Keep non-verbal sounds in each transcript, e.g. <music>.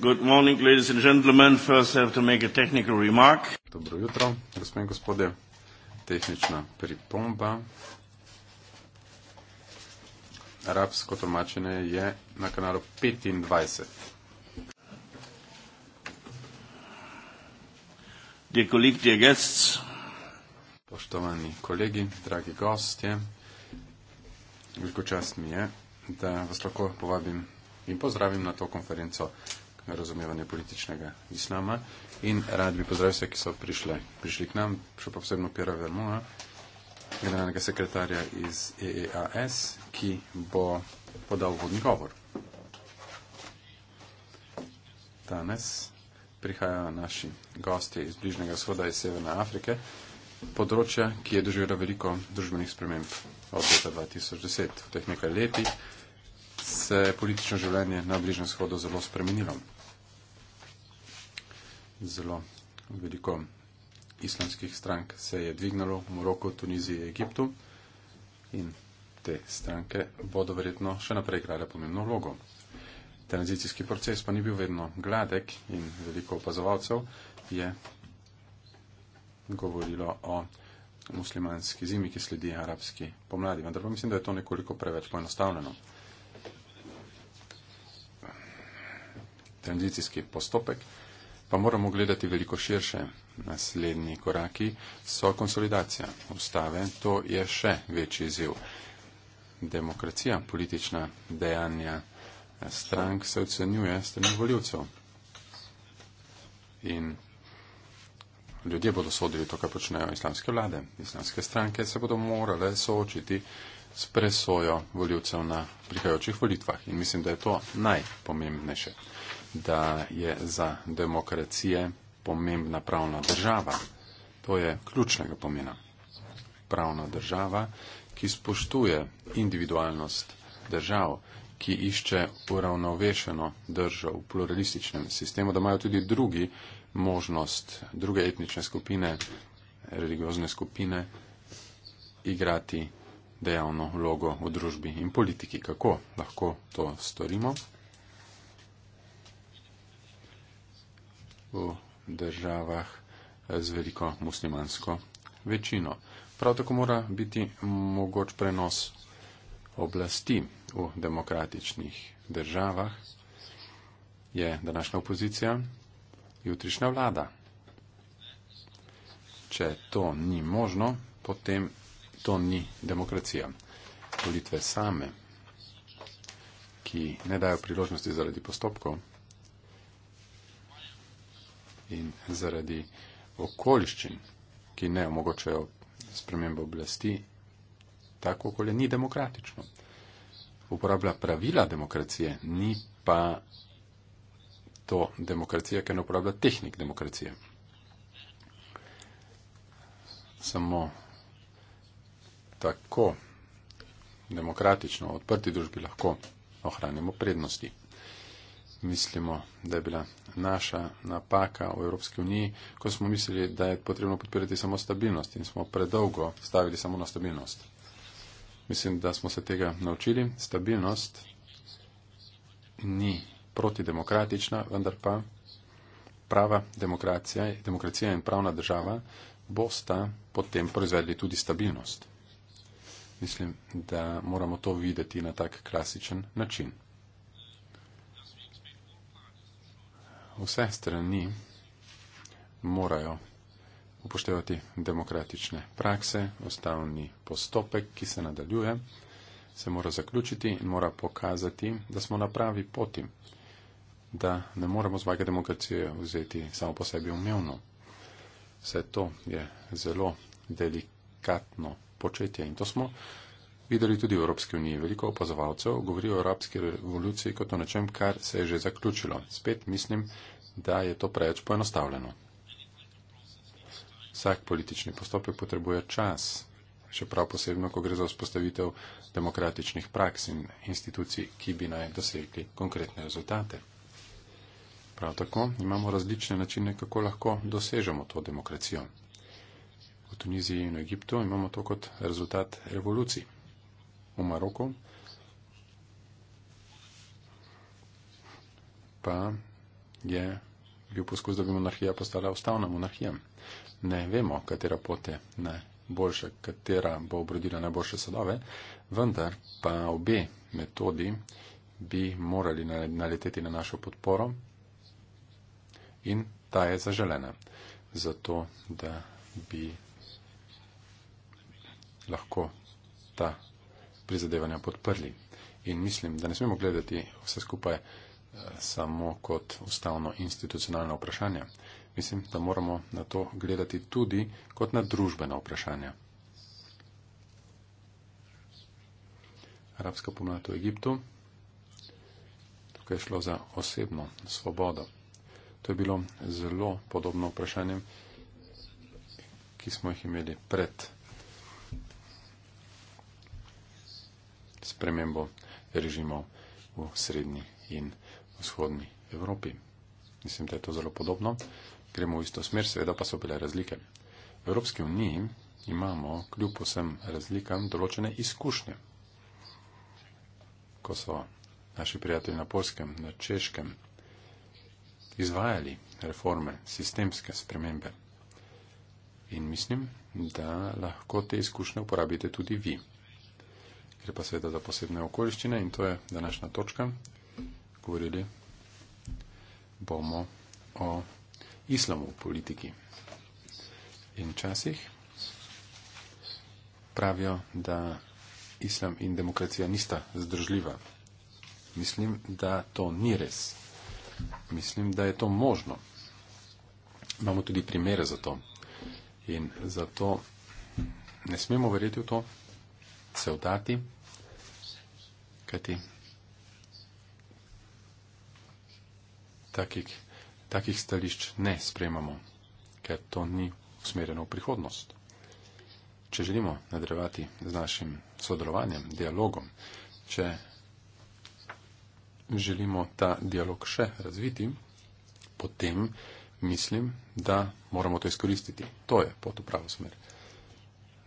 Good morning, ladies and gentlemen. First, I have to make a technical remark. Dobro jutro, gospe in gospodje. Tehnična pripomba. Arabsko tolmačenje je na kanalu 25. Dear colleague, dear guests. Poštovani kolegi, dragi gostje, veliko čast mi je, da vas lahko povabim in pozdravim na to konferenco razumevanje političnega islama. In rad bi pozdravil vse, ki so prišle. prišli k nam, še posebno Pira Vermoa, generalnega sekretarja iz EEAS, ki bo podal vodni govor. Danes prihajajo naši gosti iz Bližnjega shoda iz Severne Afrike, področja, ki je doživelo veliko družbenih sprememb od leta 2010. V teh nekaj letih se je politično življenje na Bližnjem shodu zelo spremenilo zelo veliko islamskih strank se je dvignalo v Moroku, Tuniziji, Egiptu in te stranke bodo verjetno še naprej igrale pomembno vlogo. Tranzicijski proces pa ni bil vedno gladek in veliko opazovalcev je govorilo o muslimanski zimi, ki sledi arabski pomladi. Vendar pa mislim, da je to nekoliko preveč poenostavljeno. Tranzicijski postopek pa moramo gledati veliko širše. Naslednji koraki so konsolidacija ustave. To je še večji izziv. Demokracija, politična dejanja strank se ocenjuje strani voljivcev. In ljudje bodo sodili to, kar počnejo islamske vlade. Islamske stranke se bodo morale soočiti s presojo voljivcev na prihajajočih volitvah. In mislim, da je to najpomembnejše da je za demokracije pomembna pravna država. To je ključnega pomena. Pravna država, ki spoštuje individualnost držav, ki išče uravnovešeno držo v pluralističnem sistemu, da imajo tudi drugi možnost, druge etnične skupine, religiozne skupine, igrati dejavno vlogo v družbi in politiki. Kako lahko to storimo? v državah z veliko muslimansko večino. Prav tako mora biti mogoč prenos oblasti v demokratičnih državah, je današnja opozicija, jutrišnja vlada. Če to ni možno, potem to ni demokracija. Volitve same, ki ne dajo priložnosti zaradi postopkov, in zaradi okoliščin, ki ne omogočajo spremembo oblasti, tako okolje ni demokratično. Uporablja pravila demokracije, ni pa to demokracija, ker ne uporablja tehnik demokracije. Samo tako demokratično, odprti družbi lahko ohranimo prednosti mislimo, da je bila naša napaka v Evropski uniji, ko smo mislili, da je potrebno podpirati samo stabilnost in smo predolgo stavili samo na stabilnost. Mislim, da smo se tega naučili. Stabilnost ni protidemokratična, vendar pa prava demokracija, demokracija in pravna država bosta potem proizvedli tudi stabilnost. Mislim, da moramo to videti na tak klasičen način. vse strani morajo upoštevati demokratične prakse, ustavni postopek, ki se nadaljuje, se mora zaključiti in mora pokazati, da smo na pravi poti, da ne moremo zvage demokracije vzeti samo po sebi umevno. Vse to je zelo delikatno početje in to smo videli tudi v Evropski uniji. Veliko opazovalcev govori o arabski revoluciji kot o nečem, kar se je že zaključilo. Spet mislim, da je to preveč poenostavljeno. Vsak politični postopek potrebuje čas, še prav posebno, ko gre za vzpostavitev demokratičnih praks in institucij, ki bi naj dosegli konkretne rezultate. Prav tako imamo različne načine, kako lahko dosežemo to demokracijo. V Tuniziji in Egiptu imamo to kot rezultat revolucij v Maroko. Pa je bil poskus, da bi monarhija postala ustavna monarhija. Ne vemo, katera pot je najboljša, katera bo obrodila najboljše sadove, vendar pa obe metodi bi morali naleteti na našo podporo in ta je zaželena, zato da bi lahko ta prizadevanja podprli. In mislim, da ne smemo gledati vse skupaj eh, samo kot ustavno institucionalna vprašanja. Mislim, da moramo na to gledati tudi kot na družbena vprašanja. Arabska pomlad v Egiptu. Tukaj je šlo za osebno svobodo. To je bilo zelo podobno vprašanjem, ki smo jih imeli pred spremembo režimov v srednji in vzhodni Evropi. Mislim, da je to zelo podobno. Gremo v isto smer, seveda pa so bile razlike. V Evropski uniji imamo kljub vsem razlikam določene izkušnje. Ko so naši prijatelji na Polskem, na Češkem izvajali reforme, sistemske spremembe. In mislim, da lahko te izkušnje uporabite tudi vi gre pa seveda za posebne okoliščine in to je današnja točka. Govorili bomo o islamu v politiki. In včasih pravijo, da islam in demokracija nista združljiva. Mislim, da to ni res. Mislim, da je to možno. Imamo tudi primere za to. In zato ne smemo verjeti v to, se vdati, kajti takih, takih stališč ne sprejemamo, ker to ni usmerjeno v prihodnost. Če želimo nadrevati z našim sodelovanjem, dialogom, če želimo ta dialog še razviti, potem mislim, da moramo to izkoristiti. To je pot v pravo smer.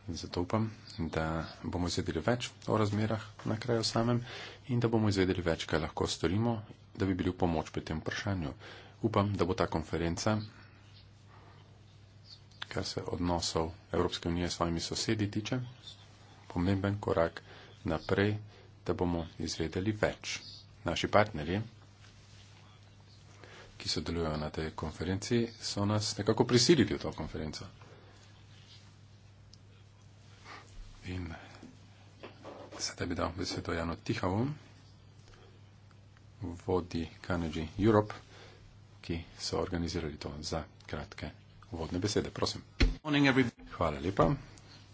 In zato upam, da bomo izvedeli več o razmerah na kraju samem in da bomo izvedeli več, kaj lahko storimo, da bi bili v pomoč pri tem vprašanju. Upam, da bo ta konferenca, kar se odnosov Evropske unije s svojimi sosedi tiče, pomemben korak naprej, da bomo izvedeli več. Naši partnerji, ki sodelujo na tej konferenci, so nas nekako prisilili v to konferenco. In sedaj bi dal besedo Janu Tihavu, vodi Kanadži Europe, ki so organizirali to za kratke vodne besede. Prosim. Morning, Hvala lepa.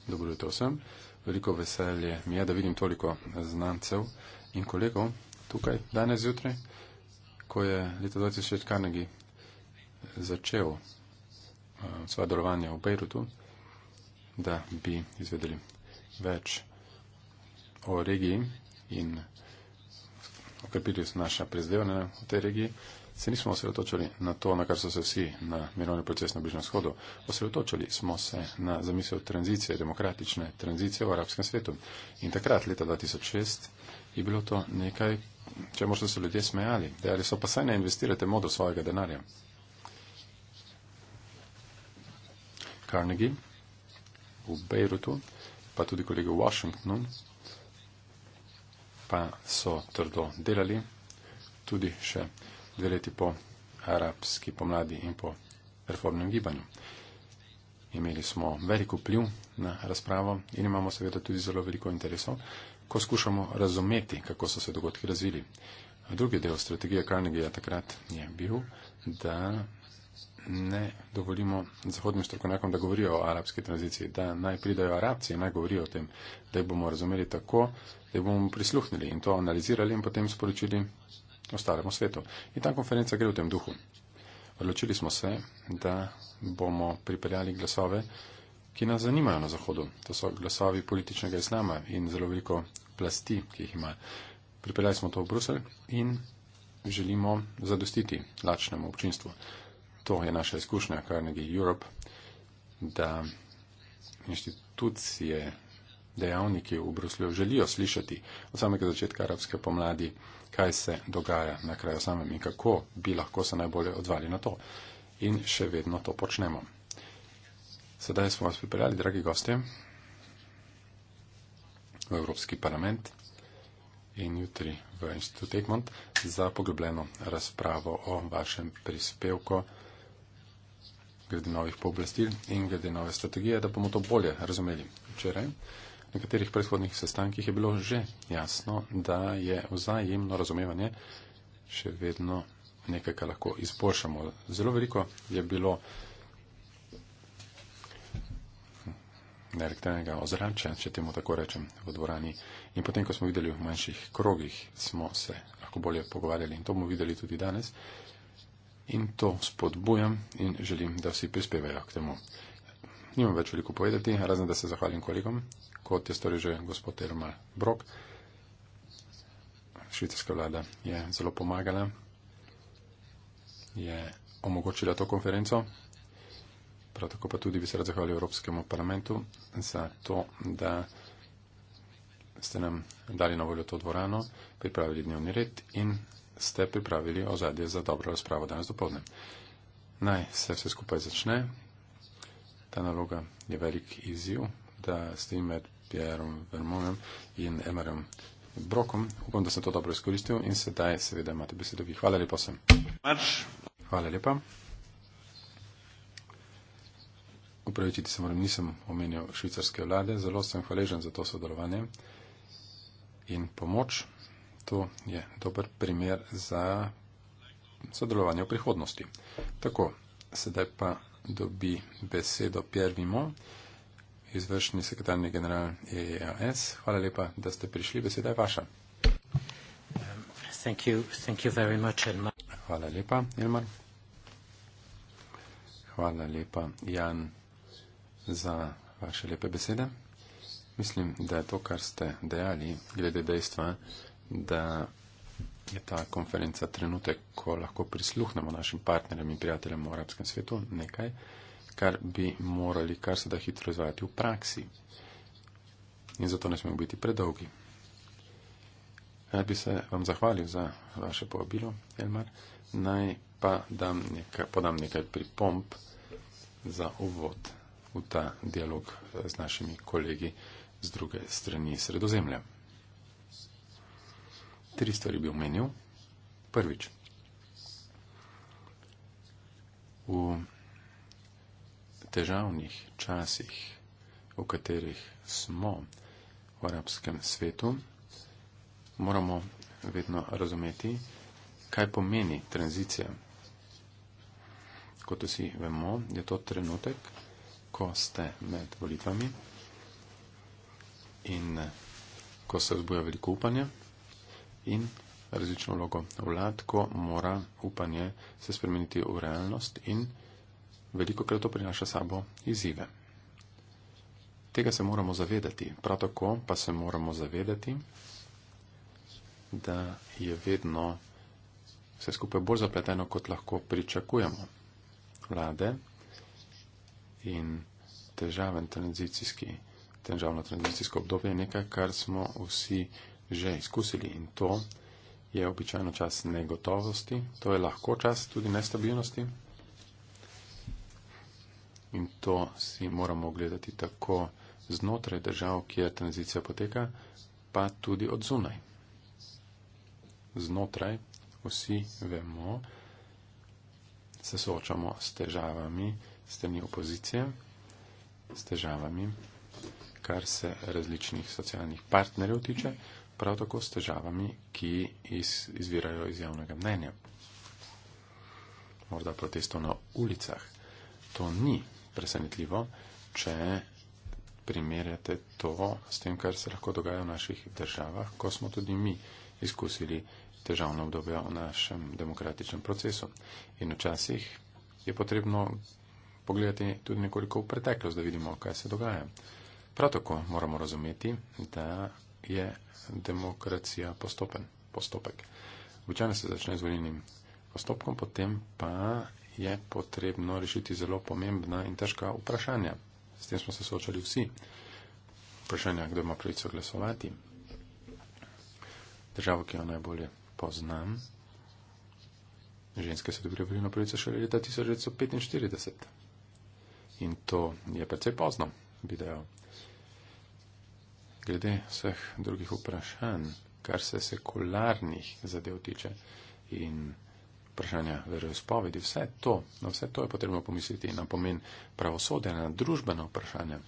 Dobro jutro vsem. Veliko veselje mi je, da vidim toliko znancev in kolegov tukaj danes zjutraj, ko je leta 2006 Carnegie eh, začel uh, svoje delovanje v Beirutu, da bi izvedeli več o regiji in okrepili smo naša prizadevanja v tej regiji, se nismo osredotočili na to, na kar so se vsi na mirovni proces na Bližnem shodu. Osredotočili smo se na zamisel tranzicije, demokratične tranzicije v arabskem svetu. In takrat, leta 2006, je bilo to nekaj, če možno so ljudje smejali, da so pa saj ne investirate modo svojega denarja. Carnegie v Beirutu pa tudi kolegi v Washingtonu, pa so trdo delali, tudi še dve leti po arabski pomladi in po reformnem gibanju. Imeli smo veliko vpliv na razpravo in imamo seveda tudi zelo veliko interesov, ko skušamo razumeti, kako so se dogodki razvili. Drugi del strategije Carnegiea takrat je bil, da ne dovolimo zahodnim strokovnjakom, da govorijo o arabski tranziciji, da naj pridajo arabci in naj govorijo o tem, da jih bomo razumeli tako, da jih bomo prisluhnili in to analizirali in potem sporočili ostalemu svetu. In ta konferenca gre v tem duhu. Odločili smo se, da bomo pripeljali glasove, ki nas zanimajo na Zahodu. To so glasovi političnega islama in zelo veliko plasti, ki jih ima. Pripeljali smo to v Bruselj in želimo zadostiti lačnemu občinstvu to je naša izkušnja Carnegie Europe, da inštitucije, dejavniki v Bruslju želijo slišati od samega začetka arabske pomladi, kaj se dogaja na kraju samem in kako bi lahko se najbolje odvali na to. In še vedno to počnemo. Sedaj smo vas pripeljali, dragi gosti, v Evropski parlament in jutri v Institut Egmont za poglobljeno razpravo o vašem prispevku glede novih pooblastil in glede nove strategije, da bomo to bolje razumeli. Včeraj na nekaterih predhodnih sestankih je bilo že jasno, da je vzajemno razumevanje še vedno nekaj, kar lahko izboljšamo. Zelo veliko je bilo nerektenega ozračja, če temu tako rečem, v dvorani. In potem, ko smo videli v manjših krogih, smo se lahko bolje pogovarjali in to bomo videli tudi danes in to spodbujam in želim, da vsi prispevajo k temu. Nimam več veliko povedati, razen da se zahvalim kolegom, kot je storil že gospod Elmar Brok. Švicarska vlada je zelo pomagala, je omogočila to konferenco, prav tako pa tudi bi se rad zahvalil Evropskemu parlamentu za to, da ste nam dali na voljo to dvorano, pripravili dnevni red in ste pripravili ozadje za dobro razpravo danes dopoledne. Naj se vse skupaj začne. Ta naloga je velik izziv, da stojim med Pierom Vermonem in Emerem Brokom. Upam, da sem to dobro izkoristil in sedaj seveda imate besedo vi. Hvala lepa sem. Hvala lepa. Upravičiti se moram, nisem omenil švicarske vlade, zelo sem hvaležen za to sodelovanje in pomoč to je dober primer za sodelovanje v prihodnosti. Tako, sedaj pa dobi besedo Pierre Vimon, izvršni sekretarni general EAS. E Hvala lepa, da ste prišli. Beseda je vaša. Thank you, thank you very much, Elmar. Hvala lepa, Elmar. Hvala lepa, Jan, za vaše lepe besede. Mislim, da je to, kar ste dejali glede dejstva, da je ta konferenca trenutek, ko lahko prisluhnemo našim partnerjem in prijateljem v arabskem svetu nekaj, kar bi morali kar se da hitro izvajati v praksi. In zato ne smemo biti predolgi. Rad bi se vam zahvalil za vaše povabilo, Elmar. Naj pa dam nekaj, podam nekaj pripomp za uvod v ta dialog z našimi kolegi z druge strani Sredozemlja tri stvari bi omenil. Prvič, v težavnih časih, v katerih smo v arabskem svetu, moramo vedno razumeti, kaj pomeni tranzicija. Kot vsi vemo, je to trenutek, ko ste med volitvami in ko se vzbuja veliko upanje in različno vlogo vlad, ko mora upanje se spremeniti v realnost in veliko krat to prinaša sabo izzive. Tega se moramo zavedati, prav tako pa se moramo zavedati, da je vedno vse skupaj bolj zapleteno, kot lahko pričakujemo. Vlade in težaven tranzicijski, težavno tranzicijsko obdobje je nekaj, kar smo vsi že izkusili in to je običajno čas negotovosti, to je lahko čas tudi nestabilnosti in to si moramo ogledati tako znotraj držav, kjer tranzicija poteka, pa tudi od zunaj. Znotraj vsi vemo, se soočamo s težavami strani opozicije, s težavami, kar se različnih socialnih partnerjev tiče. Mm -hmm prav tako s težavami, ki iz, izvirajo iz javnega mnenja. Morda protestov na ulicah. To ni presenetljivo, če primerjate to s tem, kar se lahko dogaja v naših državah, ko smo tudi mi izkusili težavno obdobje v našem demokratičnem procesu. In včasih je potrebno pogledati tudi nekoliko v preteklost, da vidimo, kaj se dogaja. Prav tako moramo razumeti, da je demokracija postopen, postopek. Običajno se začne z volilnim postopkom, potem pa je potrebno rešiti zelo pomembna in težka vprašanja. S tem smo se soočali vsi. Vprašanja, kdo ima pravico glasovati. Državo, ki jo najbolje poznam. Ženske so dobile volilno pravico šele leta 1945. In to je precej pozno, bi dejal glede vseh drugih vprašanj, kar se sekularnih zadev tiče in vprašanja veroizpovedi, vse to, na vse to je potrebno pomisliti na pomen pravosodja, na družbena vprašanja.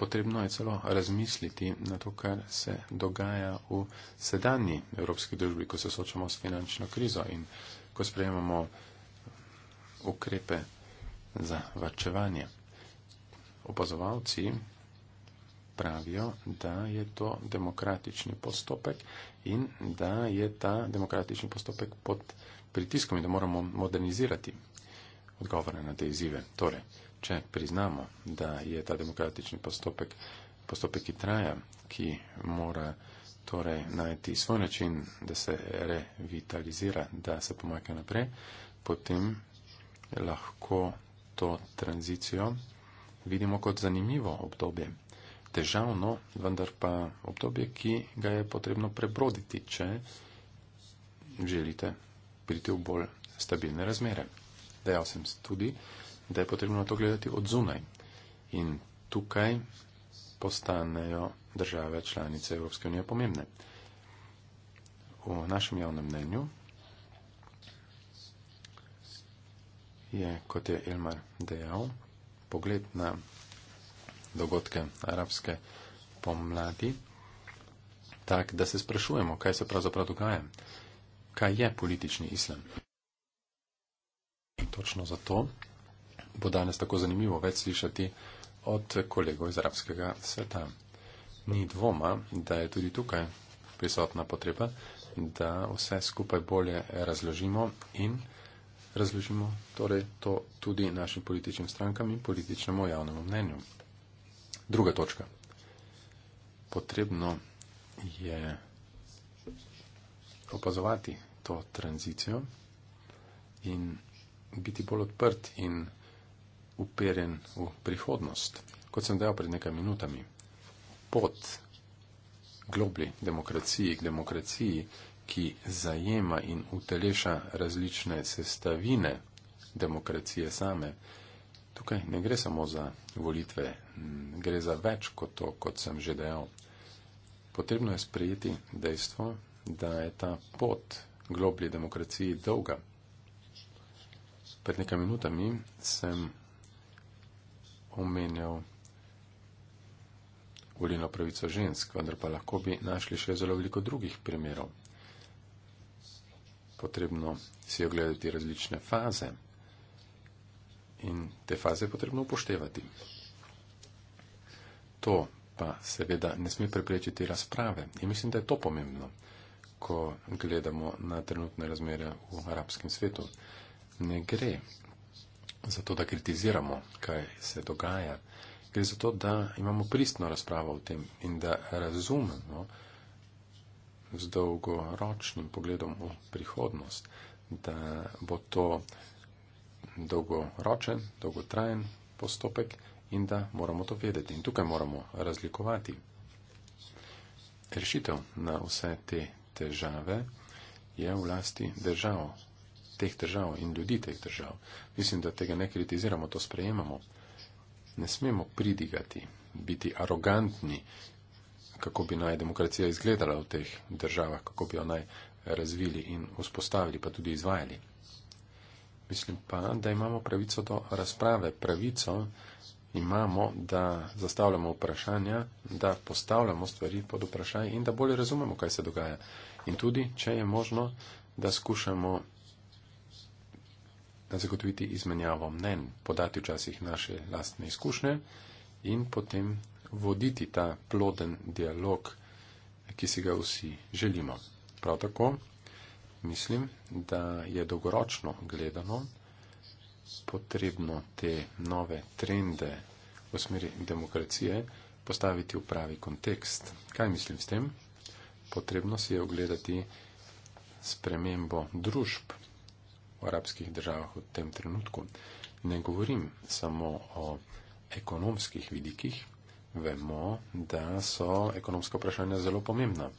Potrebno je celo razmisliti na to, kar se dogaja v sedanji evropski družbi, ko se soočamo s finančno krizo in ko sprejemamo ukrepe za vrčevanje opazovalci pravijo, da je to demokratični postopek in da je ta demokratični postopek pod pritiskom in da moramo modernizirati odgovore na te izzive. Torej, če priznamo, da je ta demokratični postopek postopek, ki traja, ki mora torej najti svoj način, da se revitalizira, da se pomaka naprej, potem lahko to tranzicijo vidimo kot zanimivo obdobje. Težavno, vendar pa obdobje, ki ga je potrebno prebroditi, če želite priti v bolj stabilne razmere. Dejal sem tudi, da je potrebno na to gledati od zunaj. In tukaj postanejo države članice Evropske unije pomembne. V našem javnem mnenju je, kot je Elmar dejal, pogled na dogodke arabske pomladi, tak, da se sprašujemo, kaj se pravzaprav dogaja, kaj je politični islam. In točno zato bo danes tako zanimivo več slišati od kolegov iz arabskega sveta. Ni dvoma, da je tudi tukaj prisotna potreba, da vse skupaj bolje razložimo in razložimo torej to tudi našim političnim strankam in političnemu javnemu mnenju. Druga točka. Potrebno je opazovati to tranzicijo in biti bolj odprt in uperjen v prihodnost. Kot sem dejal pred nekaj minutami, pot globli demokraciji k demokraciji ki zajema in uteleša različne sestavine demokracije same. Tukaj ne gre samo za volitve, gre za več kot to, kot sem že dejal. Potrebno je sprejeti dejstvo, da je ta pot globlji demokraciji dolga. Pred nekaj minutami sem omenjal volilno pravico žensk, vendar pa lahko bi našli še zelo veliko drugih primerov potrebno si ogledati različne faze in te faze je potrebno upoštevati. To pa seveda ne sme preprečiti razprave in mislim, da je to pomembno, ko gledamo na trenutne razmere v arabskem svetu. Ne gre za to, da kritiziramo, kaj se dogaja. Gre za to, da imamo pristno razpravo o tem in da razumemo, no? z dolgoročnim pogledom v prihodnost, da bo to dolgoročen, dolgotrajen postopek in da moramo to vedeti. In tukaj moramo razlikovati. Rešitev na vse te težave je v lasti držav, teh držav in ljudi teh držav. Mislim, da tega ne kritiziramo, to sprejemamo. Ne smemo pridigati, biti arogantni kako bi naj demokracija izgledala v teh državah, kako bi jo naj razvili in vzpostavili, pa tudi izvajali. Mislim pa, da imamo pravico do razprave, pravico imamo, da zastavljamo vprašanja, da postavljamo stvari pod vprašanje in da bolje razumemo, kaj se dogaja. In tudi, če je možno, da skušamo zagotoviti izmenjavo mnen, podati včasih naše lastne izkušnje in potem voditi ta ploden dialog, ki si ga vsi želimo. Prav tako mislim, da je dolgoročno gledano potrebno te nove trende v smeri demokracije postaviti v pravi kontekst. Kaj mislim s tem? Potrebno si je ogledati spremembo družb v arabskih državah v tem trenutku. Ne govorim samo o ekonomskih vidikih, vemo, da so ekonomska vprašanja zelo pomembna.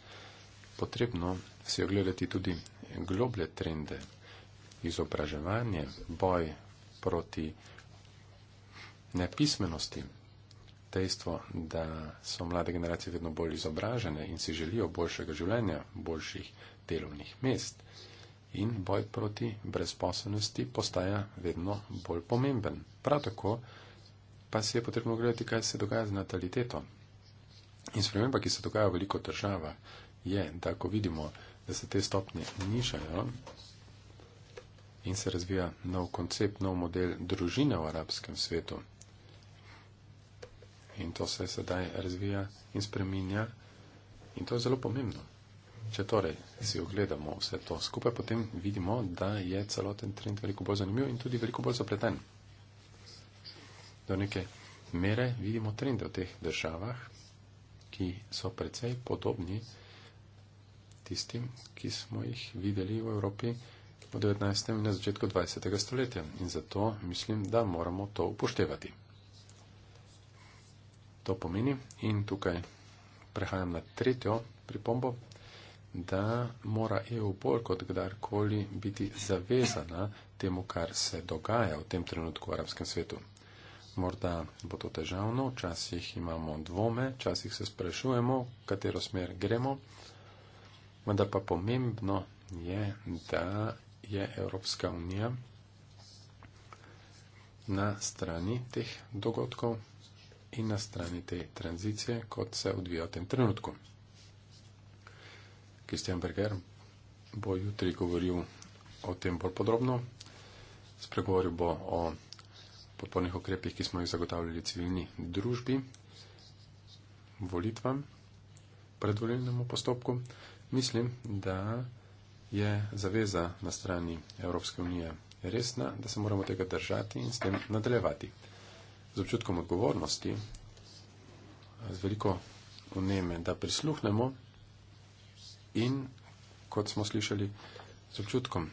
Potrebno si ogledati tudi globlje trende, izobraževanje, boj proti nepismenosti, dejstvo, da so mlade generacije vedno bolj izobražene in si želijo boljšega življenja, boljših delovnih mest in boj proti brezposobnosti postaja vedno bolj pomemben. Prav tako pa se je potrebno gledati, kaj se dogaja z nataliteto. In sprememba, ki se dogaja v veliko država, je, da ko vidimo, da se te stopnje nižajo in se razvija nov koncept, nov model družine v arabskem svetu. In to se sedaj razvija in spreminja. In to je zelo pomembno. Če torej si ogledamo vse to skupaj, potem vidimo, da je celoten trend veliko bolj zanimiv in tudi veliko bolj zapleten do neke mere vidimo trende v teh državah, ki so precej podobni tistim, ki smo jih videli v Evropi v 19. in na začetku 20. stoletja. In zato mislim, da moramo to upoštevati. To pomeni, in tukaj prehajam na tretjo pripombo, da mora EU bolj kot kdarkoli biti zavezana temu, kar se dogaja v tem trenutku v arabskem svetu morda bo to težavno, včasih imamo dvome, včasih se sprašujemo, katero smer gremo, vendar pa pomembno je, da je Evropska unija na strani teh dogodkov in na strani te tranzicije, kot se odvija v tem trenutku. Christian Berger bo jutri govoril o tem bolj podrobno, spregovoril bo o podpornih okrepih, ki smo jih zagotavljali civilni družbi, volitvam, predvoljenemu postopku. Mislim, da je zaveza na strani Evropske unije resna, da se moramo tega držati in s tem nadaljevati. Z občutkom odgovornosti, z veliko vneme, da prisluhnemo in, kot smo slišali, z občutkom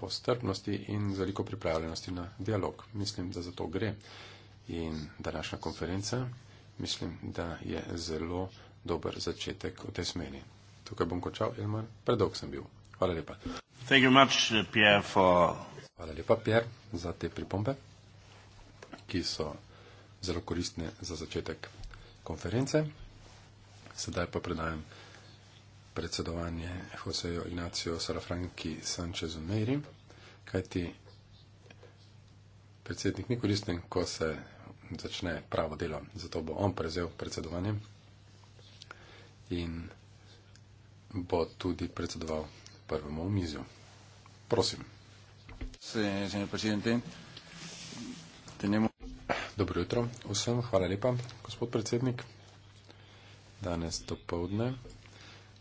po strpnosti in z veliko pripravljenosti na dialog. Mislim, da za to gre. In današnja konferenca, mislim, da je zelo dober začetek v tej smeri. Tukaj bom končal, Elmar, predolg sem bil. Hvala lepa. Much, uh, Pierre, for... Hvala lepa, Pierre, za te pripombe, ki so zelo koristne za začetek konference. Sedaj pa predajam predsedovanje Josejo Ignacijo Sarafranki Sančezu Meri, kajti predsednik ni koristen, ko se začne pravo delo, zato bo on prevzel predsedovanje in bo tudi predsedoval prvemu omizju. Prosim. Dobro jutro vsem, hvala lepa, gospod predsednik. Danes do povdne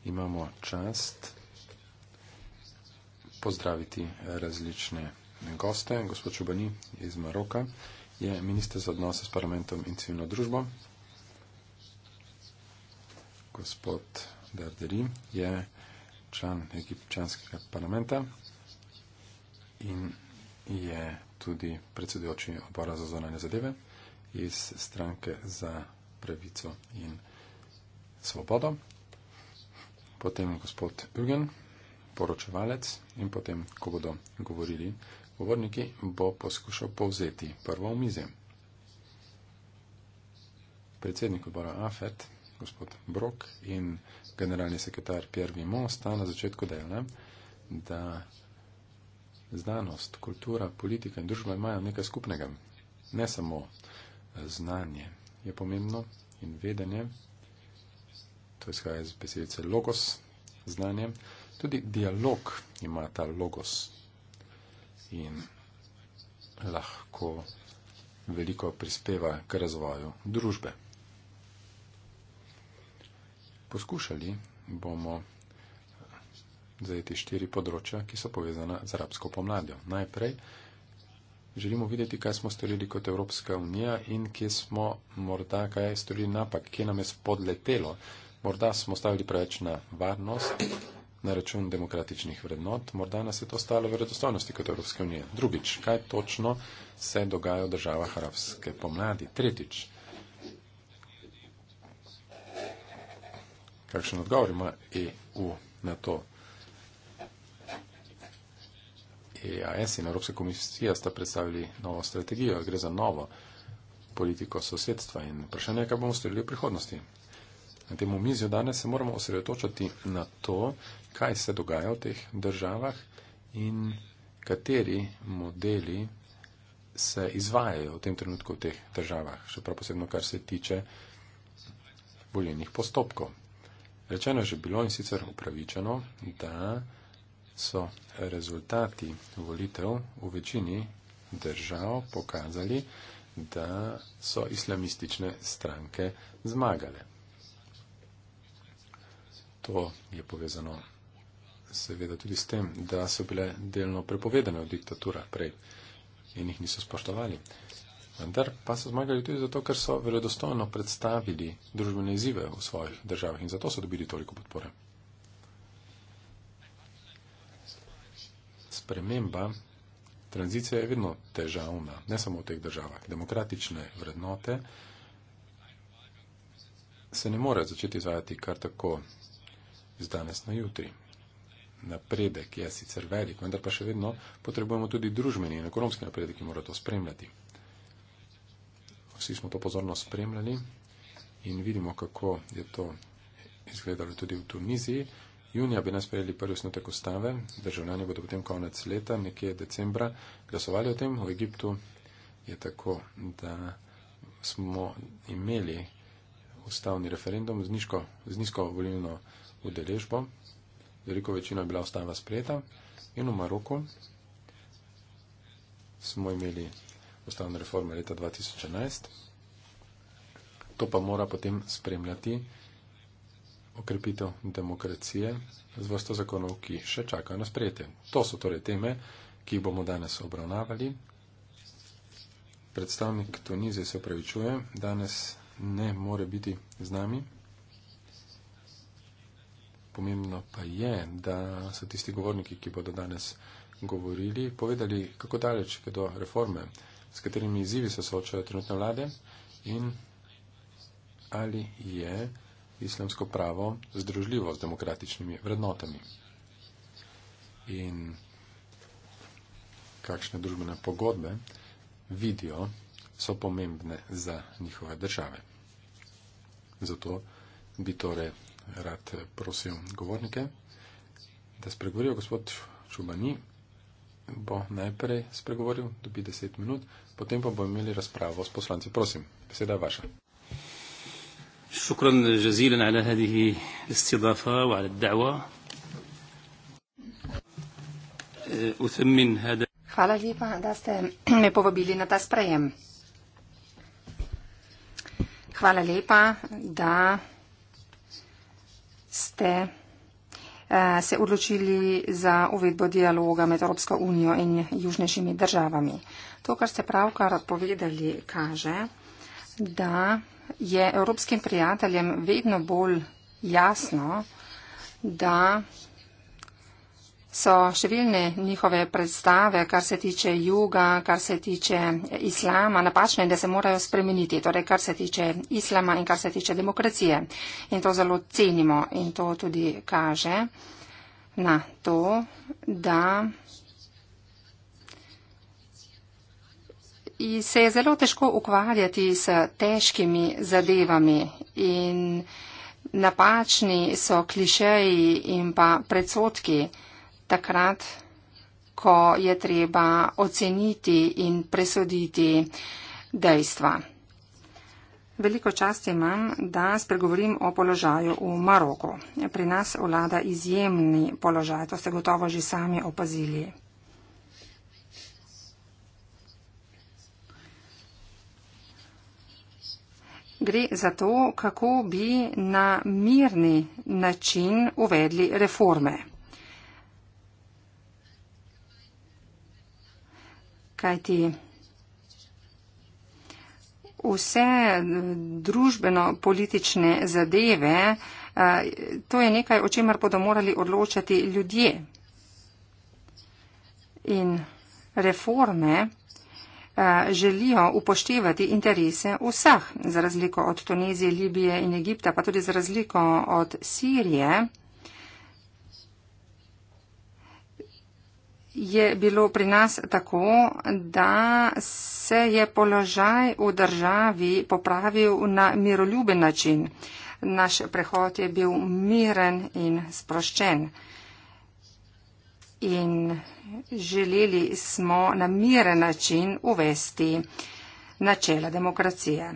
imamo čast pozdraviti različne goste. Gospod Čubani iz Maroka je minister za odnose s parlamentom in civilno družbo. Gospod Darderi je član egipčanskega parlamenta in je tudi predsedujoči obora za zonanje zadeve iz stranke za pravico in svobodo potem gospod Ugen, poročevalec in potem, ko bodo govorili govorniki, bo poskušal povzeti prvo omizje. Predsednik odbora AFET, gospod Brok in generalni sekretar Pierre Vimon sta na začetku dejala, da znanost, kultura, politika in družba imajo nekaj skupnega. Ne samo znanje je pomembno in vedenje, dejansko izhaja iz besedice logos, znanje. Tudi dialog ima ta logos in lahko veliko prispeva k razvoju družbe. Poskušali bomo zajeti štiri področja, ki so povezana z arabsko pomladjo. Najprej želimo videti, kaj smo storili kot Evropska unija in kje smo morda kaj storili napak, kje nam je spodletelo, Morda smo stavili preveč na varnost, na račun demokratičnih vrednot, morda nas je to stalo verodostojnosti kot Evropske unije. Drugič, kaj točno se dogaja v državah arabske pomladi? Tretjič, kakšen odgovor ima EU na to? EAS in Evropska komisija sta predstavili novo strategijo, gre za novo politiko sosedstva in vprašanje, kaj bomo storili v prihodnosti na tem omizju danes se moramo osredotočiti na to, kaj se dogaja v teh državah in kateri modeli se izvajajo v tem trenutku v teh državah, še prav posebno, kar se tiče voljenih postopkov. Rečeno je že bilo in sicer upravičeno, da so rezultati volitev v večini držav pokazali, da so islamistične stranke zmagale to je povezano seveda tudi s tem, da so bile delno prepovedane v diktaturah prej in jih niso spoštovali. Vendar pa so zmagali tudi zato, ker so verodostojno predstavili družbene izzive v svojih državah in zato so dobili toliko podpore. Sprememba, tranzicija je vedno težavna, ne samo v teh državah. Demokratične vrednote se ne more začeti izvajati kar tako iz danes na jutri. Napredek je sicer velik, vendar pa še vedno potrebujemo tudi družbeni in ekonomski napredek, ki mora to spremljati. Vsi smo to pozorno spremljali in vidimo, kako je to izgledalo tudi v Tuniziji. Junija bi nas prijeli prvi snotek ustave, državljani bodo potem konec leta, nekje decembra, glasovali o tem. V Egiptu je tako, da smo imeli ustavni referendum z nizko volilno udeležbo, veliko večino je bila ustava sprejeta in v Maroku smo imeli ustavne reforme leta 2011. To pa mora potem spremljati okrepitev demokracije z vrsto zakonov, ki še čakajo na sprejetje. To so torej teme, ki jih bomo danes obravnavali. Predstavnik Tunizije se opravičuje, danes ne more biti z nami pomembno pa je, da so tisti govorniki, ki bodo danes govorili, povedali, kako daleč je do reforme, s katerimi izzivi se soočajo trenutne vlade in ali je islamsko pravo združljivo z demokratičnimi vrednotami in kakšne družbene pogodbe vidijo so pomembne za njihove države. Zato bi torej rad eh, prosil govornike, da spregovorijo gospod Čubani, bo najprej spregovoril, dobi 10 minut, potem pa bo imeli razpravo s poslanci. Prosim, beseda je vaša. Šukran žazilen ala hadihi stidafa wa ala da'wa. Eh, Hvala lepa, da ste <clears throat> me povabili na ta sprejem. Hvala lepa, da ste eh, se odločili za uvedbo dialoga med Evropsko unijo in južnejšimi državami. To, kar ste pravkar povedali, kaže, da je evropskim prijateljem vedno bolj jasno, da so številne njihove predstave, kar se tiče juga, kar se tiče islama, napačne in da se morajo spremeniti, torej kar se tiče islama in kar se tiče demokracije. In to zelo cenimo in to tudi kaže na to, da se je zelo težko ukvarjati s težkimi zadevami in napačni so klišeji in pa predsotki takrat, ko je treba oceniti in presoditi dejstva. Veliko čast imam, da spregovorim o položaju v Maroku. Pri nas vlada izjemni položaj, to ste gotovo že sami opazili. Gre za to, kako bi na mirni način uvedli reforme. kajti vse družbeno-politične zadeve, to je nekaj, o čemer bodo morali odločati ljudje. In reforme želijo upoštevati interese vseh, za razliko od Tunezije, Libije in Egipta, pa tudi za razliko od Sirije. je bilo pri nas tako, da se je položaj v državi popravil na miroljuben način. Naš prehod je bil miren in sproščen. In želeli smo na miren način uvesti načela demokracije.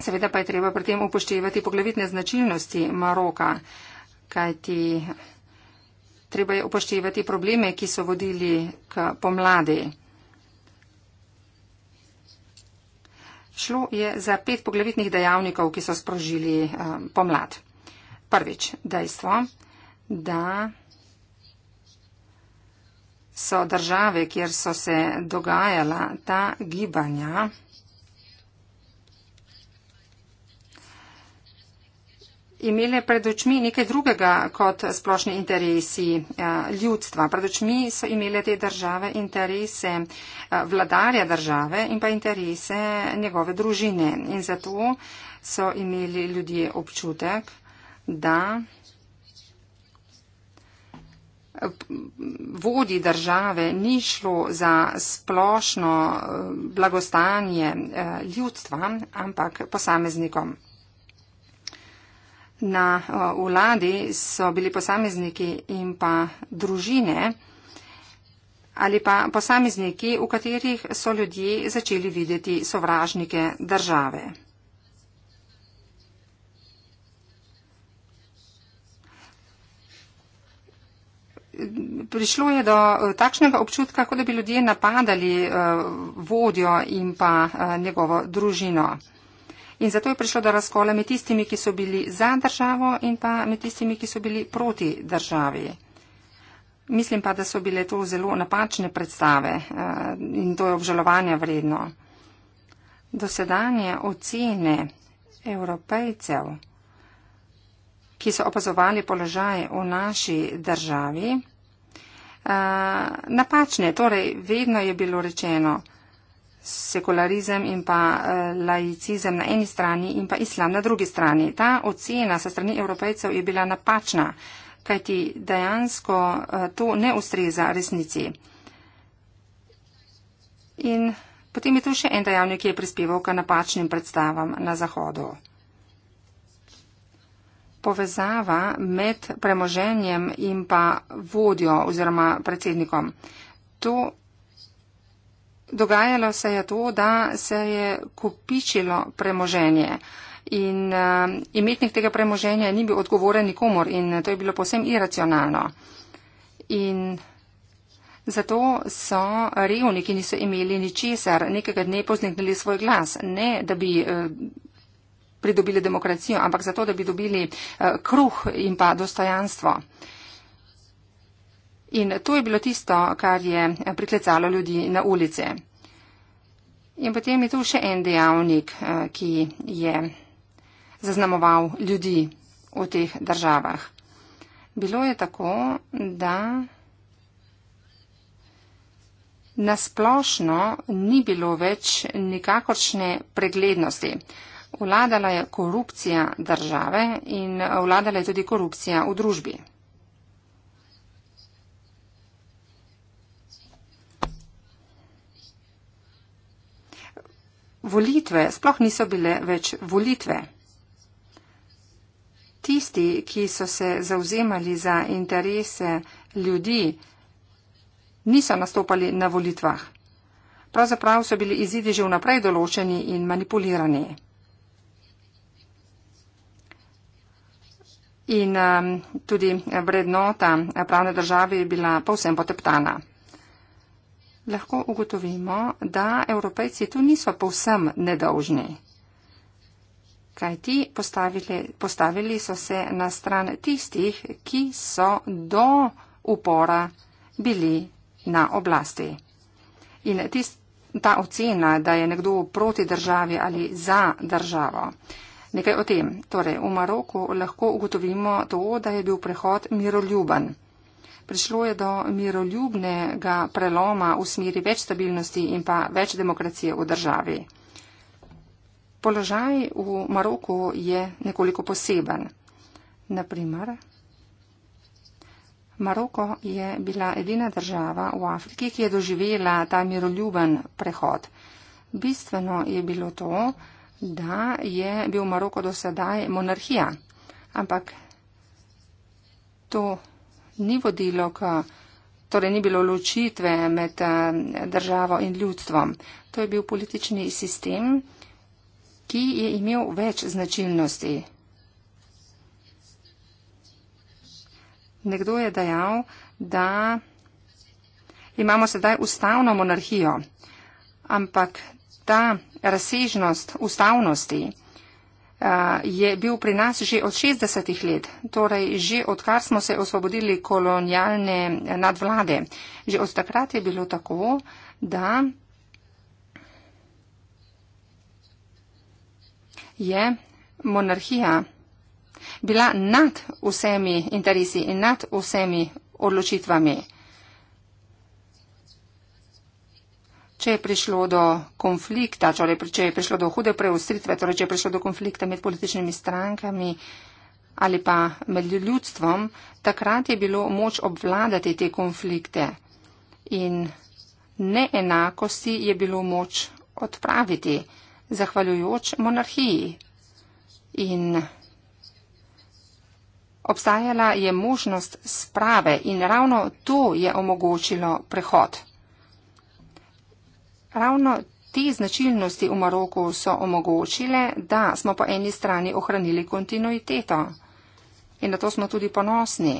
Seveda pa je treba pri tem upoštevati poglavitne značilnosti Maroka, kajti treba je upoštevati probleme, ki so vodili k pomladi. Šlo je za pet poglavitnih dejavnikov, ki so sprožili um, pomlad. Prvič, dejstvo, da so države, kjer so se dogajala ta gibanja, imele pred očmi nekaj drugega kot splošni interesi eh, ljudstva. Pred očmi so imele te države interese eh, vladarja države in pa interese njegove družine. In zato so imeli ljudje občutek, da eh, vodi države ni šlo za splošno blagostanje ljudstva, ampak posameznikom. Na vladi so bili posamezniki in pa družine ali pa posamezniki, v katerih so ljudje začeli videti sovražnike države. Prišlo je do e, takšnega občutka, kot da bi ljudje napadali e, vodjo in pa e, njegovo družino. In zato je prišlo do razkola med tistimi, ki so bili za državo in pa med tistimi, ki so bili proti državi. Mislim pa, da so bile to zelo napačne predstave eh, in to je obžalovanja vredno. Dosedanje ocene evropejcev, ki so opazovali položaj v naši državi, eh, napačne, torej vedno je bilo rečeno, sekularizem in pa eh, laicizem na eni strani in pa islam na drugi strani. Ta ocena sa strani evropejcev je bila napačna, kajti dejansko eh, to ne ustreza resnici. In potem je tu še en dejavnik, ki je prispeval k napačnim predstavam na Zahodu. Povezava med premoženjem in pa vodjo oziroma predsednikom. To Dogajalo se je to, da se je kopičilo premoženje in uh, imetnik tega premoženja ni bil odgovoren nikomor in to je bilo posem iracionalno. In zato so revni, ki niso imeli ničesar, nekega dne poznignili svoj glas, ne da bi uh, pridobili demokracijo, ampak zato, da bi dobili uh, kruh in pa dostojanstvo. Uh, In to je bilo tisto, kar je priklicalo ljudi na ulice. In potem je tu še en dejavnik, eh, ki je zaznamoval ljudi v teh državah. Bilo je tako, da nasplošno ni bilo več nikakršne preglednosti. Vladala je korupcija države in vladala je tudi korupcija v družbi. volitve sploh niso bile več volitve. Tisti, ki so se zauzemali za interese ljudi, niso nastopali na volitvah. Pravzaprav so bili izidi že vnaprej določeni in manipulirani. In um, tudi vrednota pravne države je bila povsem poteptana lahko ugotovimo, da evropejci tu niso povsem nedolžni. Kaj ti postavili, postavili so se na stran tistih, ki so do upora bili na oblasti. In tist, ta ocena, da je nekdo proti državi ali za državo. Nekaj o tem. Torej, v Maroku lahko ugotovimo to, da je bil prehod miroljuben prišlo je do miroljubnega preloma v smeri več stabilnosti in pa več demokracije v državi. Položaj v Maroku je nekoliko poseben. Naprimer, Maroko je bila edina država v Afriki, ki je doživela ta miroljuben prehod. Bistveno je bilo to, da je bil Maroko do sedaj monarhija, ampak to ni vodilo k. Torej ni bilo ločitve med eh, državo in ljudstvom. To je bil politični sistem, ki je imel več značilnosti. Nekdo je dejal, da imamo sedaj ustavno monarhijo, ampak ta razsežnost ustavnosti je bil pri nas že od 60-ih let, torej že odkar smo se osvobodili kolonialne nadvlade. Že od takrat je bilo tako, da je monarhija bila nad vsemi interesi in nad vsemi odločitvami. če je prišlo do konflikta, torej če je prišlo do hude preostritve, torej če je prišlo do konflikta med političnimi strankami ali pa med ljudstvom, takrat je bilo moč obvladati te konflikte in neenakosti je bilo moč odpraviti, zahvaljujoč monarhiji. In obstajala je možnost sprave in ravno to je omogočilo prehod. Ravno te značilnosti v Maroku so omogočile, da smo po eni strani ohranili kontinuiteto. In na to smo tudi ponosni.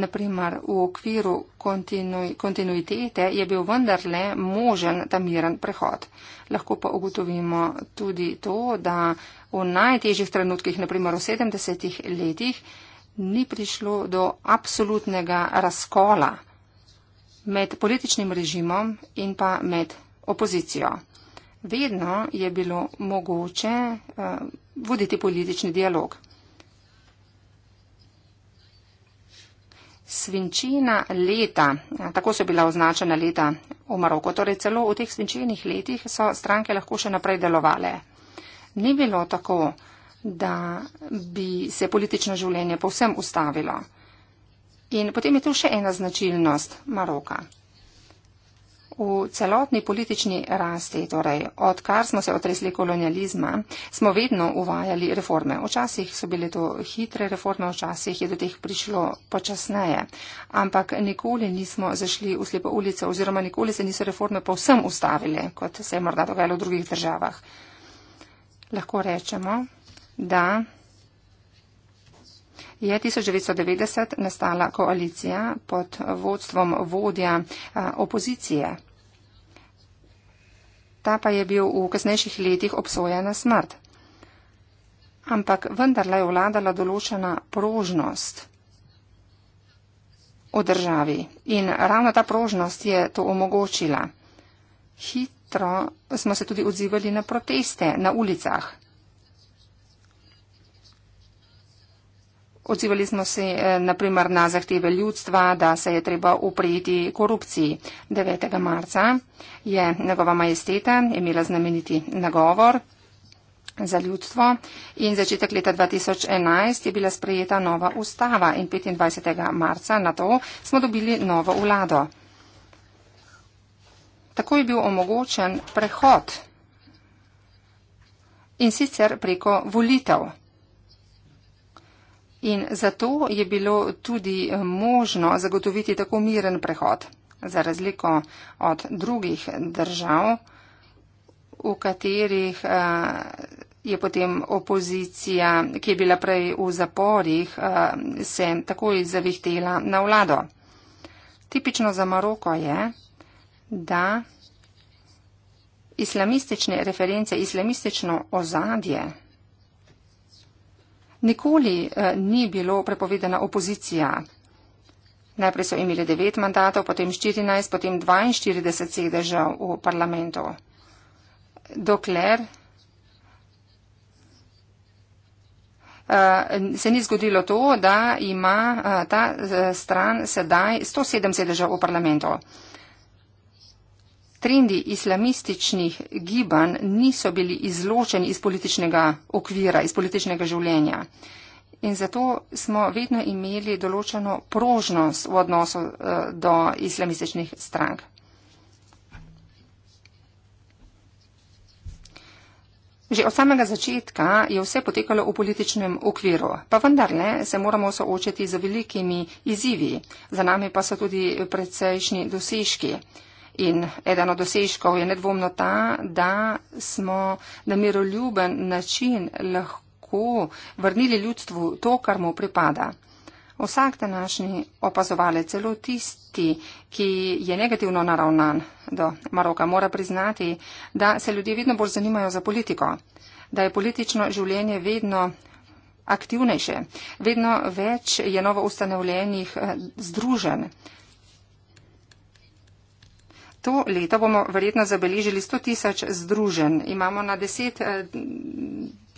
Naprimer, v okviru kontinuj, kontinuitete je bil vendarle možen ta miren prehod. Lahko pa ugotovimo tudi to, da v najtežjih trenutkih, naprimer v 70-ih letih, ni prišlo do absolutnega razkola med političnim režimom in pa med opozicijo. Vedno je bilo mogoče uh, voditi politični dialog. Svinčina leta, eh, tako so bila označena leta v Maroku, torej celo v teh svinčenih letih so stranke lahko še naprej delovale. Ni bilo tako, da bi se politično življenje povsem ustavilo. In potem je tu še ena značilnost Maroka. V celotni politični rasti, torej odkar smo se otresli kolonializma, smo vedno uvajali reforme. Včasih so bile to hitre reforme, včasih je do teh prišlo počasneje, ampak nikoli nismo zašli v slepo ulico oziroma nikoli se niso reforme povsem ustavile, kot se je morda dogajalo v drugih državah. Lahko rečemo, da je 1990 nastala koalicija pod vodstvom vodja opozicije. Ta pa je bil v kasnejših letih obsojen na smrt. Ampak vendarle je vladala določena prožnost v državi in ravno ta prožnost je to omogočila. Hitro smo se tudi odzivali na proteste na ulicah. Odzivali smo se eh, naprimer na zahteve ljudstva, da se je treba upreti korupciji. 9. marca je njegova majesteta imela znameniti nagovor za ljudstvo in začetek leta 2011 je bila sprejeta nova ustava in 25. marca na to smo dobili novo vlado. Tako je bil omogočen prehod in sicer preko volitev in zato je bilo tudi eh, možno zagotoviti tako miren prehod, za razliko od drugih držav, v katerih eh, je potem opozicija, ki je bila prej v zaporih, eh, se takoj zavihtela na vlado. Tipično za Maroko je, da islamistične reference, islamistično ozadje Nikoli eh, ni bilo prepovedana opozicija. Najprej so imeli 9 mandatov, potem 14, potem 42 sedežev v parlamentu. Dokler eh, se ni zgodilo to, da ima eh, ta stran sedaj 107 sedežev v parlamentu trendi islamističnih gibanj niso bili izločeni iz političnega okvira, iz političnega življenja. In zato smo vedno imeli določeno prožnost v odnosu eh, do islamističnih strank. Že od samega začetka je vse potekalo v političnem okviru, pa vendarle se moramo soočiti z velikimi izzivi, za nami pa so tudi precejšnji dosežki. In eden od dosežkov je nedvomno ta, da smo na miroljuben način lahko vrnili ljudstvu to, kar mu pripada. Vsak današnji opazovalec, celo tisti, ki je negativno naravnan do Maroka, mora priznati, da se ljudje vedno bolj zanimajo za politiko, da je politično življenje vedno aktivnejše, vedno več je novo ustanovljenih eh, združen. To leto bomo verjetno zabeležili 100 tisoč združen. Imamo na 10 eh,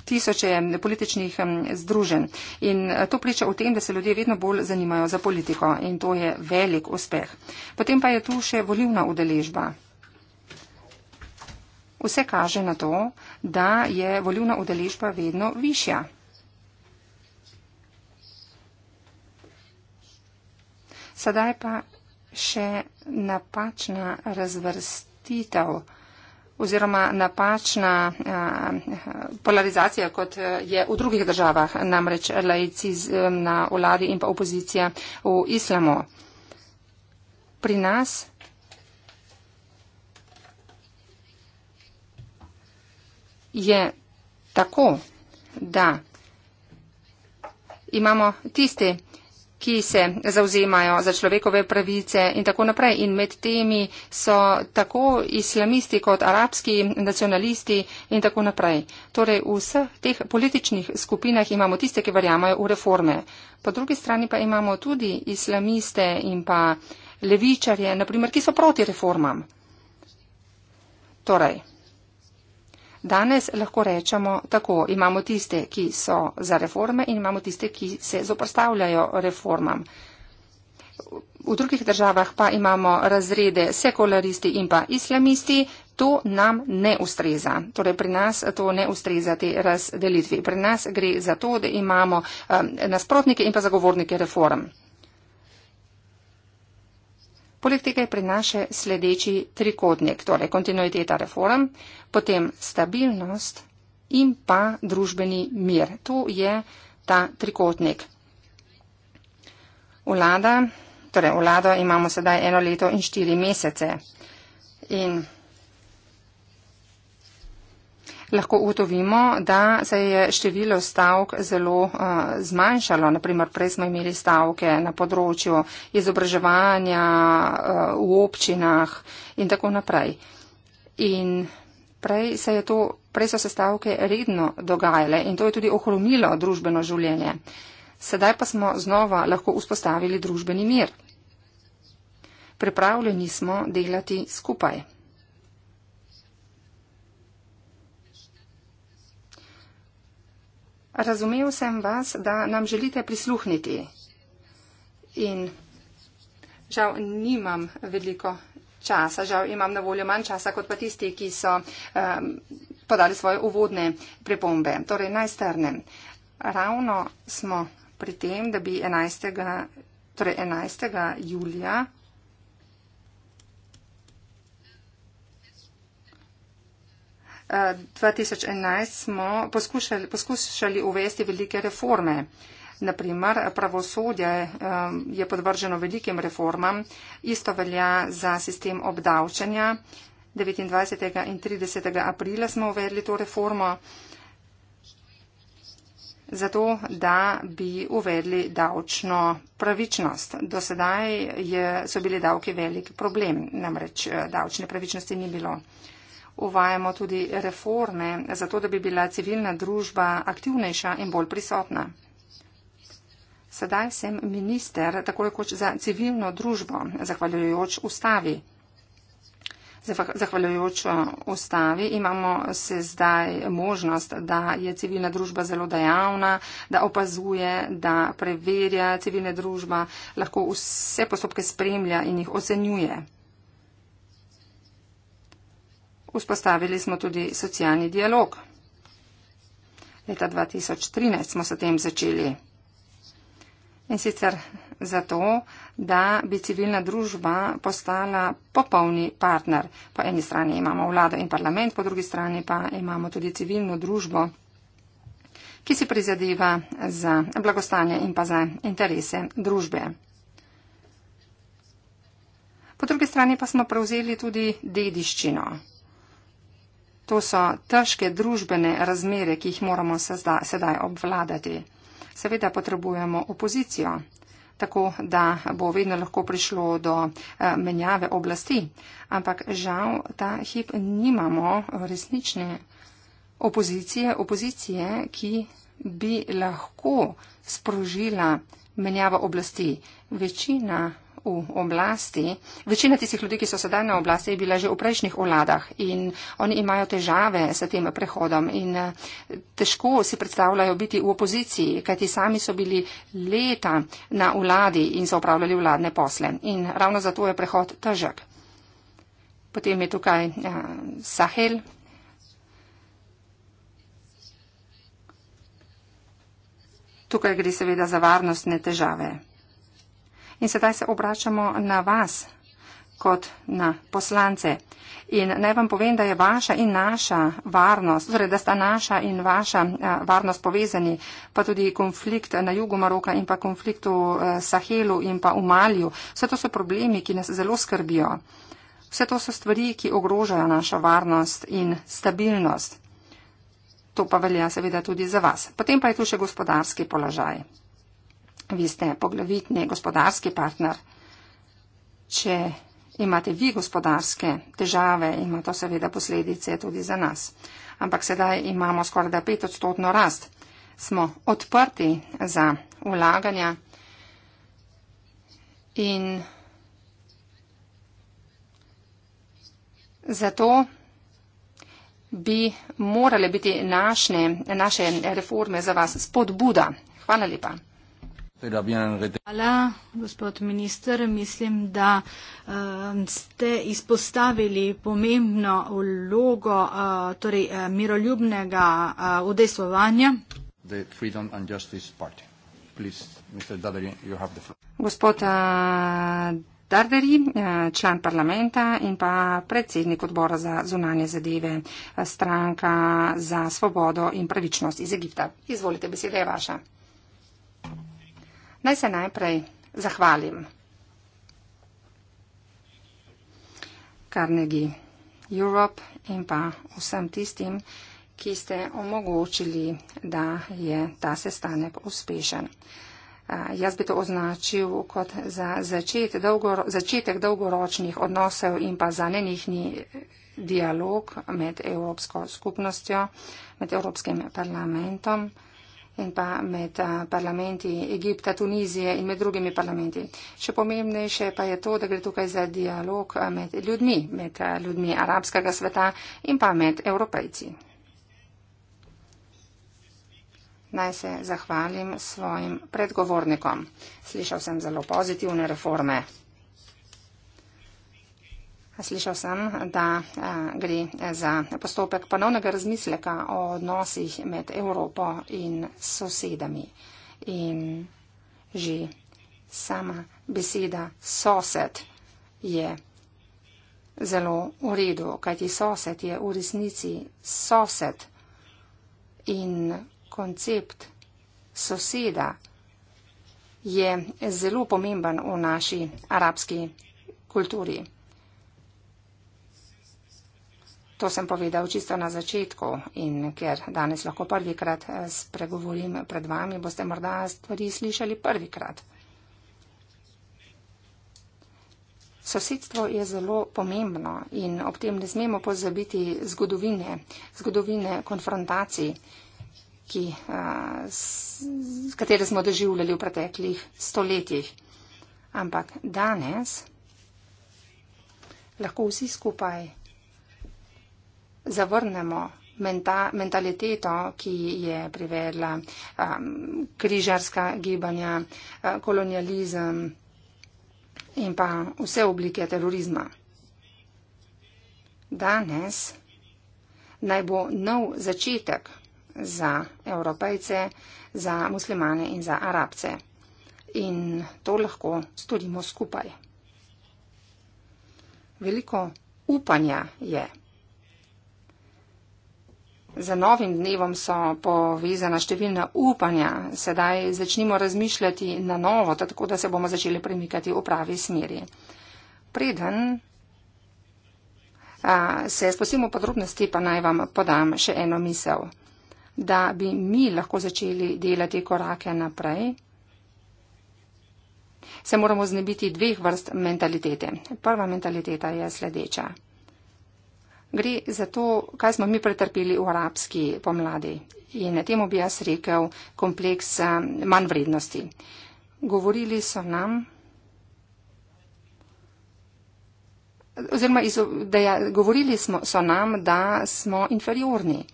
tisoče političnih združen. In eh, to priča o tem, da se ljudje vedno bolj zanimajo za politiko. In to je velik uspeh. Potem pa je tu še volivna udeležba. Vse kaže na to, da je volivna udeležba vedno višja. Sedaj pa še napačna razvrstitev oziroma napačna eh, polarizacija, kot eh, je v drugih državah, namreč laici na vladi in pa opozicija v islamu. Pri nas je tako, da imamo tiste, ki se zauzemajo za človekove pravice in tako naprej. In med temi so tako islamisti kot arabski nacionalisti in tako naprej. Torej v vseh teh političnih skupinah imamo tiste, ki verjamajo v reforme. Po drugi strani pa imamo tudi islamiste in pa levičarje, naprimer, ki so proti reformam. Torej, Danes lahko rečemo tako, imamo tiste, ki so za reforme in imamo tiste, ki se zoprstavljajo reformam. V drugih državah pa imamo razrede sekularisti in pa islamisti. To nam ne ustreza. Torej pri nas to ne ustreza te razdelitvi. Pri nas gre za to, da imamo um, nasprotnike in pa zagovornike reform. Poleg tega je pri naše sledeči trikotnik, torej kontinuiteta reform, uh, potem stabilnost in pa družbeni mir. To je ta trikotnik. Vlada, torej vlado imamo sedaj eno leto in štiri mesece. In lahko ugotovimo, da se je število stavk zelo uh, zmanjšalo. Naprimer, prej smo imeli stavke na področju izobraževanja uh, v občinah in tako naprej. In prej, je to, prej so se stavke redno dogajale in to je tudi ohromilo družbeno življenje. Sedaj pa smo znova lahko vzpostavili družbeni mir. Pripravljeni smo delati skupaj. Razumev sem vas, da nam želite prisluhniti. In žal nimam veliko časa, žal imam na voljo manj časa kot pa tisti, ki so um, podali svoje uvodne pripombe. Torej, naj strnem. Ravno smo pri tem, da bi 11. Torej 11. julija uh, 2011 smo poskušali, poskušali uvesti velike reforme. Uh, Naprimer, pravosodje um, je podvrženo velikim reformam, isto velja za sistem obdavčanja. 29. in 30. aprila smo uvedli to reformo, zato da bi uvedli davčno pravičnost. Do sedaj je, so bili davki velik problem, namreč eh, davčne pravičnosti ni bilo. Uvajamo tudi reforme, zato da bi bila civilna družba aktivnejša in bolj prisotna. Sedaj sem minister takoj kot za civilno družbo, zahvaljujoč ustavi. Zahvaljujoč eh, ustavi imamo se zdaj možnost, da je civilna družba zelo dejavna, da opazuje, da preverja civilna družba, lahko vse postopke spremlja in jih ocenjuje. Vzpostavili smo tudi socialni dialog. Leta 2013 smo s tem začeli. In sicer zato, da bi civilna družba postala popolni partner. Po eni strani imamo vlado in parlament, po drugi strani pa imamo tudi civilno družbo, ki si prizadeva za blagostanje in pa za interese družbe. Po drugi strani pa smo prevzeli tudi dediščino. To so težke družbene razmere, ki jih moramo sedaj obvladati seveda potrebujemo opozicijo, tako da bo vedno lahko prišlo do eh, menjave oblasti. Ampak žal ta hip nimamo resnične opozicije, opozicije, ki bi lahko sprožila menjava oblasti. Večina v oblasti, večina tistih ljudi, ki so sedaj na oblasti, je bila že v prejšnjih vladah in oni imajo težave s tem prehodom in eh, težko si predstavljajo biti v opoziciji, kajti sami so bili leta na vladi in so upravljali vladne posle. In ravno zato je prehod težek. Potem je tukaj uh, Sahel. Tukaj gre seveda za varnostne težave. In sedaj se obračamo na vas kot na poslance. In naj vam povem, da je vaša in naša varnost, torej da sta naša in vaša eh, varnost povezani, pa tudi konflikt na jugu Maroka in pa konflikt v eh, Sahelu in pa v Malju. Vse to so problemi, ki nas zelo skrbijo. Vse to so stvari, ki ogrožajo našo varnost in stabilnost. To pa velja seveda tudi za vas. Potem pa je tu še gospodarski položaj. Vi ste poglavitni gospodarski partner. Če imate vi gospodarske težave, ima to seveda posledice tudi za nas. Ampak sedaj imamo skoraj da pet odstotno rast. Smo odprti za ulaganja in zato bi morale biti našne, naše reforme za vas spodbuda. Hvala lepa. Hvala, gospod minister. Mislim, da eh, ste izpostavili pomembno vlogo eh, torej, eh, miroljubnega udejstvovanja. Gospod Darderi, član parlamenta in pa predsednik odbora za zunanje zadeve, stranka za svobodo in pravičnost iz Egipta. Izvolite, beseda je vaša. Naj se najprej zahvalim Carnegie Europe in pa vsem tistim, ki ste omogočili, da je ta sestanek uspešen. Jaz bi to označil kot za začet, dolgo, začetek dolgoročnih odnosov in pa zanenihni dialog med Evropsko skupnostjo, med Evropskim parlamentom in pa med parlamenti Egipta, Tunizije in med drugimi parlamenti. Še pomembnejše pa je to, da gre tukaj za dialog med ljudmi, med ljudmi arabskega sveta in pa med evropejci. Naj se zahvalim svojim predgovornikom. Slišal sem zelo pozitivne reforme. Slišal sem, da eh, gre eh, za postopek ponovnega razmisleka o odnosih med Evropo in sosedami. In že sama beseda sosed je zelo v redu, kajti sosed je v resnici sosed in koncept soseda je zelo pomemben v naši arabski kulturi. To sem povedal čisto na začetku in ker danes lahko prvikrat eh, spregovorim pred vami, boste morda stvari slišali prvikrat. Sosedstvo je zelo pomembno in ob tem ne smemo pozabiti zgodovine, zgodovine konfrontacij, ki, eh, s, katere smo doživljali v preteklih stoletjih. Ampak danes lahko vsi skupaj zavrnemo menta, mentaliteto, ki je privedla um, križarska gibanja, uh, kolonializem in pa vse oblike terorizma. Danes naj bo nov začetek za evropejce, za muslimane in za arabce. In to lahko storimo skupaj. Veliko upanja je. Z novim dnevom so povezana številna upanja. Sedaj začnimo razmišljati na novo, tako da se bomo začeli premikati v pravi smeri. Preden a, se spustimo podrobnosti, pa naj vam podam še eno misel. Da bi mi lahko začeli delati korake naprej, se moramo znebiti dveh vrst mentalitete. Prva mentaliteta je sledeča. Gre za to, kaj smo mi pretrpeli v arabski pomladi in temu bi jaz rekel kompleks eh, manj vrednosti. Govorili so nam, oziroma iz, deja, govorili smo, so nam, da smo inferiorni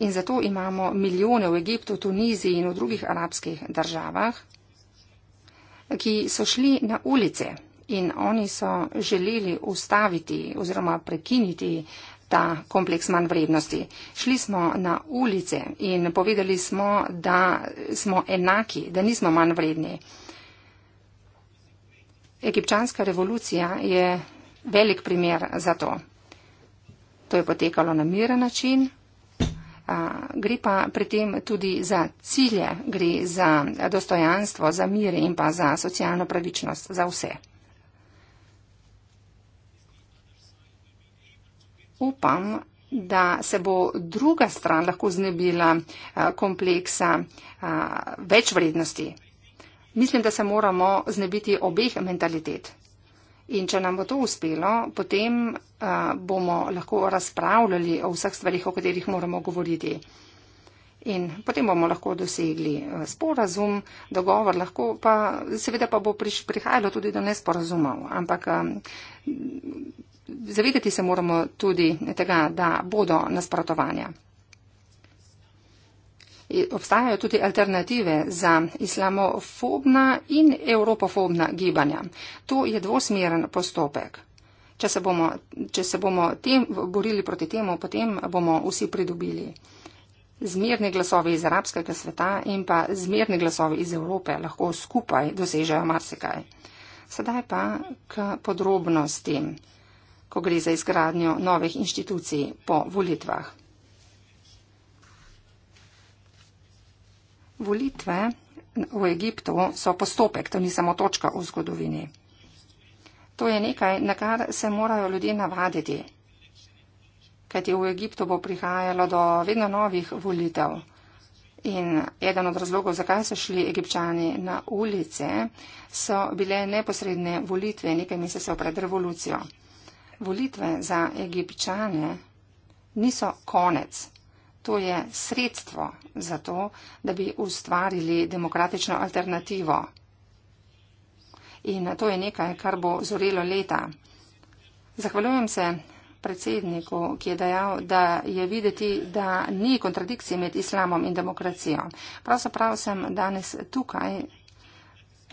in zato imamo milijone v Egiptu, Tuniziji in v drugih arabskih državah, ki so šli na ulice in oni so želeli ustaviti oziroma prekiniti ta kompleks manj vrednosti. Šli smo na ulice in povedali smo, da smo enaki, da nismo manj vredni. Egipčanska revolucija je velik primer za to. To je potekalo na miren način. Gre pa pri tem tudi za cilje, gre za dostojanstvo, za mir in pa za socialno pravičnost, za vse. upam, da se bo druga stran lahko znebila eh, kompleksa eh, več vrednosti. Mislim, da se moramo znebiti obeh mentalitet. In če nam bo to uspelo, potem eh, bomo lahko razpravljali o vseh stvarih, o katerih moramo govoriti. In potem bomo lahko dosegli sporazum, dogovor, lahko pa seveda pa bo prihajalo tudi do nesporazumov. Ampak zavedati se moramo tudi tega, da bodo nasprotovanja. E, obstajajo tudi alternative za islamofobna in evropofobna gibanja. To je dvosmeren postopek. Če se bomo, če se bomo tem, borili proti temu, potem bomo vsi pridobili. Zmerni glasovi iz arabskega sveta in pa zmerni glasovi iz Evrope lahko skupaj dosežejo marsikaj. Sedaj pa k podrobnostim ko gre za izgradnjo novih inštitucij po volitvah. Volitve v Egiptu so postopek, to ni samo točka v zgodovini. To je nekaj, na kar se morajo ljudje navaditi, kajti v Egiptu bo prihajalo do vedno novih volitev. In eden od razlogov, zakaj so šli egipčani na ulice, so bile neposredne volitve, nekaj mesecev pred revolucijo volitve za egipčane niso konec. To je sredstvo za to, da bi ustvarili demokratično alternativo. In to je nekaj, kar bo zorelo leta. Zahvaljujem se predsedniku, ki je dejal, da je videti, da ni kontradikcij med islamom in demokracijo. Pravzaprav sem danes tukaj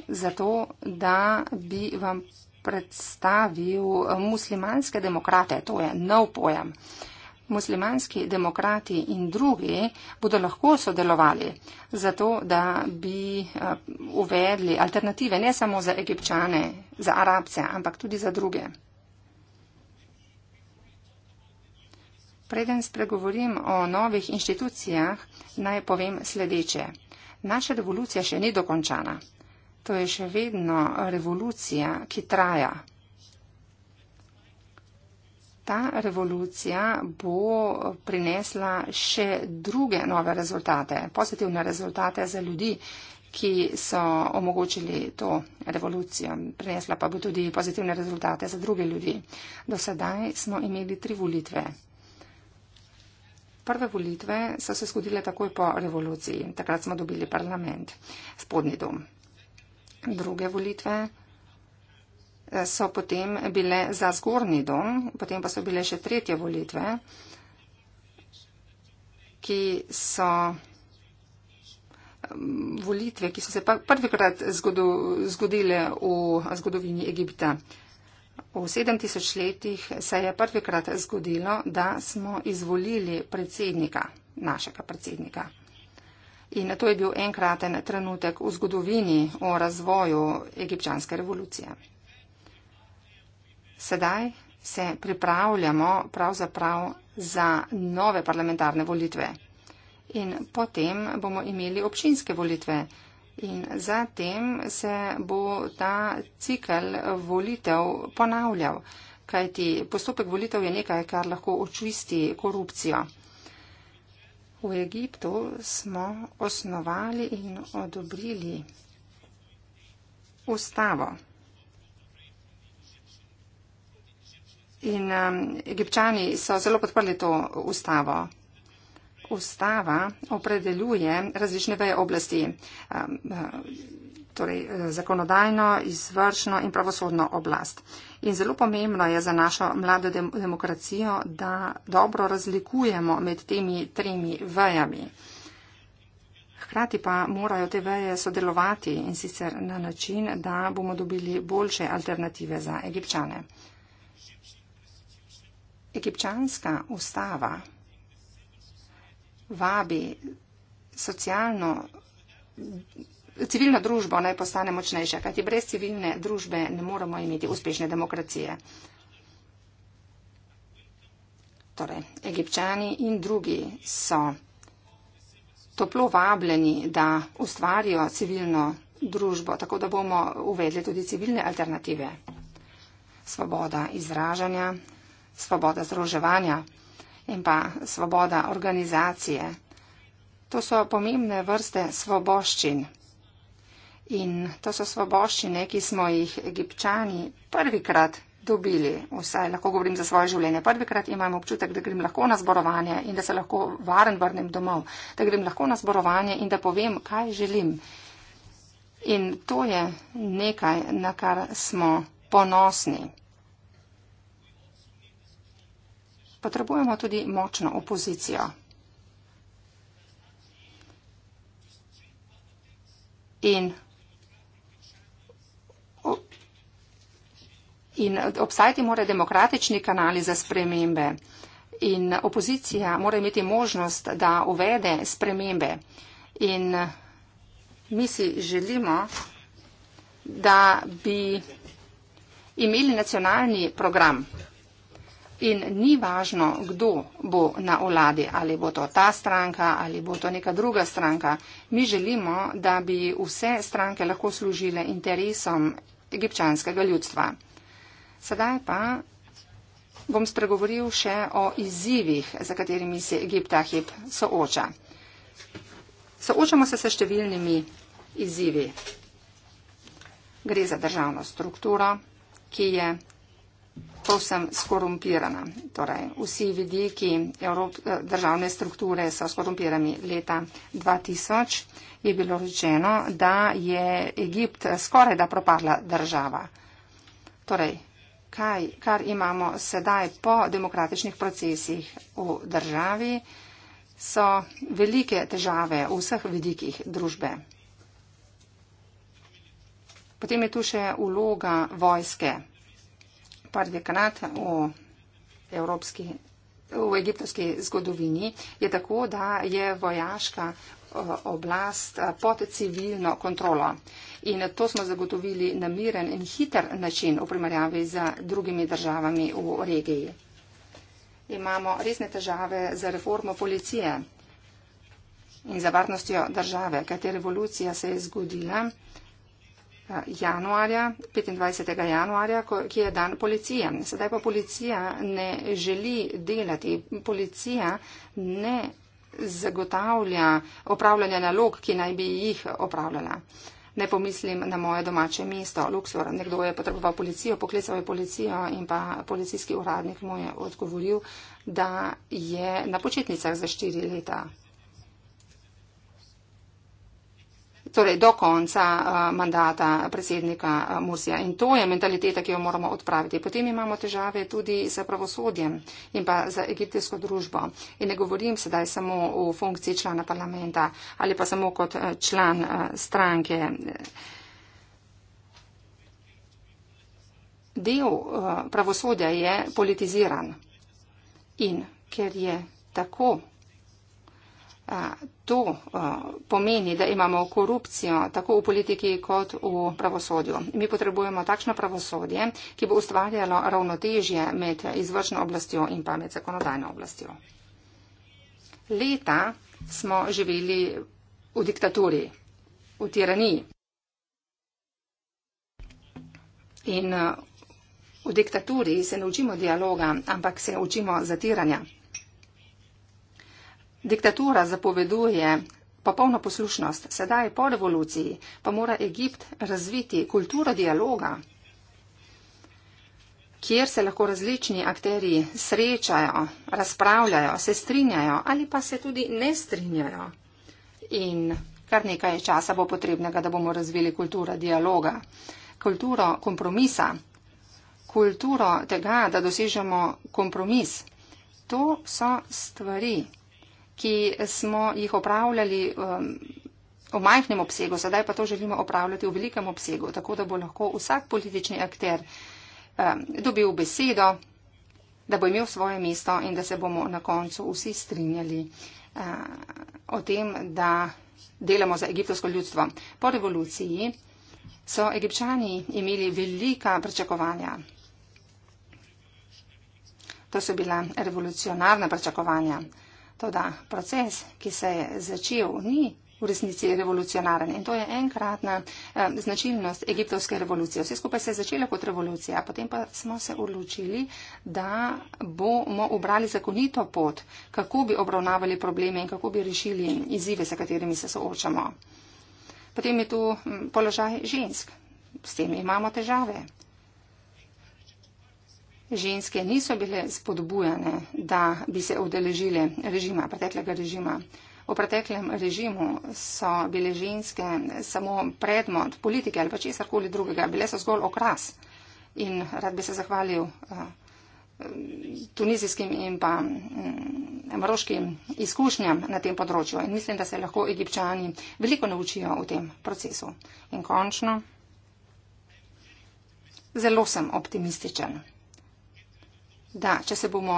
zato, da bi vam predstavil eh, muslimanske demokrate, to je nov pojem. Muslimanski demokrati in drugi bodo lahko sodelovali za to, da bi eh, uvedli alternative ne samo za egipčane, za arabce, ampak tudi za druge. Preden spregovorim o novih inštitucijah, naj povem sledeče. Naša revolucija še ni dokončana. To je še vedno revolucija, ki traja. Ta revolucija bo prinesla še druge nove rezultate, pozitivne rezultate za ljudi, ki so omogočili to revolucijo. Prinesla pa bo tudi pozitivne rezultate za druge ljudi. Do sedaj smo imeli tri volitve. Prve volitve so se zgodile takoj po revoluciji. Takrat smo dobili parlament, spodnji dom druge volitve eh, so potem bile za zgornji dom, potem pa so bile še tretje volitve, ki so mm, volitve, ki so se prvikrat zgodile v zgodovini Egipta. V 7000 letih se je prvikrat zgodilo, da smo izvolili predsednika, našega predsednika. In to je bil enkraten trenutek v zgodovini o razvoju egipčanske revolucije. Sedaj se pripravljamo pravzaprav za nove parlamentarne volitve. In potem bomo imeli občinske volitve. In zatem se bo ta cikel volitev ponavljal. Kajti postopek volitev je nekaj, kar lahko očisti korupcijo v Egiptu smo osnovali in odobrili ustavo. In um, egipčani so zelo podprli to ustavo. Ustava opredeljuje različne veje oblasti, um, uh, torej eh, zakonodajno, izvršno in pravosodno oblast. In zelo pomembno je za našo mlado demokracijo, da dobro razlikujemo med temi tremi vejami. Hkrati pa morajo te veje sodelovati in sicer na način, da bomo dobili boljše alternative za egipčane. Egipčanska ustava vabi socialno civilno družbo naj postane močnejša, kajti brez civilne družbe ne moremo imeti uspešne demokracije. Torej, egipčani in drugi so toplo vabljeni, da ustvarijo civilno družbo, tako da bomo uvedli tudi civilne alternative. Svoboda izražanja, svoboda združevanja in pa svoboda organizacije. To so pomembne vrste svoboščin. In to so svoboščine, ki smo jih egipčani prvikrat dobili, vsaj lahko govorim za svoje življenje. Prvikrat imam občutek, da grem lahko na zborovanje in da se lahko varen vrnem domov, da grem lahko na zborovanje in da povem, kaj želim. In to je nekaj, na kar smo ponosni. Potrebujemo tudi močno opozicijo. In In obstajati mora demokratični kanali za spremembe. In opozicija mora imeti možnost, da uvede spremembe. In mi si želimo, da bi imeli nacionalni program. In ni važno, kdo bo na vladi, ali bo to ta stranka, ali bo to neka druga stranka. Mi želimo, da bi vse stranke lahko služile interesom egipčanskega ljudstva. Sedaj pa bom spregovoril še o izzivih, za katerimi se Egipt ta hip sooča. Soočamo se s številnimi izzivi. Gre za državno strukturo, ki je povsem skorumpirana. Torej, vsi vidiki Evrop, državne strukture so skorumpirani. Leta 2000 je bilo rečeno, da je Egipt skoraj da propadla država. Torej, kaj, kar imamo sedaj po demokratičnih procesih v državi, so velike težave v vseh vidikih družbe. Potem je tu še uloga vojske. Par dekanat v, evropski, v egiptovski zgodovini je tako, da je vojaška Eh, oblast eh, pod civilno kontrolo. In to smo zagotovili na miren in hiter način v primerjavi z drugimi državami v regiji. Imamo resne težave za reformo policije in za varnostjo države, kajte revolucija se je zgodila eh, januarja, 25. januarja, ki je dan policije. Sedaj pa policija ne želi delati. Policija ne zagotavlja opravljanje nalog, ki naj bi jih opravljala. Ne pomislim na moje domače mesto, Luksor. Nekdo je potreboval policijo, poklical je policijo in pa policijski uradnik mu je odgovoril, da je na početnicah za štiri leta. torej do konca eh, mandata predsednika eh, Mursija. In to je mentaliteta, ki jo moramo odpraviti. Potem imamo težave tudi z pravosodjem in pa z egiptijsko družbo. In ne govorim sedaj samo o funkciji člana parlamenta ali pa samo kot eh, član stranke. Del pravosodja je politiziran. In ker je tako To pomeni, da imamo korupcijo tako v politiki kot v pravosodju. Mi potrebujemo takšno pravosodje, ki bo ustvarjalo ravnotežje med izvršno oblastjo in pa med zakonodajno oblastjo. Leta smo živeli v diktaturi, v tiraniji. In v diktaturi se ne učimo dialoga, ampak se učimo zatiranja. Diktatura zapoveduje popolno poslušnost. Sedaj, po revoluciji, pa mora Egipt razviti kulturo dialoga, kjer se lahko različni akteri srečajo, razpravljajo, se strinjajo ali pa se tudi ne strinjajo. In kar nekaj časa bo potrebnega, da bomo razvili kulturo dialoga, kulturo kompromisa, kulturo tega, da dosežemo kompromis. To so stvari, ki smo jih opravljali um, v majhnem obsegu, sedaj pa to želimo opravljati v velikem obsegu, tako da bo lahko vsak politični akter um, dobil besedo, da bo imel svoje mesto in da se bomo na koncu vsi strinjali uh, o tem, da delamo za egiptovsko ljudstvo. Po revoluciji so egipčani imeli velika pričakovanja. To so bila revolucionarna pričakovanja. Toda proces, ki se je začel, ni v resnici revolucionaren. In to je enkratna eh, značilnost egiptovske revolucije. Vse skupaj se je začela kot revolucija, potem pa smo se odločili, da bomo obrali zakonito pot, kako bi obravnavali probleme in kako bi rešili izzive, s katerimi se soočamo. Potem je tu hm, položaj žensk. S tem imamo težave ženske niso bile spodbujane, da bi se odeležile režima, preteklega režima. V preteklem režimu so bile ženske samo predmod politike ali pa česar koli drugega, bile so zgolj okras. In rad bi se zahvalil eh, tunizijskim in pa mm, maroškim izkušnjam na tem področju. In mislim, da se lahko egipčani veliko naučijo v tem procesu. In končno, zelo sem optimističen da če se bomo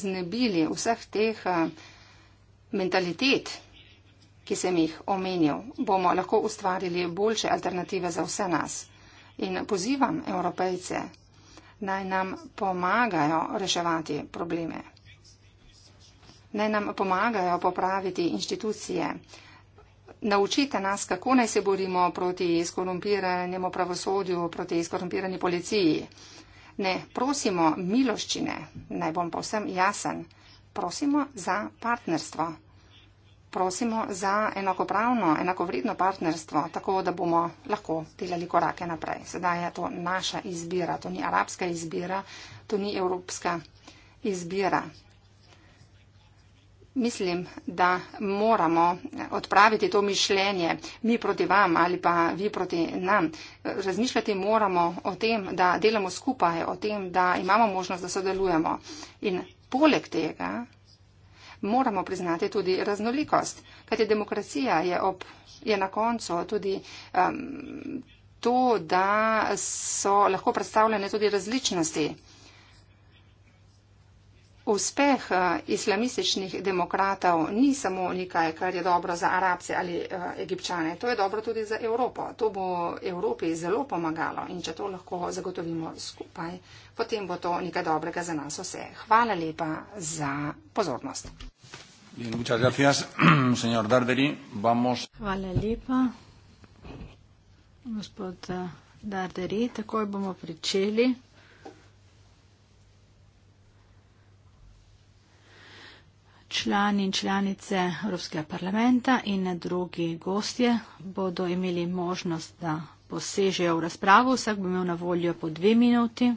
znebili vseh teh eh, mentalitet, ki sem jih omenil, bomo lahko ustvarili boljše alternative za vse nas. In pozivam evropejce, naj nam pomagajo reševati probleme. Naj nam pomagajo popraviti inštitucije. Naučite nas, kako naj se borimo proti skorumpiranemu pravosodju, proti skorumpirani policiji ne prosimo miloščine, naj bom povsem jasen, prosimo za partnerstvo. Prosimo za enakopravno, enakovredno partnerstvo, tako da bomo lahko delali korake naprej. Sedaj je to naša izbira, to ni arabska izbira, to ni evropska izbira. Mislim, da moramo odpraviti to mišljenje mi proti vam ali pa vi proti nam. Razmišljati moramo o tem, da delamo skupaj, o tem, da imamo možnost, da sodelujemo. In poleg tega moramo priznati tudi raznolikost, kajti demokracija je, ob, je na koncu tudi. Um, to, da so lahko predstavljene tudi različnosti. Uspeh eh, islamističnih demokratov ni samo nekaj, kar je dobro za arabce ali eh, egipčane, to je dobro tudi za Evropo. To bo Evropi zelo pomagalo in če to lahko zagotovimo skupaj, potem bo to nekaj dobrega za nas vse. Hvala lepa za pozornost. <clears throat> Hvala lepa, gospod eh, Darderi. Takoj bomo pričeli. člani in članice Evropskega parlamenta in drugi gostje bodo imeli možnost, da posežejo v razpravo. Vsak bo imel na voljo po dve minuti.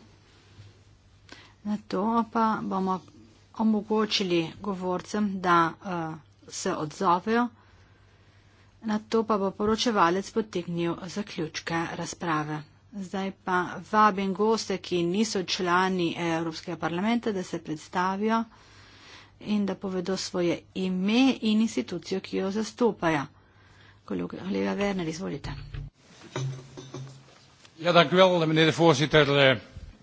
Na to pa bomo omogočili govorcem, da uh, se odzovejo. Na to pa bo poročevalec potegnil zaključke razprave. Zdaj pa vabim goste, ki niso člani Evropskega parlamenta, da se predstavijo in da povedo svoje ime in institucijo, ki jo zastopajo. Kolega Werner, izvolite. Ja, dank u wel, meneer de voorzitter. Eh,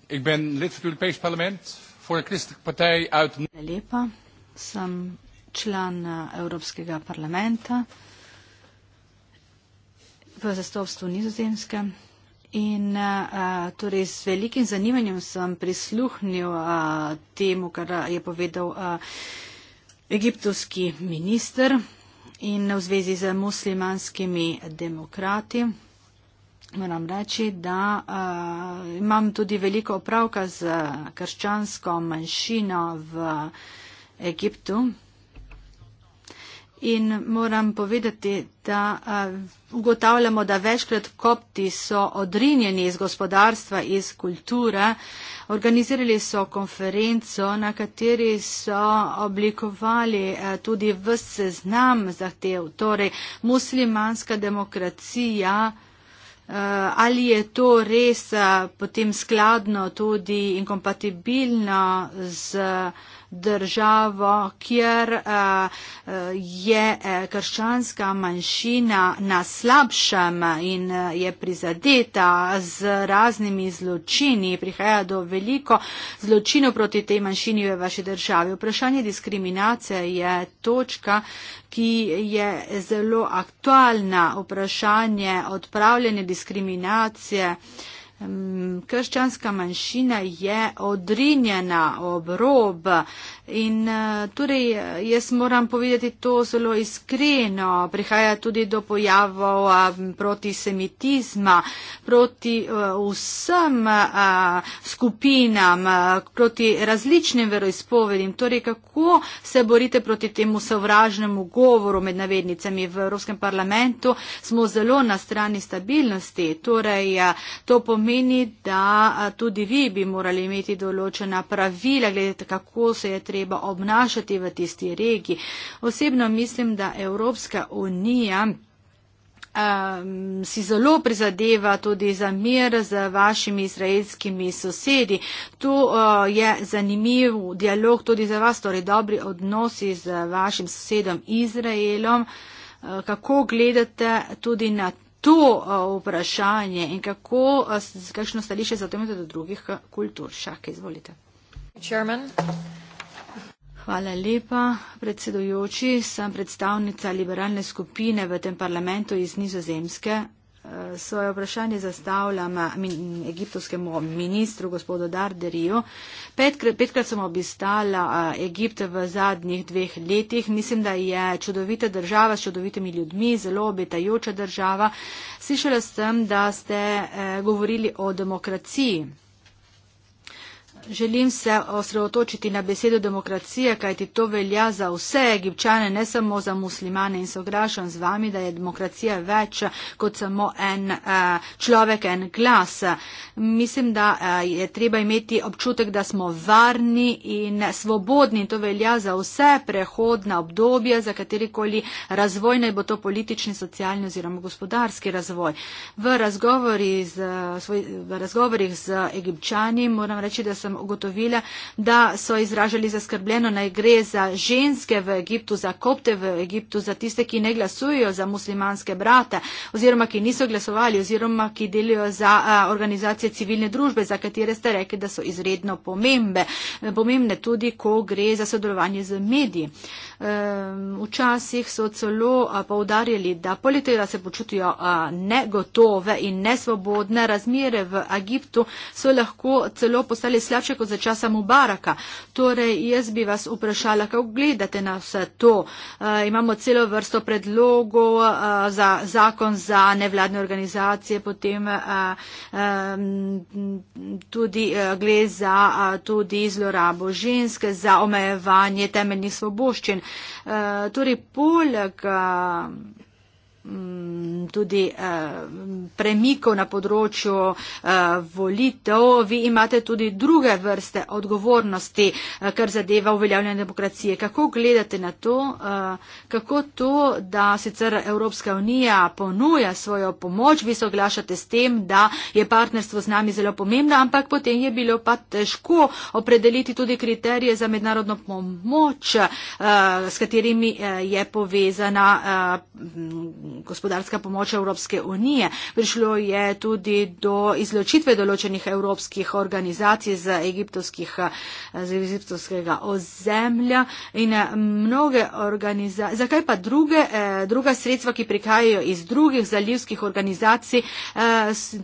ik ben lid van het Europees parlement voor de Christelijke Partij uit... Hvala lepa, sem član eh, Evropskega parlamenta v zastopstvu Nizozemske. In uh, torej z velikim zanimanjem sem prisluhnil uh, temu, kar eh, je povedal uh, egiptovski minister in v zvezi z muslimanskimi demokrati. Moram reči, da uh, imam tudi veliko opravka z krščansko manjšino v Egiptu. In moram povedati, da a, ugotavljamo, da večkrat kopti so odrinjeni iz gospodarstva, iz kulture. Organizirali so konferenco, na kateri so oblikovali a, tudi vse seznam zahtev, torej muslimanska demokracija. Uh, ali je to res uh, potem skladno tudi in kompatibilno z uh, državo, kjer eh, eh, je eh, krščanska manjšina na slabšem in je prizadeta z raznimi zločini. Prihaja do veliko zločinov proti tej manjšini v vaši državi. Vprašanje diskriminacije je točka, ki je zelo aktualna. Vprašanje odpravljanja diskriminacije. Krščanska manjšina je odrinjena ob rob in eh, torej jaz moram povedati to zelo iskreno. Prihaja tudi do pojavov protisemitizma eh, proti eh, vsem skupinam, proti različnim veroizpovedim. Torej, kako se borite proti temu sovražnemu govoru med navednicami v Evropskem parlamentu? Smo zelo na strani stabilnosti. Torej, to pomeni, pomeni, da tudi vi bi morali imeti določena pravila, glede kako se je treba obnašati v tisti regiji. Osebno mislim, da Evropska unija si zelo prizadeva tudi za mir z vašimi izraelskimi sosedi. Tu je zanimiv dialog tudi za vas, torej dobri odnosi z vašim sosedom Izraelom. E, kako gledate tudi na to vprašanje in kako, kakšno stališče za to imate do drugih kultur. Šak, izvolite. German. Hvala lepa, predsedujoči. Sem predstavnica liberalne skupine v tem parlamentu iz Nizozemske svoje vprašanje zastavljam egiptovskemu ministru, gospodu Darderiju. Petkrat, petkrat sem obistala Egipt v zadnjih dveh letih. Mislim, da je čudovita država s čudovitimi ljudmi, zelo obetajoča država. Slišala sem, da ste eh, govorili o demokraciji želim se osredotočiti na besedo demokracije, kajti to velja za vse egipčane, ne samo za muslimane in sograšam z vami, da je demokracija več kot samo en eh, človek, en glas. Mislim, da eh, je treba imeti občutek, da smo varni in svobodni. To velja za vse prehodna obdobja, za katerikoli razvoj, naj bo to politični, socialni oziroma gospodarski razvoj. V, z, v razgovorih z egipčani moram reči, da sem ugotovila, da so izražali zaskrbljeno naj gre za ženske v Egiptu, za kopte v Egiptu, za tiste, ki ne glasujejo za muslimanske brate oziroma ki niso glasovali oziroma ki delijo za organizacije civilne družbe, za katere ste rekli, da so izredno pomembe. pomembne, tudi ko gre za sodelovanje z mediji um, včasih so celo uh, povdarjali, da poleg tega, da se počutijo uh, negotove in nesvobodne razmere v Egiptu, so lahko celo postali slabše kot za časa Mubaraka. Torej, jaz bi vas vprašala, kako gledate na vse to. Uh, imamo celo vrsto predlogov uh, za zakon za nevladne organizacije, potem uh, um, tudi uh, gre za uh, tudi zlorabo ženske, za omejevanje temeljnih svoboščin. Uh, Eh, torej, poleg eh, Mm, tudi eh, premikov na področju eh, volitev. Vi imate tudi druge vrste odgovornosti, eh, kar zadeva uveljavljanje demokracije. Kako gledate na to, eh, kako to, da sicer Evropska unija ponuja svojo pomoč, vi se oglašate s tem, da je partnerstvo z nami zelo pomembno, ampak potem je bilo pa težko opredeliti tudi kriterije za mednarodno pomoč, eh, s katerimi eh, je povezana. Eh, gospodarska pomoč Evropske unije. Prišlo je tudi do izločitve določenih evropskih organizacij z egiptovskih, z egiptovskega ozemlja in mnoge organizacije. Zakaj pa druge, druga sredstva, ki prihajajo iz drugih zalivskih organizacij,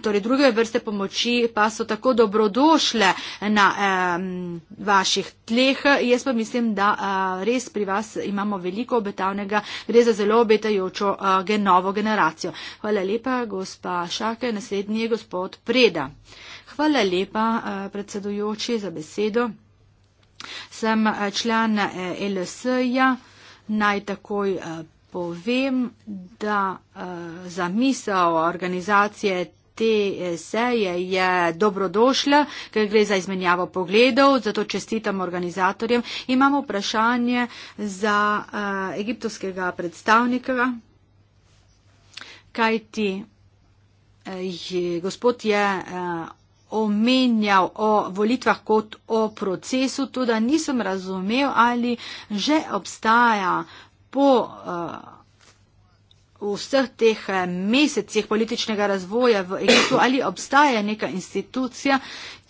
torej druge vrste pomoči, pa so tako dobrodošle na vaših tleh. Jaz pa mislim, da res pri vas imamo veliko obetavnega, gre za zelo obetajočo generacijo novo generacijo. Hvala lepa, gospa Šake, naslednji je gospod Preda. Hvala lepa, eh, predsedujoči, za besedo. Sem eh, član eh, LSE-ja, naj takoj povem, da za misel organizacije te seje je dobrodošla, ker gre za izmenjavo pogledov, zato čestitam organizatorjem. Imamo vprašanje za egiptovskega predstavnika kaj ti eh, je, gospod je eh, omenjal o volitvah kot o procesu, tudi nisem razumel, ali že obstaja po. Uh, v vseh teh eh, mesecih političnega razvoja v Egiptu, ali obstaja neka institucija,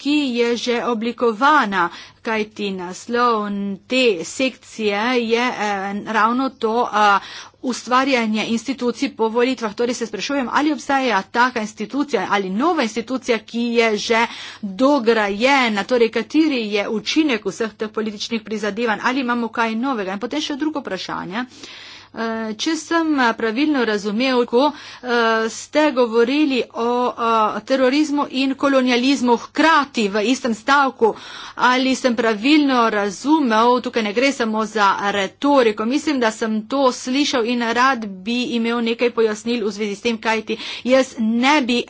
ki je že oblikovana, kaj ti naslov te sekcije je eh, ravno to eh, ustvarjanje institucij po volitvah. Torej se sprašujem, ali obstaja taka institucija ali nova institucija, ki je že dograjena, torej kateri je učinek vseh teh političnih prizadevanj, ali imamo kaj novega. In potem še drugo vprašanje. Eh, Eh, če sem eh, pravilno razumel, ko eh, ste govorili o terorizmu in kolonializmu hkrati v istem stavku, ali sem pravilno razumel, tukaj ne gre samo za retoriko, mislim, da sem to slišal in rad bi imel nekaj pojasnil v zvezi s tem, kaj ti jaz ne bi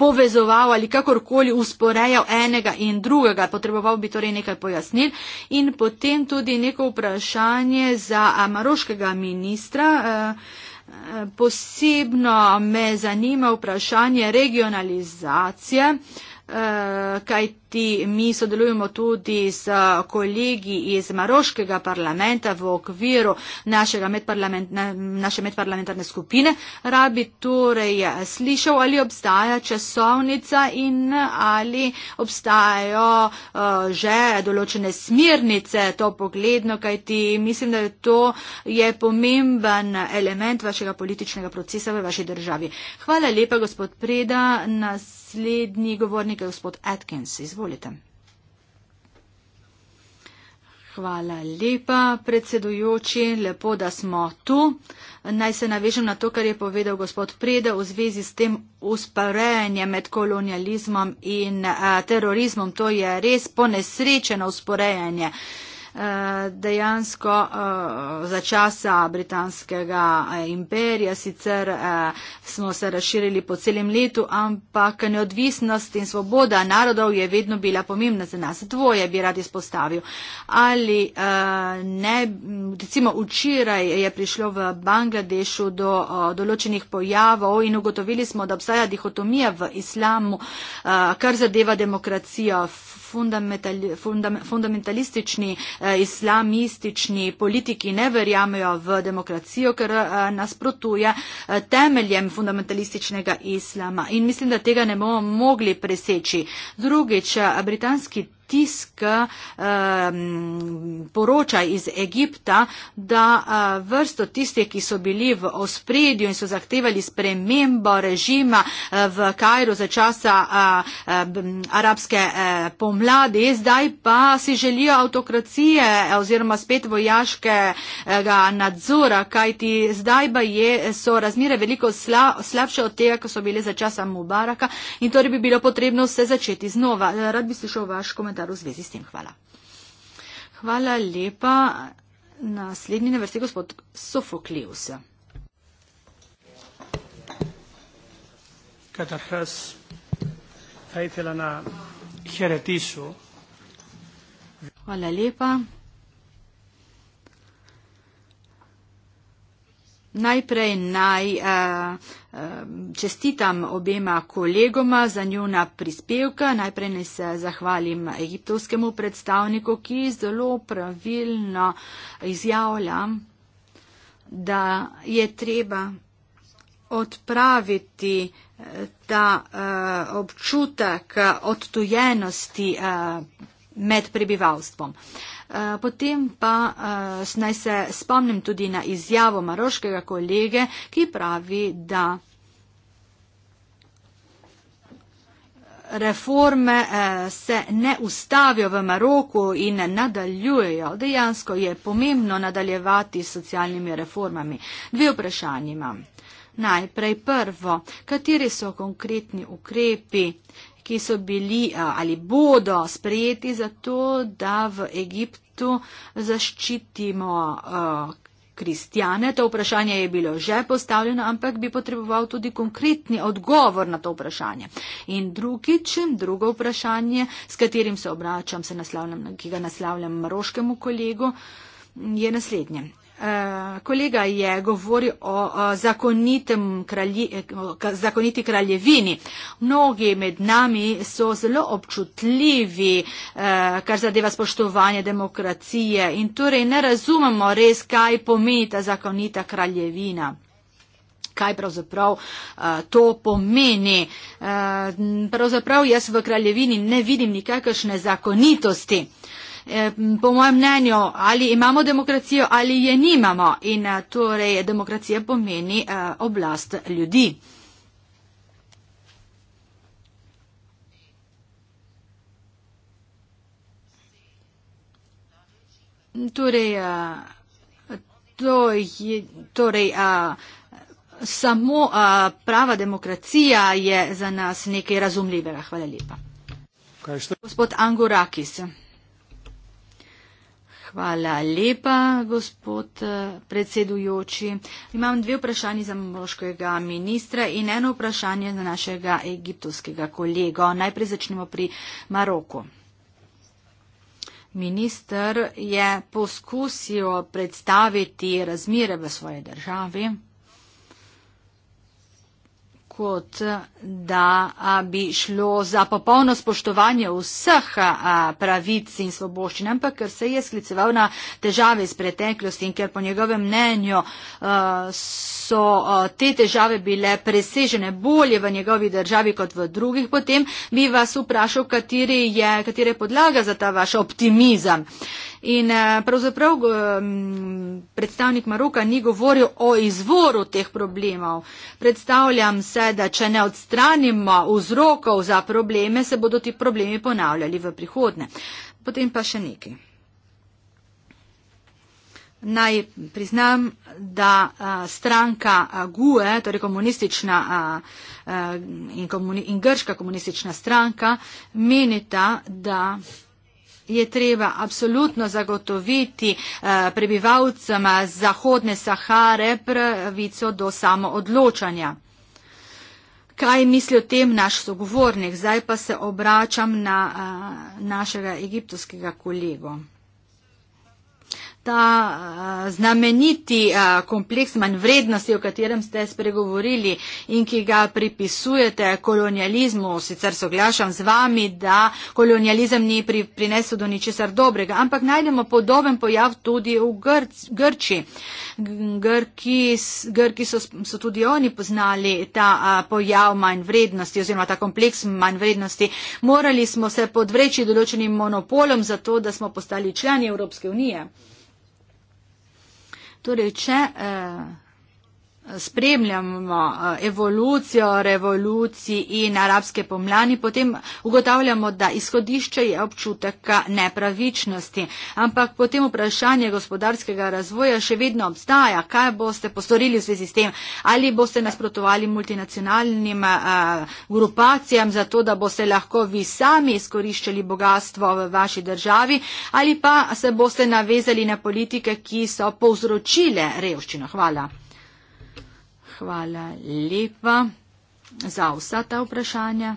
povezoval ali kakorkoli usporejal enega in drugega, potreboval bi torej nekaj pojasnil in potem tudi neko vprašanje za maroškega ministra ministra. Eh, posebno me zanima vprašanje regionalizacije, eh, kaj kajti mi sodelujemo tudi s uh, kolegi iz Maroškega parlamenta v okviru medparlamentarne, naše medparlamentarne skupine. Rad bi torej eh, slišal, ali obstaja časovnica in eh, ali obstajajo eh, že določene smirnice to pogledno, kajti mislim, da je to je pomemben element vašega političnega procesa v vaši državi. Hvala lepa, gospod Preda. Naslednji govornik je gospod Atkins. Izvolj. Izvolite. Hvala lepa, predsedujoči. Lepo, da smo tu. Naj se navežem na to, kar je povedal gospod Preda v zvezi s tem usporejanjem med kolonializmom in a, eh, terorizmom. To je res ponesrečeno usporejanje dejansko eh, za časa britanskega eh, imperija, sicer eh, smo se razširili po celem letu, ampak neodvisnost in svoboda narodov je vedno bila pomembna za nas. Dvoje bi rad izpostavil. Ali ne, recimo včeraj je prišlo v Bangladešu do določenih pojavov in ugotovili smo, da obstaja dihotomija v islamu, kar zadeva demokracijo funda, fundamentalistični eh, islamistični politiki ne verjamejo v demokracijo, ker eh, nasprotuje eh, temeljem fundamentalističnega islama. In mislim, da tega ne bomo mogli preseči. Drugič, eh, britanski tisk um, ehm, poroča iz Egipta, da uh, vrsto tistih, ki so bili v ospredju in so zahtevali spremembo režima uh, v Kajru za časa uh, um, arabske uh, pomladi, zdaj pa si želijo avtokracije oziroma spet vojaškega nadzora, kajti zdaj pa je, so razmire veliko sla, slabše od tega, ko so bile za časa Mubaraka in torej bi bilo potrebno vse začeti znova. Rad bi slišal vaš komentar komentar v zvezi s tem. Hvala. Hvala lepa. Naslednji na vrsti gospod Sofoklius. Katarhas Hajtela na Heretisu. Hvala lepa. Najprej naj uh, uh, čestitam obema kolegoma za njuna prispevka. Najprej naj se zahvalim egiptovskemu predstavniku, ki zelo pravilno izjavlja, da je treba odpraviti eh, ta uh, občutek odtujenosti uh, med prebivalstvom. Uh, Eh, potem pa eh, naj se spomnim tudi na izjavo maroškega kolege, ki pravi, da reforme eh, se ne ustavijo v Maroku in nadaljujejo. Dejansko je pomembno nadaljevati s socialnimi reformami. Dve vprašanjima. Najprej prvo, kateri so konkretni ukrepi, ki so bili ali bodo sprejeti za to, da v Egiptu zaščitimo kristjane. To vprašanje je bilo že postavljeno, ampak bi potreboval tudi konkretni odgovor na to vprašanje. In drugič, drugo vprašanje, s katerim se obračam, se naslavljam, ki ga naslavljam maroškemu kolegu, je naslednje. Eh, kolega je govoril o, o zakonitem kralji, eh, o, zakoniti kraljevini. Mnogi med nami so zelo občutljivi, eh, kar zadeva spoštovanje demokracije in torej ne razumemo res, kaj pomeni ta zakonita kraljevina kaj pravzaprav uh, to pomeni. Uh, pravzaprav jaz v kraljevini ne vidim nikakršne zakonitosti. Uh, Eh, po mojem mnenju, ali imamo demokracijo ali je nimamo. In eh, torej demokracija pomeni eh, oblast ljudi. Torej, to je, torej a, samo a, prava demokracija je za nas nekaj razumljivega. Hvala lepa. Gospod Angurakis. Hvala lepa, gospod eh, predsedujoči. Imam dve vprašanje za moškega ministra in eno vprašanje za našega egiptovskega kolego. Najprej začnemo pri Maroku. Minister je poskusil predstaviti razmire v svoji državi kot da a, bi šlo za popolno spoštovanje vseh a, pravic in sloboščin, ampak ker se je skliceval na težave iz preteklosti in ker po njegovem mnenju a, so a, te težave bile presežene bolje v njegovi državi kot v drugih, potem bi vas vprašal, katere je katere podlaga za ta vaš optimizem. In eh, pravzaprav eh, predstavnik Maroka ni govoril o izvoru teh problemov. Predstavljam se, da če ne odstranimo vzrokov za probleme, se bodo ti problemi ponavljali v prihodne. Potem pa še nekaj. Naj priznam, da eh, stranka GUE, torej komunistična in grška komunistična stranka, menita, da je treba absolutno zagotoviti eh, prebivalcem Zahodne Sahare pravico do samoodločanja. Kaj misli o tem naš sogovornik? Zdaj pa se obračam na a, eh, našega egiptovskega kolego ta a, znameniti a, kompleks manjvrednosti, o katerem ste spregovorili in ki ga pripisujete kolonializmu, sicer soglašam z vami, da kolonializem ni pri, prinesel do ničesar dobrega, ampak najdemo podoben pojav tudi v Grč, Grči. Grki, Grki so, so tudi oni poznali ta a, pojav manjvrednosti oziroma ta kompleks manjvrednosti. Morali smo se podvreči določenim monopolom za to, da smo postali člani Evropske unije. Torej, če eh, spremljamo eh, evolucijo revolucij in arabske pomlani, potem ugotavljamo, da izhodišče je občutek nepravičnosti. Ampak potem vprašanje gospodarskega razvoja še vedno obstaja. Kaj boste postorili v zvezi s tem? Ali boste nasprotovali multinacionalnim eh, grupacijam za to, da boste lahko vi sami izkoriščali bogatstvo v vaši državi? Ali pa se boste navezali na politike, ki so povzročile revščino? Hvala. Hvala lepa za vsa ta vprašanja.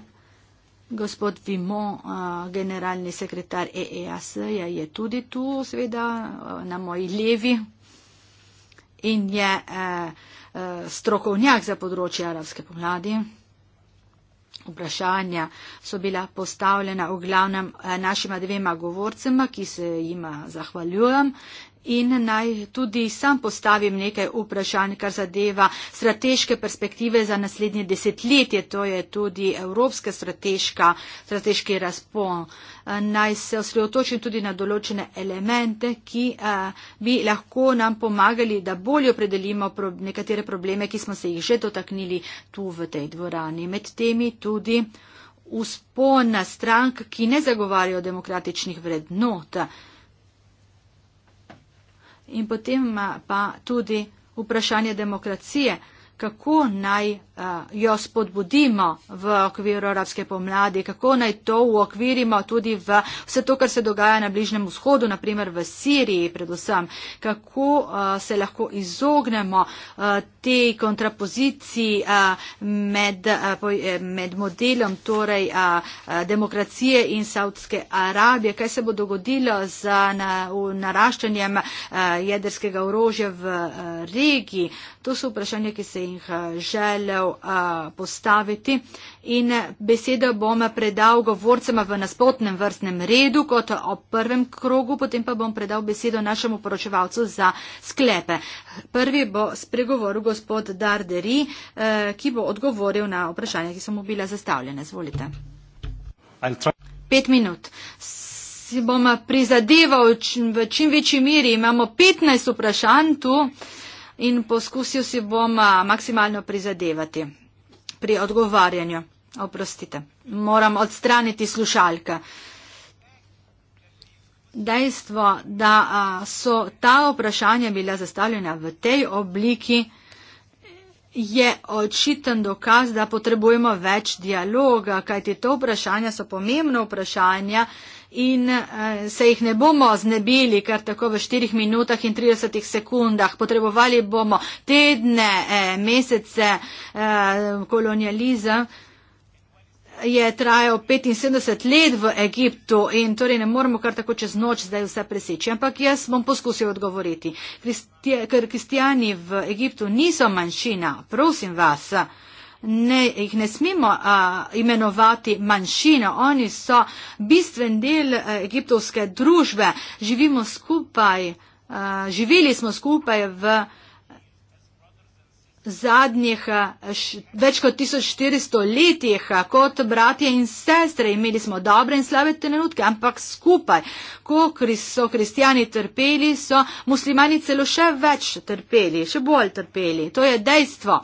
Gospod Vimo, generalni sekretar EEAS je tudi tu, seveda, na moji levi in je strokovnjak za področje arabske pomladi. Vprašanja so bila postavljena v glavnem našima dvema govorcema, ki se jima zahvaljujem in naj tudi sam postavim nekaj vprašanj, kar zadeva strateške perspektive za naslednje desetletje, to je tudi evropska strateška, strateški razpon. Naj se osredotočim tudi na določene elemente, ki eh, bi lahko nam pomagali, da bolje opredelimo nekatere probleme, ki smo se jih že dotaknili tu v tej dvorani. Med temi tudi uspona strank, ki ne zagovarjajo demokratičnih vrednot. In potem pa tudi vprašanje demokracije, kako naj eh, jo spodbudimo v okviru arabske pomladi, kako naj to uokvirimo tudi v vse to, kar se dogaja na Bližnem vzhodu, naprimer v Siriji predvsem, kako eh, se lahko izognemo. A, eh, te kontrapoziciji a, med, a, e, med modelom torej, a, a, demokracije in Saudske Arabije, kaj se bo dogodilo z na, naraščanjem a, jedrskega orožja v a, regiji. To so vprašanja, ki se jih želel a, postaviti. In besedo bom predal govorcema v nasprotnem vrstnem redu, kot o prvem krogu, potem pa bom predal besedo našemu poročevalcu za sklepe. Prvi bo spregovoril gospod Darderi, eh, ki bo odgovoril na vprašanja, ki so mu bila zastavljena. Zvolite. Pet minut. Si bom prizadeval v čim večji miri. Imamo 15 vprašanj tu in poskusil si bom eh, maksimalno prizadevati pri odgovarjanju. Oprostite, moram odstraniti slušalka. Dejstvo, da eh, so ta vprašanja bila zastavljena v tej obliki je očiten dokaz, da potrebujemo več dialoga, kajti to vprašanja so pomembno vprašanja in eh, se jih ne bomo znebili kar tako v 4 minutah in 30 sekundah. Potrebovali bomo tedne, eh, mesece eh, kolonializa je trajal 75 let v Egiptu in torej ne moramo kar tako čez noč zdaj vse preseči. Ampak jaz bom poskusil odgovoriti. Kristi, ker kristijani v Egiptu niso manjšina, prosim vas. Ne, jih ne smemo a, imenovati manjšino, oni so bistven del a, e, egiptovske družbe. Živimo skupaj, a, živeli smo skupaj v zadnjih eh, več kot 1400 letih eh, kot bratje in sestre imeli smo dobre in slabe trenutke, ampak skupaj, ko so kristijani trpeli, so muslimani celo še več trpeli, še bolj trpeli. To je dejstvo.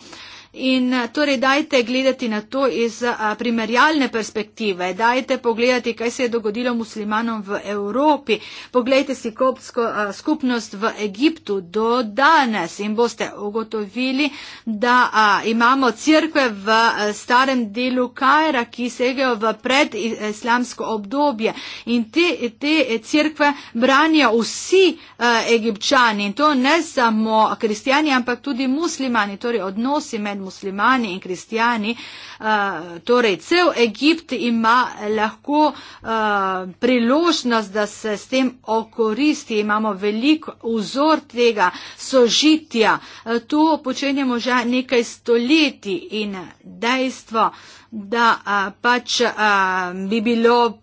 In eh, torej dajte gledati na to iz eh, primerjalne perspektive, dajte pogledati, kaj se je dogodilo muslimanom v Evropi, poglejte si kopsko eh, skupnost v Egiptu do danes in boste ugotovili, da a, imamo crkve v starem delu Kajra, ki segajo v predislamsko obdobje in te, te crkve branijo vsi a, egipčani in to ne samo kristijani, ampak tudi muslimani, torej odnosi med muslimani in kristijani, eh, torej cel Egipt ima lahko eh, priložnost, da se s tem okoristi. Imamo velik vzor tega sožitja. Eh, to počenjamo že nekaj stoletij in dejstvo, da a, pač a, bi bilo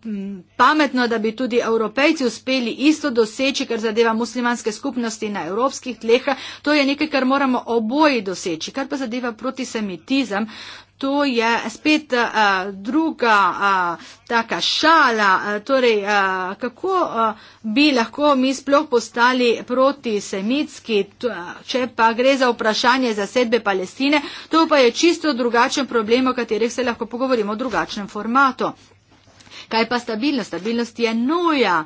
pametno, da bi tudi evropejci uspeli isto doseči, kar zadeva muslimanske skupnosti na evropskih tleh. To je nekaj, kar moramo oboji doseči. Kar pa zadeva protisemitizem, to je spet uh, druga uh, taka šala, uh, torej uh, kako uh, bi lahko mi sploh postali protisemitski, to, uh, če pa gre za vprašanje zasedbe Palestine, to pa je čisto drugačen problem, o katerih se lahko pogovorimo v drugačnem formatu. Kaj pa stabilnost? Stabilnost je nuja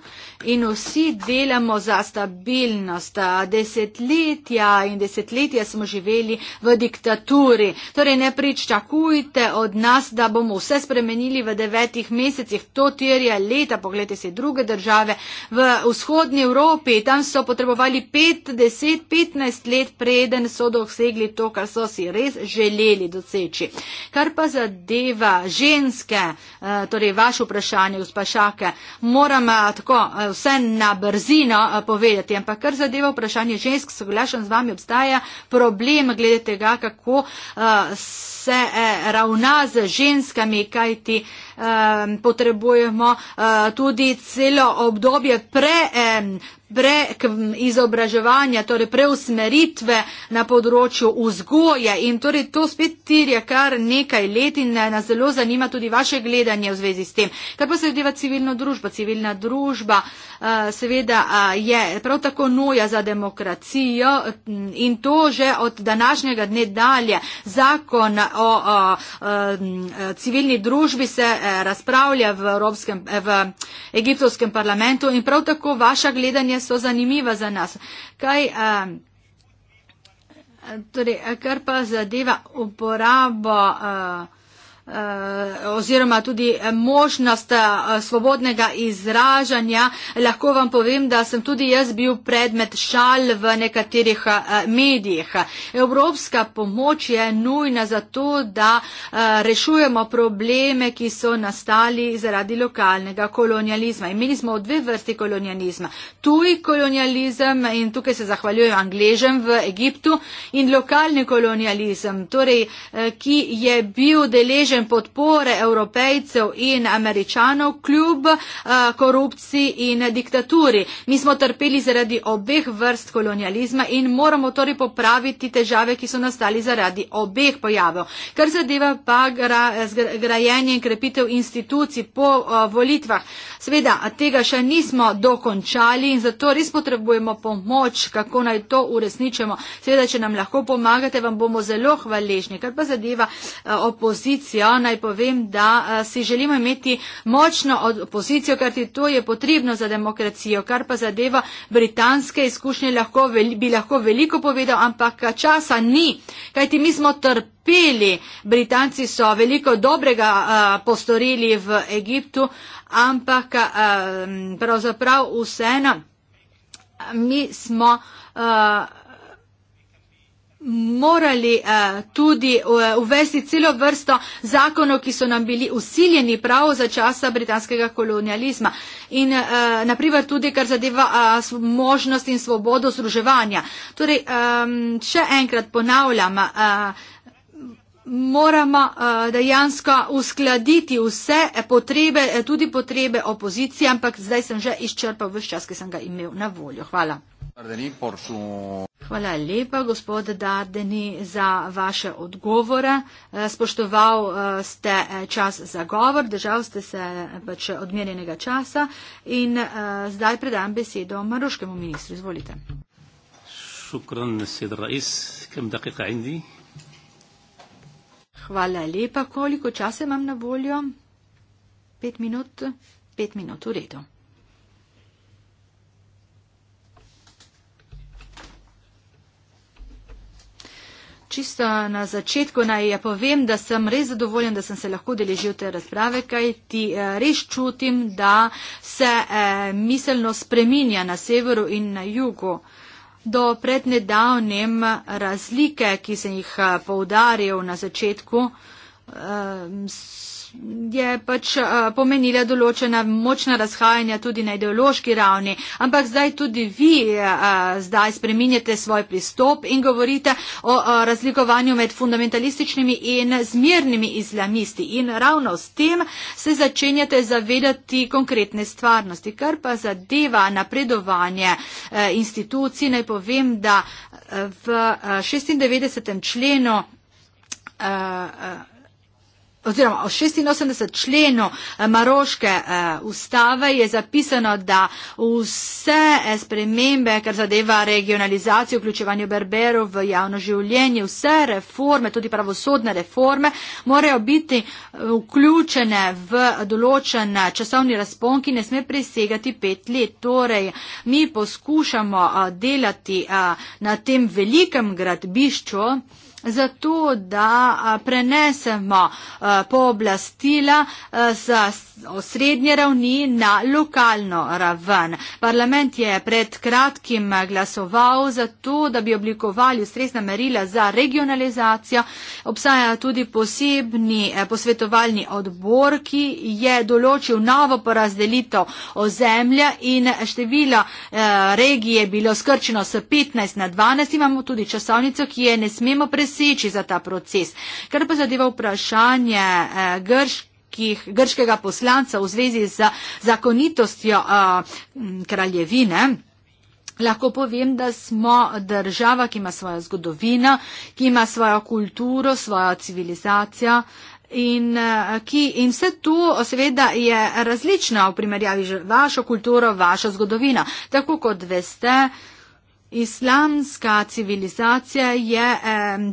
in vsi delamo za stabilnost. Desetletja in desetletja smo živeli v diktaturi. Torej ne pričakujte od nas, da bomo vse spremenili v devetih mesecih. To terja leta. Poglejte si druge države v vzhodnji Evropi. Tam so potrebovali 50, 15 let, preden so dosegli to, kar so si res želeli doseči. Kar pa zadeva ženske, eh, torej vaš vprašanje, vprašanje, gospa Šake. Moram eh, tako eh, vse na brzino eh, povedati, ampak kar zadeva vprašanje žensk, soglašam z vami, obstaja problem glede tega, kako uh, se eh, ravna z ženskami, kajti eh, potrebujemo eh, tudi celo obdobje pre prek izobraževanja, torej preusmeritve na področju vzgoje in torej to spet tirja kar nekaj let in nas zelo zanima tudi vaše gledanje v zvezi s tem. Kaj pa se odiva civilno družbo? Civilna družba seveda je prav tako nuja za demokracijo in to že od današnjega dne dalje. Zakon o a, a, civilni družbi se eh, razpravlja v, Evropskem, eh, v egiptovskem parlamentu in prav tako vaša gledanja so zanimiva za nas. Kaj, a, torej, kar pa zadeva uporabo a, eh, Eh, oziroma tudi eh, možnost eh, svobodnega izražanja. Lahko vam povem, da sem tudi jaz bil predmet šal v nekaterih medijih. Evropska pomoč je nujna zato, da rešujemo probleme, ki so nastali zaradi lokalnega kolonializma. Imeli smo dve vrsti kolonializma. Tuj kolonializem in tukaj se zahvaljujem Angležem v Egiptu in lokalni kolonializem, torej, ki je bil deležen težem podpore evropejcev in američanov kljub eh, korupciji in diktaturi. Mi smo trpeli zaradi obeh vrst kolonializma in moramo torej popraviti težave, ki so nastali zaradi obeh pojavov. Kar zadeva pa gra, grajenje in krepitev institucij po eh, volitvah. Sveda, tega še nismo dokončali in zato res potrebujemo pomoč, kako naj to uresničemo. Sveda, če nam lahko pomagate, vam bomo zelo hvaležni. Kar pa zadeva eh, opozicijo, Ja, naj povem, da a, eh, si želimo imeti močno opozicijo, ker ti to je potrebno za demokracijo, kar pa zadeva britanske izkušnje, lahko, bi lahko veliko povedal, ampak eh, časa ni, kajti mi smo trpeli. Britanci so veliko dobrega a, eh, postorili v Egiptu, ampak a, pravzaprav vseeno mi smo. A, morali uh, tudi uh, uvesti celo vrsto zakonov, ki so nam bili usiljeni prav za časa britanskega kolonializma. In uh, eh, naprimer tudi, kar zadeva uh, možnost in svobodo združevanja. Torej, um, še enkrat ponavljam. Uh, moramo eh, dejansko uskladiti vse potrebe, eh, tudi potrebe opozicije, ampak zdaj sem že izčrpal vse čas, ki sem ga imel na voljo. Hvala. Hvala lepa, gospod Dardeni, za vaše odgovore. Eh, spoštoval ste čas za govor, držal ste se pač odmerjenega časa in zdaj predam besedo maroškemu ministru. Izvolite. Šukran, sedra, iz, kem, da, kaj, kaj, Hvala lepa. Koliko časa imam na voljo? Pet minut, pet minut, v redu. Čisto na začetku naj ja povem, da sem res zadovoljen, da sem se lahko deležil te razprave, kaj ti eh, res čutim, da se eh, miselno spreminja na severu in na jugu do prednedavnem razlike, ki sem jih eh, poudaril na začetku, eh, je pač eh, pomenila določena močna razhajanja tudi na ideološki ravni. Ampak zdaj tudi vi eh, zdaj spreminjate svoj pristop in govorite o eh, razlikovanju med fundamentalističnimi in zmirnimi islamisti. In ravno s tem se začenjate zavedati konkretne stvarnosti. Kar pa zadeva napredovanje institucij, naj povem, da v 96. členu oziroma o 86 členu eh, Maroške eh, ustave je zapisano, da vse eh, spremembe, kar zadeva regionalizacijo, vključevanje berberov v javno življenje, vse reforme, tudi pravosodne reforme, morajo biti vključene v določen časovni razpon, ki ne sme presegati pet let. Torej, mi poskušamo delati na tem velikem gradbišču, zato da prenesemo pooblastila z osrednje ravni na lokalno raven. Parlament je pred kratkim glasoval za to, da bi oblikovali ustrezna merila za regionalizacijo. Obstaja tudi posebni posvetovalni odbor, ki je določil novo porazdelitev ozemlja in število regije je bilo skrčeno s 15 na 12. Imamo tudi časovnico, ki je ne smemo presenetiti doseči za ta proces. Kar pa zadeva vprašanje eh, grških, grškega poslanca v zvezi z zakonitostjo eh, kraljevine. Lahko povem, da smo država, ki ima svojo zgodovino, ki ima svojo kulturo, svojo civilizacijo in, eh, ki, in vse to eh, seveda je različno v primerjavi z vašo kulturo, vaša zgodovina. Tako kot veste, Islamska civilizacija je eh,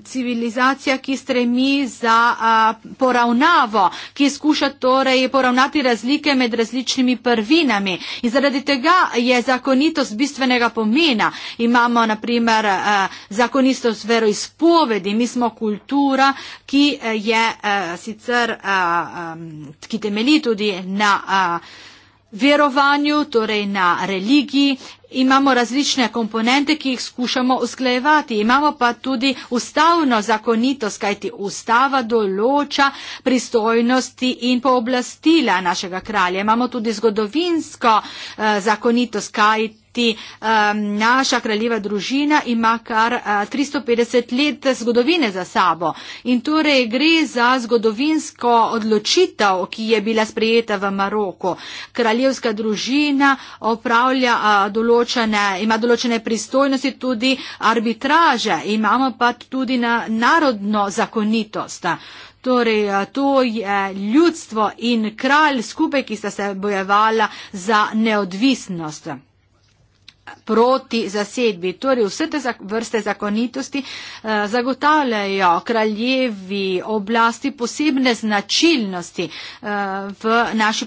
civilizacija, ki stremi za eh, poravnavo, ki skuša torej poravnati razlike med različnimi prvinami. In zaradi tega je zakonitost bistvenega pomena. Imamo naprimer eh, zakonitost veroizpovedi, mi smo kultura, ki eh, je eh, sicer, eh, ki temeli tudi na. Eh, verovanju, torej na religiji imamo različne komponente, ki jih skušamo usklejevati. Imamo pa tudi ustavno zakonitost, kajti ustava določa pristojnosti in pooblastila našega kralja. Imamo tudi zgodovinsko eh, zakonitost, kajti kajti um, naša kraljeva družina ima kar uh, eh, 350 let zgodovine za sabo. In torej gre za zgodovinsko odločitev, ki je bila sprejeta v Maroku. Kraljevska družina opravlja, uh, določene, ima določene pristojnosti tudi arbitraže, imamo pa tudi na narodno zakonitost. Torej, eh, to je ljudstvo in kralj skupaj, ki sta se bojevala za neodvisnost proti zasedbi. Torej vse te vrste zakonitosti eh, zagotavljajo kraljevi oblasti posebne značilnosti eh, naši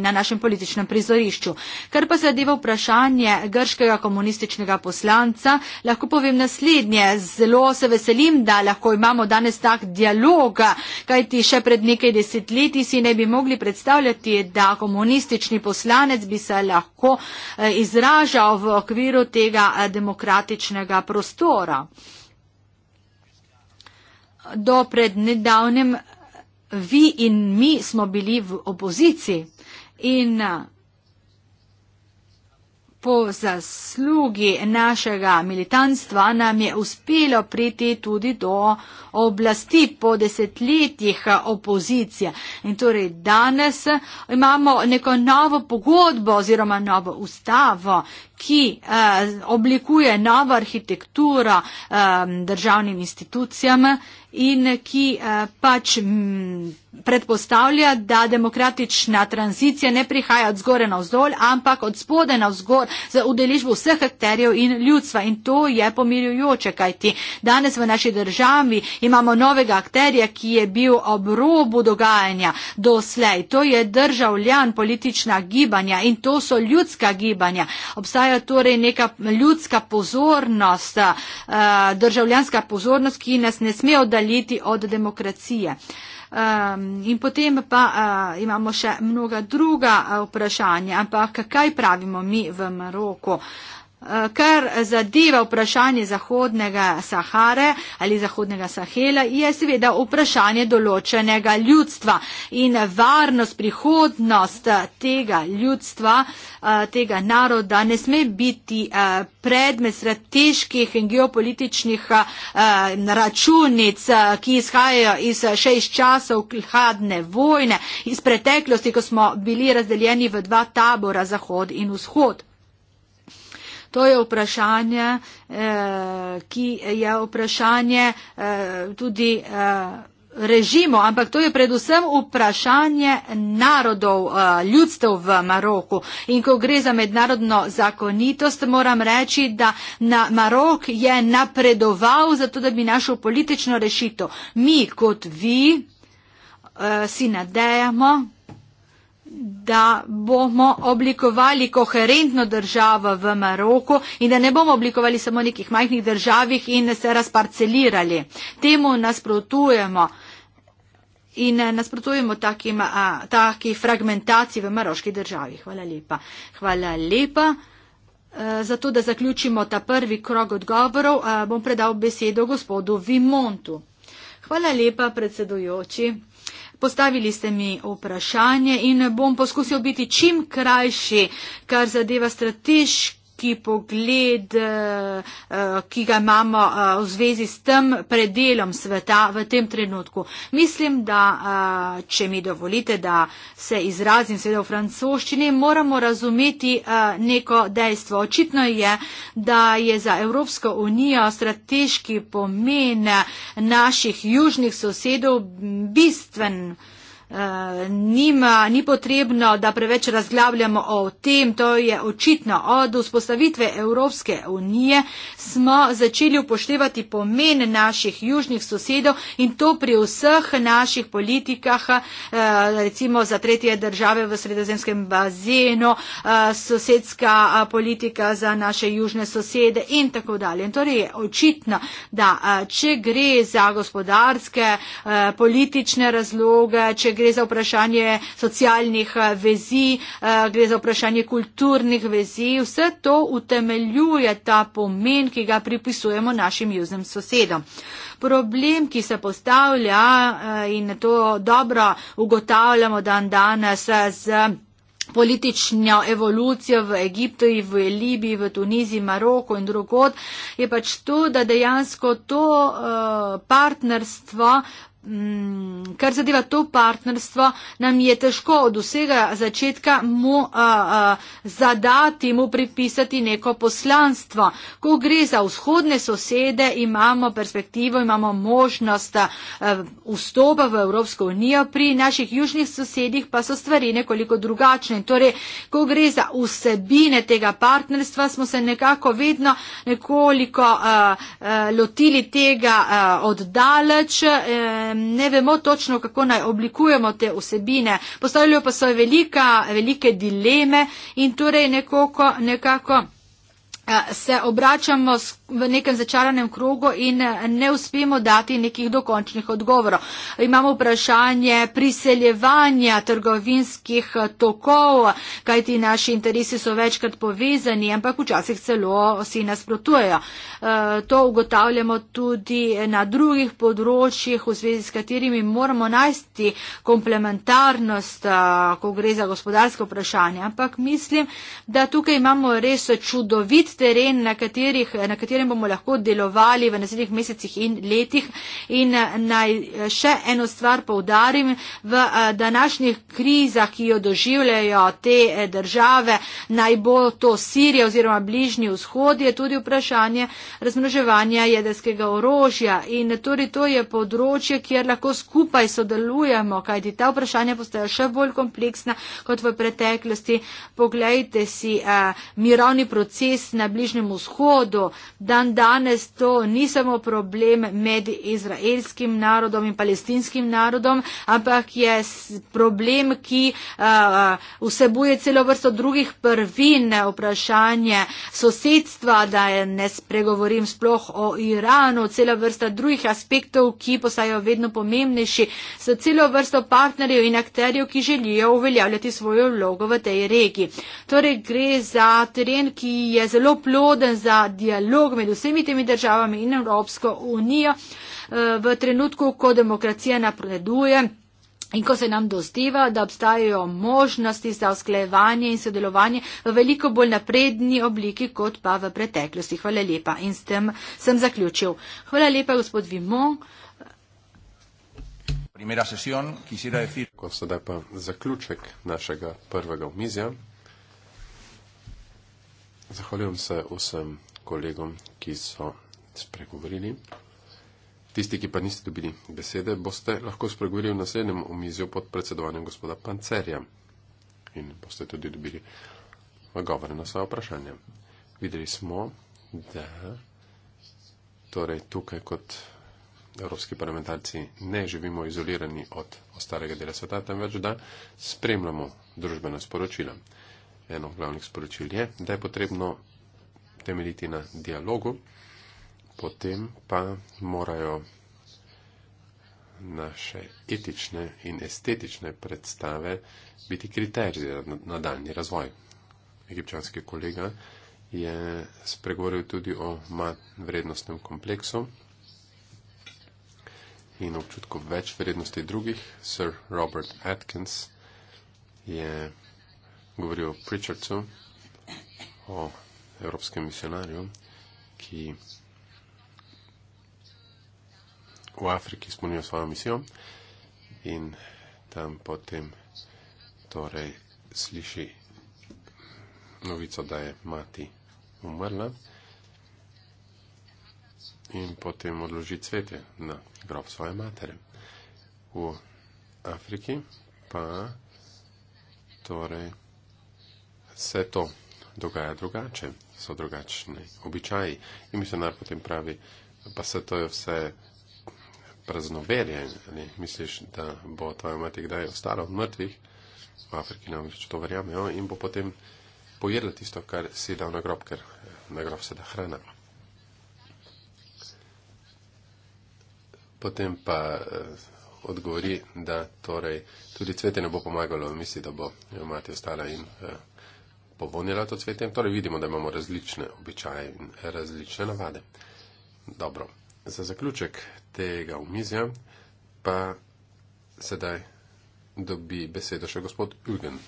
na našem političnem prizorišču. Kar pa zadeva vprašanje grškega komunističnega poslanca, lahko povem naslednje. Zelo se veselim, da lahko imamo danes tak dialog, kajti še pred nekaj desetletji si ne bi mogli predstavljati, da komunistični poslanec bi se lahko eh, izražal rešitev v okviru tega eh, demokratičnega prostora. Do pred nedavnim vi in mi smo bili v opoziciji in eh, po zaslugi našega militantstva nam je uspelo priti tudi do oblasti po desetletjih opozicije. In torej danes imamo neko novo pogodbo oziroma novo ustavo, ki eh, oblikuje novo arhitekturo eh, državnim institucijam in ki eh, pač predpostavlja, da demokratična tranzicija ne prihaja od zgore na vzdolj, ampak od spode na vzgor za udeležbo vseh akterjev in ljudstva. In to je pomirjujoče, kajti danes v naši državi imamo novega akterja, ki je bil ob robu dogajanja doslej. To je državljan politična gibanja in to so ljudska gibanja. Obstaja torej neka ljudska pozornost, eh, državljanska pozornost, ki nas ne sme oddaljiti oddaljiti od demokracije. Um, in potem pa uh, imamo še mnoga druga uh, vprašanja, ampak kaj pravimo mi v Maroku? Uh, Eh, kar zadeva vprašanje Zahodnega Sahare ali Zahodnega Sahela, je seveda vprašanje določenega ljudstva in varnost, prihodnost eh, tega ljudstva, eh, tega naroda ne sme biti predmet strateških in geopolitičnih računic, ki izhajajo iz še iz časov hladne vojne, iz preteklosti, ko smo bili razdeljeni v dva tabora, Zahod in Vzhod. To je vprašanje, eh, ki je vprašanje eh, tudi eh, režimo, ampak to je predvsem vprašanje narodov, ljudstev v Maroku. In ko gre za mednarodno zakonitost, moram reči, da na Marok je napredoval zato, da bi našel politično rešitev. Mi kot vi si nadejamo, da bomo oblikovali koherentno državo v Maroku in da ne bomo oblikovali samo nekih majhnih državih in se razparcelirali. Temu nasprotujemo in eh, nasprotujemo takim, a, taki fragmentaciji v maroški državi. Hvala lepa. Hvala lepa. Eh, zato, da zaključimo ta prvi krog odgovorov, eh, bom predal besedo gospodu Vimontu. Hvala lepa, predsedujoči. Postavili ste mi vprašanje in bom poskusil biti čim krajši, kar zadeva strateški etični pogled, eh, eh, ki ga imamo eh, v zvezi s tem predelom sveta v tem trenutku. Mislim, da če mi dovolite, da se izrazim seveda v francoščini, moramo razumeti neko dejstvo. Očitno je, da je za Evropsko unijo strateški pomen naših južnih sosedov bistven nima, ni potrebno, da preveč razglabljamo o tem, to je očitno. Od vzpostavitve Evropske unije smo začeli upoštevati pomen naših južnih sosedov in to pri vseh naših politikah, eh, recimo za tretje države v sredozemskem bazenu, eh, sosedska eh, politika za naše južne sosede in tako dalje. In torej je očitno, da če gre za gospodarske, politične razloge, če gre gre za vprašanje socialnih eh, vezi, eh, gre za vprašanje kulturnih vezi. Vse to utemeljuje ta pomen, ki ga pripisujemo našim južnim sosedom. Problem, ki se postavlja eh, in to dobro ugotavljamo dan danes z politično evolucijo v Egiptu in v Libiji, v Tuniziji, Maroku in drugod, je pač to, da dejansko to uh, partnerstvo uh, Mm, kar zadeva to partnerstvo, nam je težko od vsega začetka mu a, a, zadati, mu pripisati neko poslanstvo. Ko gre za vzhodne sosede, imamo perspektivo, imamo možnost a, vstopa v Evropsko unijo, pri naših južnih sosedih pa so stvari nekoliko drugačne. Torej, ko gre za vsebine tega partnerstva, smo se nekako vedno nekoliko a, a, lotili tega a, oddaleč. A, e, ne vemo točno, kako naj oblikujemo te osebine. Postavljajo pa so velika, velike dileme in torej nekako, nekako se obračamo v nekem začaranem krogu in ne uspemo dati nekih dokončnih odgovorov. Imamo vprašanje priseljevanja trgovinskih tokov, kajti naši interesi so večkrat povezani, ampak včasih celo si nasprotujejo. To ugotavljamo tudi na drugih področjih, v zvezi s katerimi moramo najsti komplementarnost, ko gre za gospodarsko vprašanje. Ampak mislim, da tukaj imamo res čudovit teren, na, katerih, na katerem bomo lahko delovali v naslednjih mesecih in letih. In naj še eno stvar povdarim, v današnjih krizah, ki jo doživljajo te e, države, naj bo to Sirija oziroma bližnji vzhod, je tudi vprašanje, razmnoževanja jedrskega orožja. In torej to je področje, kjer lahko skupaj sodelujemo, kajti ta vprašanja postajo še bolj kompleksna kot v preteklosti. Poglejte si a, mirovni proces na Bližnjem vzhodu. Dan danes to ni samo problem med izraelskim narodom in palestinskim narodom, ampak je problem, ki a, a, vsebuje celo vrsto drugih prvin, vprašanje sosedstva, da je nespregovorno govorim sploh o Iranu, cela vrsta drugih aspektov, ki postajajo vedno pomembnejši, s celo vrsto partnerjev in akterjev, ki želijo uveljavljati svojo vlogo v tej regiji. Torej gre za teren, ki je zelo ploden za dialog med vsemi temi državami in Evropsko unijo eh, v trenutku, ko demokracija napreduje. In ko se nam dozdeva, da obstajajo možnosti za usklejevanje in sodelovanje v veliko bolj napredni obliki, kot pa v preteklosti. Hvala lepa. In s tem sem zaključil. Hvala lepa, gospod Vimon. Ko sedaj pa zaključek našega prvega omizja. Zahvaljujem se vsem kolegom, ki so spregovorili. Tisti, ki pa niste dobili besede, boste lahko spregovorili v naslednjem omizju pod predsedovanjem gospoda Pancerja in boste tudi dobili govore na svoje vprašanje. Videli smo, da torej tukaj kot evropski parlamentarci ne živimo izolirani od ostalega dela sveta, temveč da spremljamo družbena sporočila. Eno glavnih sporočil je, da je potrebno temeljiti na dialogu potem pa morajo naše etične in estetične predstave biti kriterij za nadaljni razvoj. Egipčanski kolega je spregovoril tudi o vrednostnem kompleksu in občutku več vrednosti drugih. Sir Robert Atkins je govoril o Pritchardcu, o evropskem misionarju, ki v Afriki izpolnil svojo misijo in tam potem torej sliši novico, da je mati umrla in potem odloži cvete na grob svoje matere. V Afriki pa torej se to dogaja drugače, so drugačni običaji. In mi se nar potem pravi, pa se to je vse praznovelje. Ne? Misliš, da bo tvoja mati kdaj ostala od mrtvih, v Afriki nam reče, to verjamejo, ja, in bo potem pojedla tisto, kar si dal na grob, ker na grob se da hrana. Potem pa eh, odgovori, da torej tudi cvete ne bo pomagalo, misli, da bo jo eh, mati ostala in eh, povonila to cvete. Torej vidimo, da imamo različne običaje in različne navade. Dobro za zaključek tega umizja pa sedaj dobi besedo še gospod Ulgen.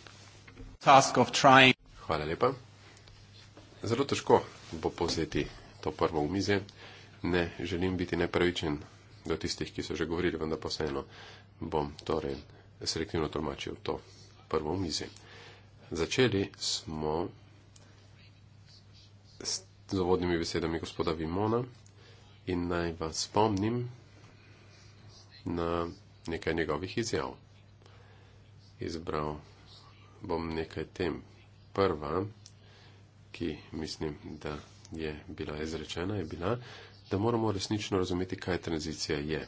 Hvala lepa. Zelo težko bo povzeti to prvo umizje. Ne želim biti nepravičen do tistih, ki so že govorili, vendar pa vseeno bom torej selektivno tolmačil to prvo umizje. Začeli smo z uvodnimi besedami gospoda Vimona, in naj vas spomnim na nekaj njegovih izjav. Izbral bom nekaj tem. Prva, ki mislim, da je bila izrečena, je bila, da moramo resnično razumeti, kaj tranzicija je.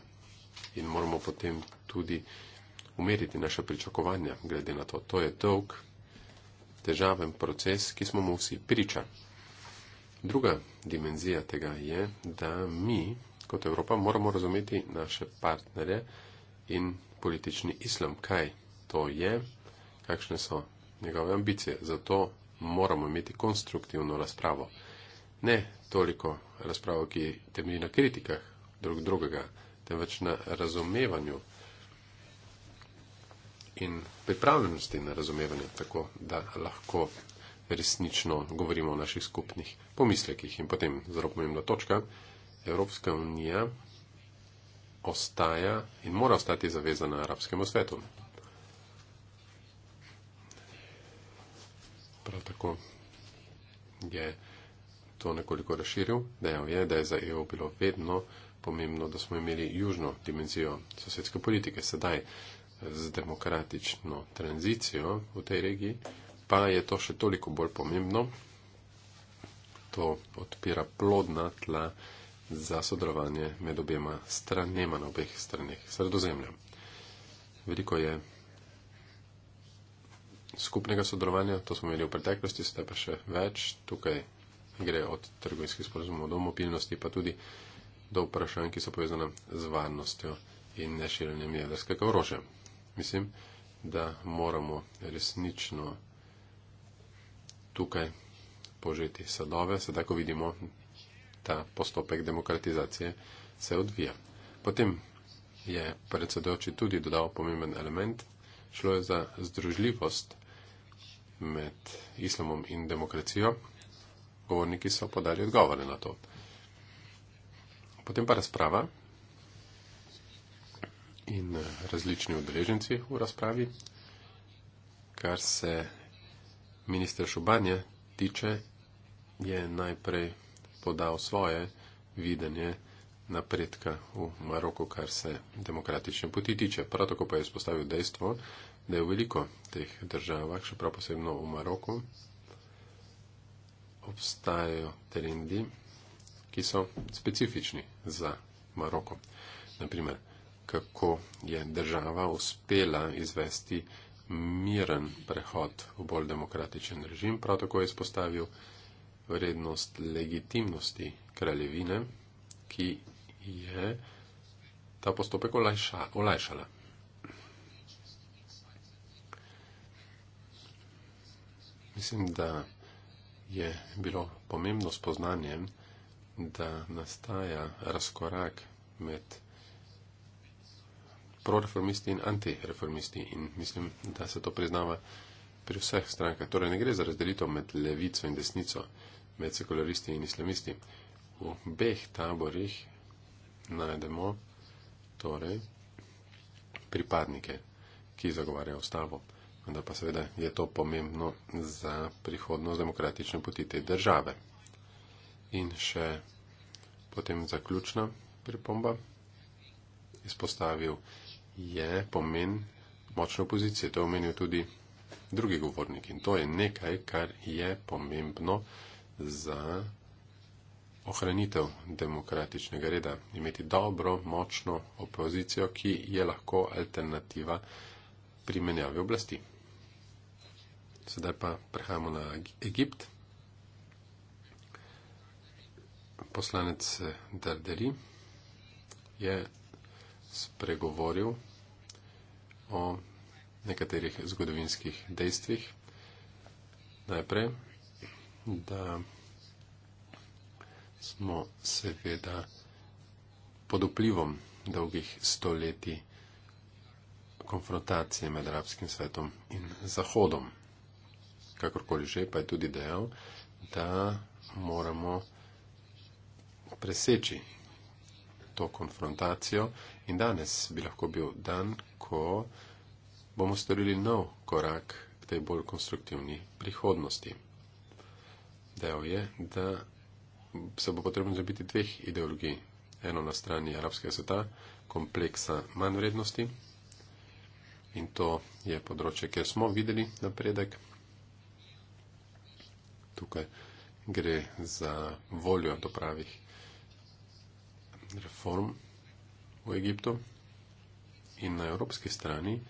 In moramo potem tudi umeriti naše pričakovanja glede na to. To je dolg, težaven proces, ki smo mu vsi priča. Druga dimenzija tega je, da mi kot Evropa moramo razumeti naše partnerje in politični islam, kaj to je, kakšne so njegove ambicije. Zato moramo imeti konstruktivno razpravo. Ne toliko razpravo, ki temelji na kritikah drug drugega, temveč na razumevanju in pripravljenosti na razumevanje, tako da lahko resnično govorimo o naših skupnih pomislekih. In potem zelo pomembna točka. Evropska unija ostaja in mora ostati zavezana arabskemu svetu. Prav tako je to nekoliko razširil, dejal je, da je za EU bilo vedno pomembno, da smo imeli južno dimenzijo sosedske politike. Sedaj z demokratično tranzicijo v tej regiji pa je to še toliko bolj pomembno. To odpira plodna tla za sodelovanje med obema stranema na obeh straneh sredozemlja. Veliko je skupnega sodelovanja, to smo imeli v preteklosti, zdaj pa še več. Tukaj gre od trgovinskih sporozumov do mobilnosti, pa tudi do vprašanj, ki so povezane z varnostjo in neširjenjem jedrskega orožja. Mislim, da moramo resnično tukaj požeti sadove, sedaj ko vidimo, ta postopek demokratizacije se odvija. Potem je predsedoči tudi dodal pomemben element, šlo je za združljivost med islamom in demokracijo. Govorniki so podali odgovore na to. Potem pa razprava in različni udeleženci v razpravi, kar se minister Šobanje tiče, je najprej podal svoje videnje napredka v Maroku, kar se demokratične poti tiče. Prav tako pa je izpostavil dejstvo, da je v veliko teh državah, še prav posebno v Maroku, obstajajo trendi, ki so specifični za Maroko. Naprimer, kako je država uspela izvesti miren prehod v bolj demokratičen režim, prav tako je izpostavil vrednost legitimnosti kraljevine, ki je ta postopek olajša, olajšala. Mislim, da je bilo pomembno spoznanje, da nastaja razkorak med proreformisti in antireformisti in mislim, da se to priznava pri vseh strankah. Torej ne gre za razdelitev med levico in desnico, med sekularisti in islamisti. V obeh taborih najdemo torej pripadnike, ki zagovarjajo ustavo. Vendar pa seveda je to pomembno za prihodnost demokratične poti te države. In še potem zaključna pripomba. Izpostavil je pomen močne opozicije. To je omenil tudi drugi govornik in to je nekaj, kar je pomembno za ohranitev demokratičnega reda. Imeti dobro, močno opozicijo, ki je lahko alternativa pri menjavi oblasti. Sedaj pa prehajamo na Egipt. Poslanec Darderi je spregovoril o nekaterih zgodovinskih dejstvih. Najprej, da smo seveda pod vplivom dolgih stoletij konfrontacije med arabskim svetom in Zahodom. Kakorkoli že, pa je tudi dejal, da moramo preseči to konfrontacijo in danes bi lahko bil dan, ko bomo storili nov korak k tej bolj konstruktivni prihodnosti. Dejal je, da se bo potrebno zabiti dveh ideologij. Eno na strani arabskega sveta, kompleksa manjvrednosti in to je področje, kjer smo videli napredek. Tukaj gre za voljo do pravih reform v Egiptu in na evropski strani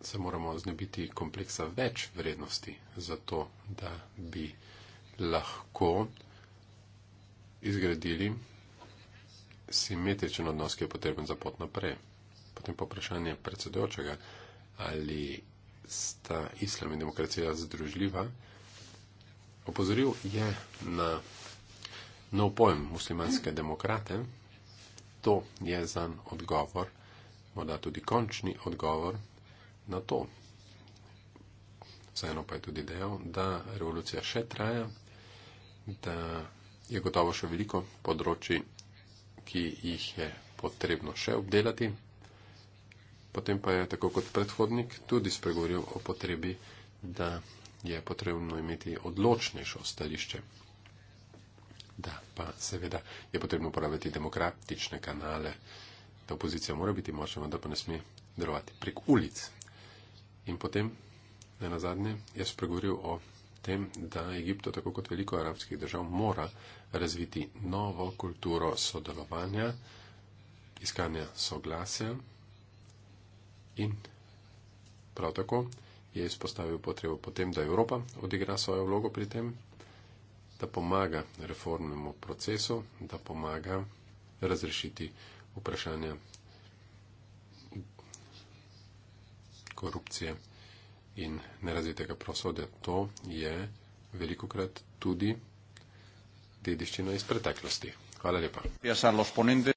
se moramo znebiti kompleksa več vrednosti za to, da bi lahko izgradili simetričen odnos, ki je potreben za pot naprej. Potem pa vprašanje predsedojočega, ali sta islam in demokracija združljiva. Opozoril je na nov pojem muslimanske demokrate. To je zan odgovor, morda tudi končni odgovor na to. Vseeno pa je tudi dejal, da revolucija še traja, da je gotovo še veliko področji, ki jih je potrebno še obdelati. Potem pa je, tako kot predhodnik, tudi spregovoril o potrebi, da je potrebno imeti odločnejšo stališče. Da, pa seveda je potrebno uporabljati demokratične kanale, da opozicija mora biti močna, da pa ne sme delovati prek ulic. In potem, ne na zadnje, jaz spregovoril o tem, da Egipto, tako kot veliko arabskih držav, mora razviti novo kulturo sodelovanja, iskanja soglasja in prav tako je izpostavil potrebo potem, da Evropa odigra svojo vlogo pri tem da pomaga reformnemu procesu, da pomaga razrešiti vprašanja korupcije in nerazvitega prosode. To je veliko krat tudi dediščina iz preteklosti. Hvala lepa.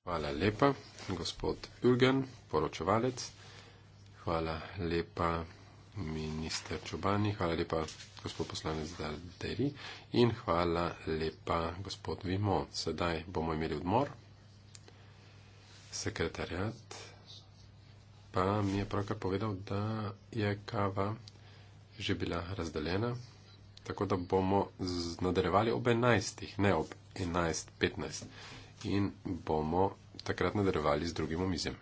Hvala lepa, gospod Ulgen, poročevalec. Hvala lepa minister Čobani, hvala lepa gospod poslanec Zaldeli in hvala lepa gospod Vimo. Sedaj bomo imeli odmor. Sekretarjat pa mi je pravkar povedal, da je kava že bila razdeljena, tako da bomo nadaljevali ob 11. ne ob 11.15 in bomo takrat nadaljevali z drugim omizjem.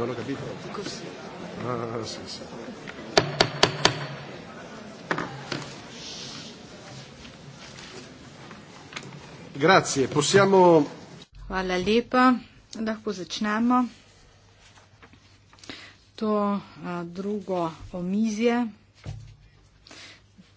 non l'ho capito. Ah, sì, sì. Grazie, possiamo. Hvala lepa, lahko začnemo. To a, eh, drugo omizje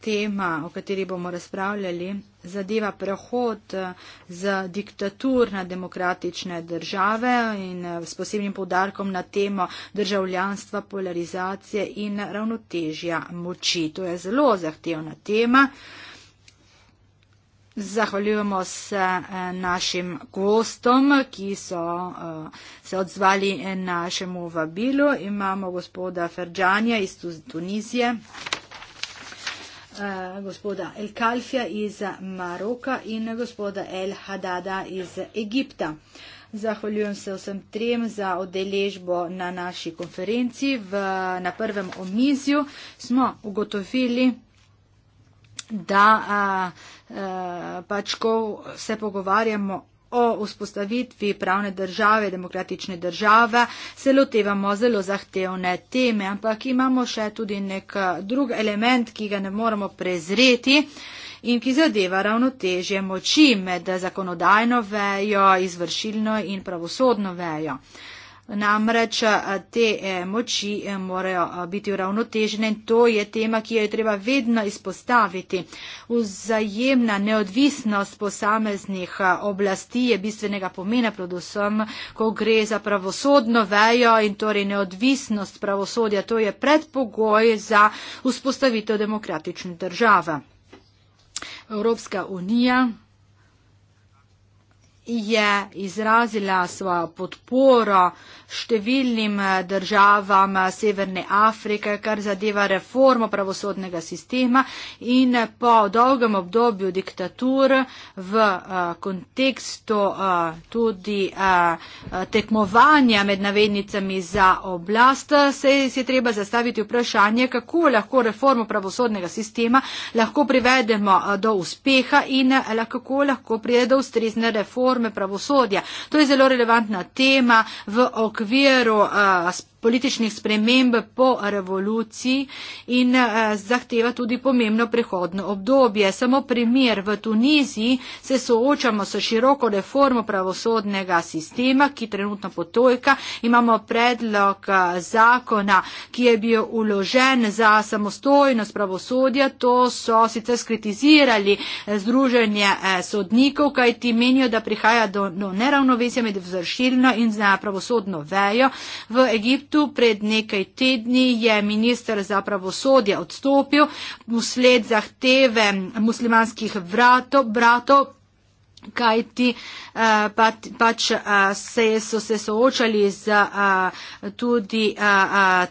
tema, o kateri bomo razpravljali, zadeva prehod eh, z diktatur na demokratične države in eh, s posebnim povdarkom na temo državljanstva, polarizacije in ravnotežja moči. To je zelo zahtevna tema. Zahvaljujemo se eh, našim gostom, ki so se odzvali našemu vabilu. Imamo gospoda Ferđanja iz Tunizije gospoda El Kalfija iz Maroka in gospoda El Hadada iz Egipta. Zahvaljujem se vsem trem za odeležbo na naši konferenci. V, na prvem omizju smo ugotovili, da a, a, pač ko se pogovarjamo o vzpostavitvi pravne države, demokratične države, se lotevamo zelo zahtevne teme, ampak imamo še tudi nek eh, drug element, ki ga ne moremo prezreti in ki zadeva ravnotežje moči med zakonodajno vejo, izvršilno in pravosodno vejo. Namreč eh, te eh, moči eh, morajo biti uravnotežene in to je tema, ki jo je treba vedno izpostaviti. Vzajemna neodvisnost posameznih oblasti je bistvenega pomena, predvsem, ko gre za pravosodno vejo in torej neodvisnost pravosodja. To je predpogoj za vzpostavitev demokratične države. Evropska unija je izrazila svojo podporo številnim eh, državam eh, Severne Afrike, kar zadeva reformo pravosodnega sistema in po dolgem obdobju diktatur v eh, kontekstu tudi tekmovanja med navednicami za oblast, se je treba zastaviti vprašanje, kako lahko reformo pravosodnega sistema lahko privedemo do uspeha in kako lahko pride do ustrezne reforme pravosodja. To je zelo relevantna tema v okviru okviru uh, političnih sprememb po revoluciji in eh, zahteva tudi pomembno prehodno obdobje. Samo primer v Tuniziji se soočamo s široko reformo pravosodnega sistema, ki trenutno potojka. Imamo predlog eh, zakona, ki je bil uložen za samostojnost pravosodja. To so sicer skritizirali eh, Združenje sodnikov, kaj ti menijo, da prihaja do, do neravnovesja med vzršilno in pravosodno vejo. V Egiptu tu pred nekaj tedni je minister za pravosodje odstopil v sled zahteve muslimanskih vrato, bratov, kaj ti eh, pač eh, se so se soočali z eh, tudi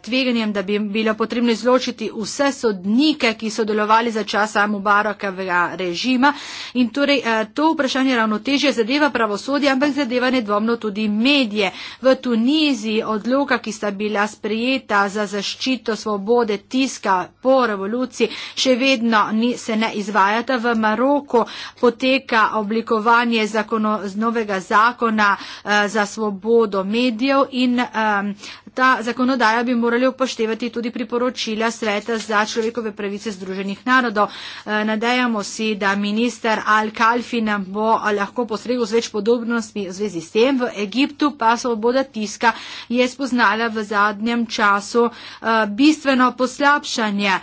tveganjem, da bi bilo potrebno izločiti vse sodnike, ki so delovali za časa Mubarakovega režima. In torej to vprašanje ravnotežje zadeva pravosodje, ampak zadeva nedvomno tudi medije. V Tuniziji odloka, ki sta bila sprejeta za zaščito svobode tiska po revoluciji, še vedno ni, se ne izvajata. V Maroku poteka oblikovanje zagovarjanje zakono, novega zakona uh, za svobodo medijev in um, uh, ta zakonodaja bi morali upoštevati tudi priporočila Sveta za človekove pravice Združenih narodov. E, nadejamo si, da minister Al-Kalfi nam bo lahko posregel z več podobnostmi v zvezi s tem. V Egiptu pa svoboda tiska je spoznala v zadnjem času e, bistveno poslabšanje. E,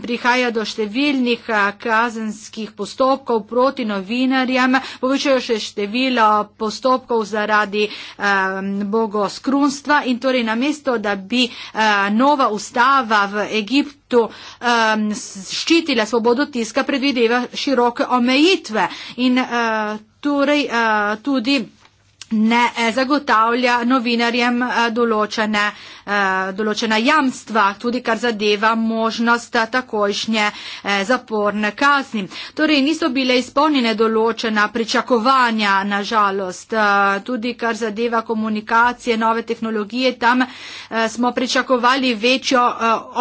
prihaja do številnih kazenskih postopkov proti novinarjem, povečajo še število postopkov zaradi bogoskrunstva in to torej namesto, da bi a, eh, nova ustava v Egiptu a, ščitila svobodo tiska, predvideva široke omejitve in a, eh, torej a, eh, tudi ne eh, zagotavlja novinarjem eh, določene, eh, določena jamstva, tudi kar zadeva možnost takojšnje zaporne kazni. Torej niso bile izpolnjene določena pričakovanja, nažalost, tudi kar zadeva komunikacije, nove tehnologije, tam smo pričakovali večjo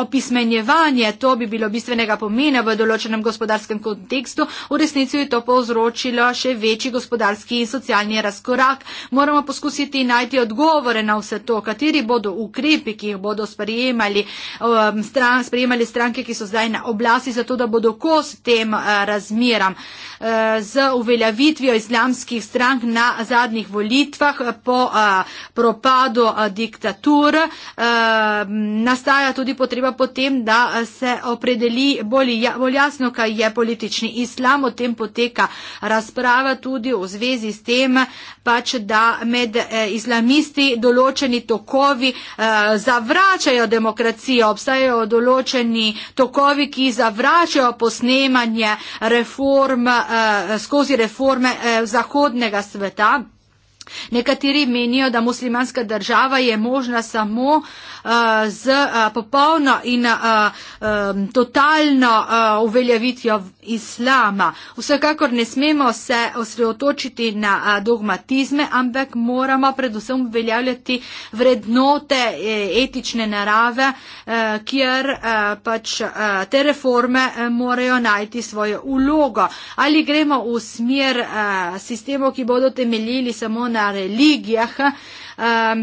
opismenjevanje, to bi bilo bistvenega pomena v določenem gospodarskem kontekstu, v resnici je to povzročilo še večji gospodarski in socialni razkorak moramo poskusiti najti odgovore na vse to, kateri bodo ukrepi, ki jih bodo sprejemali, um, stran, sprejemali stranke, ki so zdaj na oblasti, zato da bodo kos tem uh, razmeram. Uh, z uveljavitvijo islamskih strank na zadnjih volitvah uh, po uh, propadu uh, diktatur uh, nastaja tudi potreba potem, da uh, se opredeli bolj, ja, bolj jasno, kaj je politični islam. O tem poteka razprava tudi v zvezi s tem, pač, da med eh, islamisti določeni tokovi eh, zavračajo demokracijo, obstajajo določeni tokovi, ki zavračajo posnemanje reform, eh, skozi reforme zahodnega sveta. Nekateri menijo, da muslimanska država je možna samo uh, z uh, popolno in uh, um, totalno uh, uveljavitjo islama. Vsekakor ne smemo se osredotočiti na uh, dogmatizme, ampak moramo predvsem uveljavljati vrednote eh, etične narave, eh, kjer eh, pač eh, te reforme eh, morajo najti svojo ulogo. Ali gremo v smer eh, sistemov, ki bodo temeljili samo na na religijah.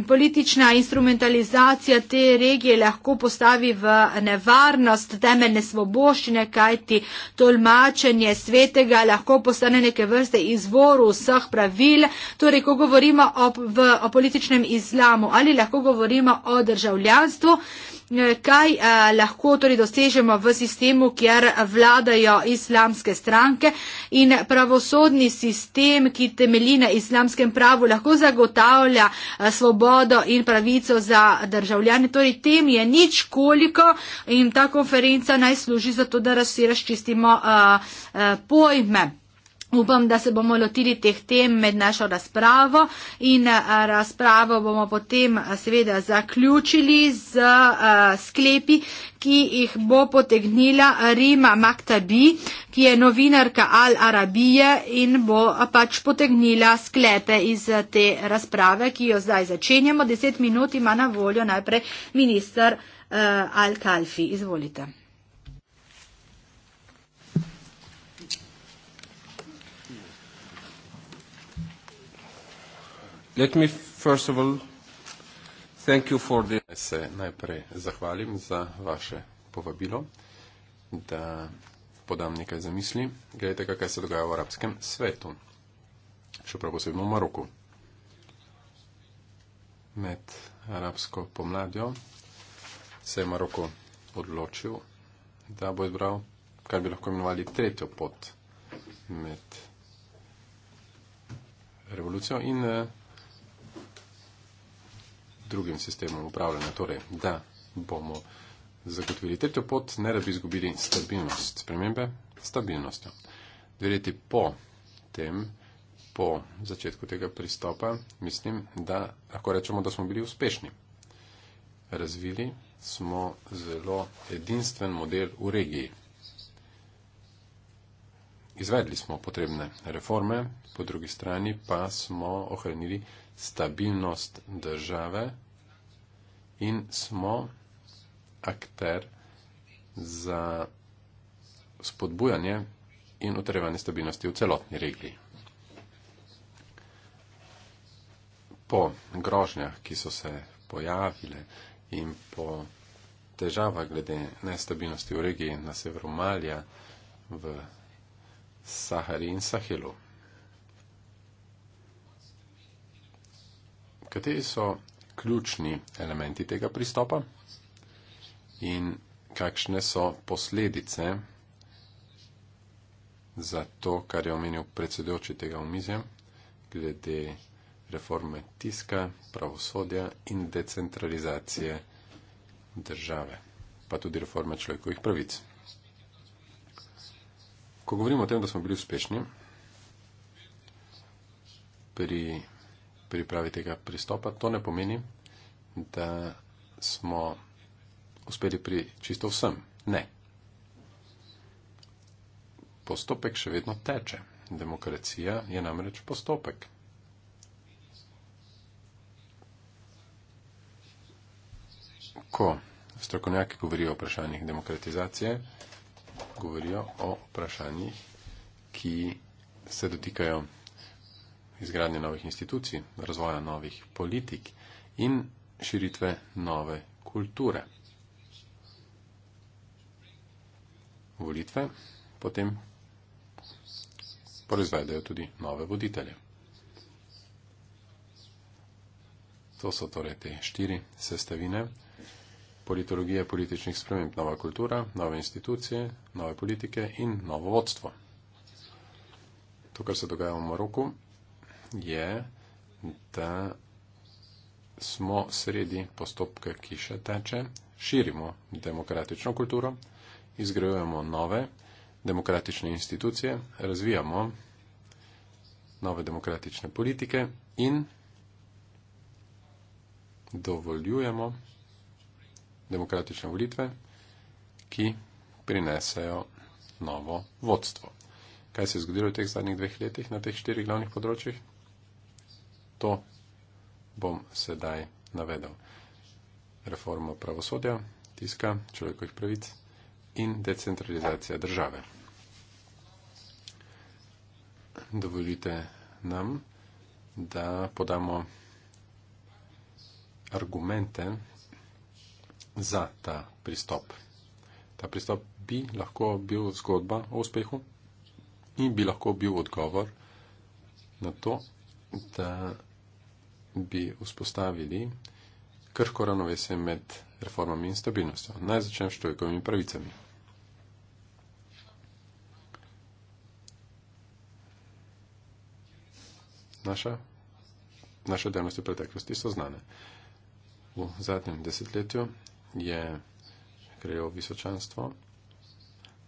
Politična instrumentalizacija te regije lahko postavi v nevarnost temeljne svoboščine, kajti tolmačenje svetega lahko postane neke vrste izvoru vseh pravil. Torej, ko govorimo o, v, o političnem islamu ali lahko govorimo o državljanstvu, Eh, kaj eh, lahko torej dosežemo v sistemu, kjer vladajo islamske stranke in pravosodni sistem, ki temelji na islamskem pravu, lahko zagotavlja eh, svobodo in pravico za državljane. Torej, tem je nič koliko in ta konferenca naj služi za to, da razširaščistimo pojme. Upam, da se bomo lotili teh tem med našo razpravo in eh, razpravo bomo potem eh, seveda zaključili z eh, sklepi, ki jih bo potegnila Rima Maktabi, ki je novinarka Al Arabije in bo pač potegnila sklepe iz te razprave, ki jo zdaj začenjamo. Deset minut ima na voljo najprej minister Al Kalfi. Izvolite. Let me first of all thank you for the... Naj se najprej zahvalim za vaše povabilo, da podam nekaj zamisli. Gledajte, kaj se dogaja v arabskem svetu, še prav posebno v Maroku. Med arabsko pomladjo se je Maroko odločil, da bo izbral, kar bi lahko imenovali, tretjo pot med revolucijo in revolucijo eh, drugim sistemom upravljanja, torej da bomo zagotovili tretjo pot, ne da bi izgubili stabilnost spremembe, stabilnostjo. Dve leti po tem, po začetku tega pristopa, mislim, da lahko rečemo, da smo bili uspešni. Razvili smo zelo edinstven model v regiji. Izvedli smo potrebne reforme, po drugi strani pa smo ohranili stabilnost države in smo akter za spodbujanje in utrjevanje stabilnosti v celotni regiji. Po grožnjah, ki so se pojavile in po težavah glede nestabilnosti v regiji na severu Malja, v Sahari in Sahelu. kateri so ključni elementi tega pristopa in kakšne so posledice za to, kar je omenil predsedujoči tega omizja, glede reforme tiska, pravosodja in decentralizacije države, pa tudi reforme človekovih pravic. Ko govorimo o tem, da smo bili uspešni pri pripravi tega pristopa. To ne pomeni, da smo uspeli pri čisto vsem. Ne. Postopek še vedno teče. Demokracija je namreč postopek. Ko strokovnjaki govorijo o vprašanjih demokratizacije, govorijo o vprašanjih, ki se dotikajo izgradnje novih institucij, razvoja novih politik in širitve nove kulture. Volitve potem proizvedejo tudi nove voditelje. To so torej te štiri sestavine. Politologija političnih sprememb, nova kultura, nove institucije, nove politike in novo vodstvo. To, kar se dogaja v Moroku, je, da smo sredi postopka, ki še teče, širimo demokratično kulturo, izgrajujemo nove demokratične institucije, razvijamo nove demokratične politike in dovoljujemo demokratične volitve, ki prinesejo novo vodstvo. Kaj se je zgodilo v teh zadnjih dveh letih na teh štirih glavnih področjih? To bom sedaj navedel. Reforma pravosodja, tiska človekovih pravic in decentralizacija države. Dovolite nam, da podamo argumente za ta pristop. Ta pristop bi lahko bil zgodba o uspehu in bi lahko bil odgovor na to, da bi vzpostavili krhko ravnovesje med reformami in stabilnostjo. Naj začnem s človekovimi pravicami. Naša, naša dejavnost v preteklosti so znane. V zadnjem desetletju je krejo visočanstvo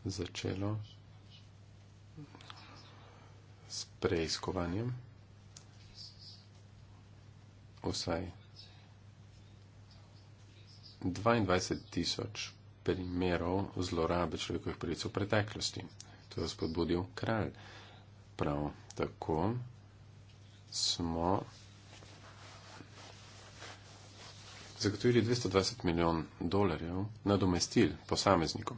začelo s preiskovanjem vsaj 22 tisoč primerov zlorabe človekovih pravic v preteklosti. To je spodbudil kralj. Prav tako smo zagotovili 220 milijon dolarjev nadomestil posameznikom.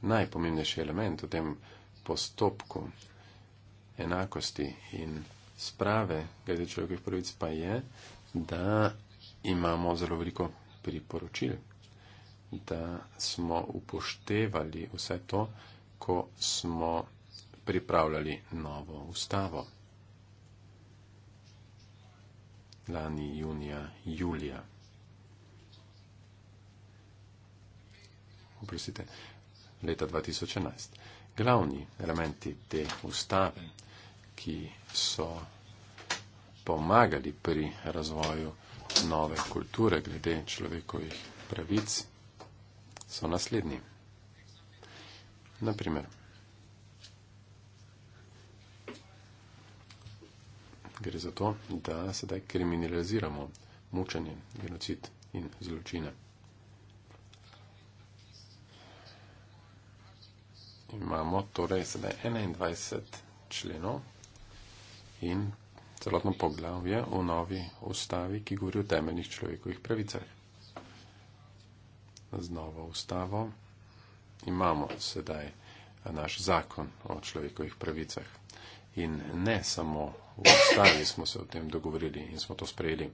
Najpomembnejši element v tem postopku enakosti in sprave glede človekovih pravic pa je, da imamo zelo veliko priporočil, da smo upoštevali vse to, ko smo pripravljali novo ustavo. Lani junija, julija. Oprostite, leta 2011. Glavni elementi te ustave, ki so pomagali pri razvoju nove kulture glede človekovih pravic, so naslednji. Naprimer, gre za to, da sedaj kriminaliziramo mučenje, genocid in zločine. Imamo torej sedaj 21 členov in celotno poglavje o novi ustavi, ki govori o temeljnih človekovih pravicah. Z novo ustavo imamo sedaj naš zakon o človekovih pravicah. In ne samo v ustavi smo se o tem dogovorili in smo to sprejeli.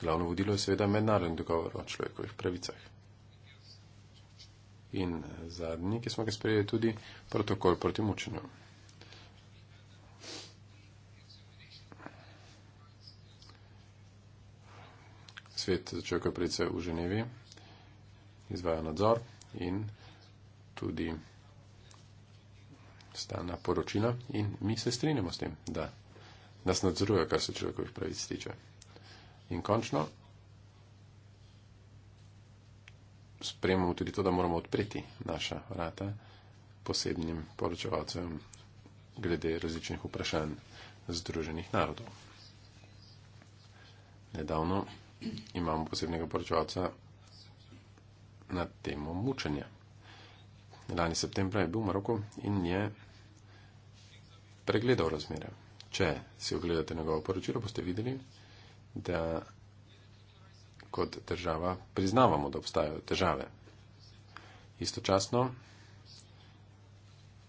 Glavno vodilo je seveda mednarodni dogovor o človekovih pravicah. In zadnji, ki smo ga sprejeli, je tudi protokol proti mučenju. svet začrkve predvsej v Ženevi, izvaja nadzor in tudi stalna poročila in mi se strinjamo s tem, da nas nadzoruje, kar se človekovih pravic tiče. In končno spremamo tudi to, da moramo odpreti naša vrata posebnim poročevalcem glede različnih vprašanj Združenih narodov. Nedavno imamo posebnega poročevalca na temo mučenja. Lani septembra je bil v Maroku in je pregledal razmere. Če si ogledate njegovo poročilo, boste videli, da kot država priznavamo, da obstajajo težave. Istočasno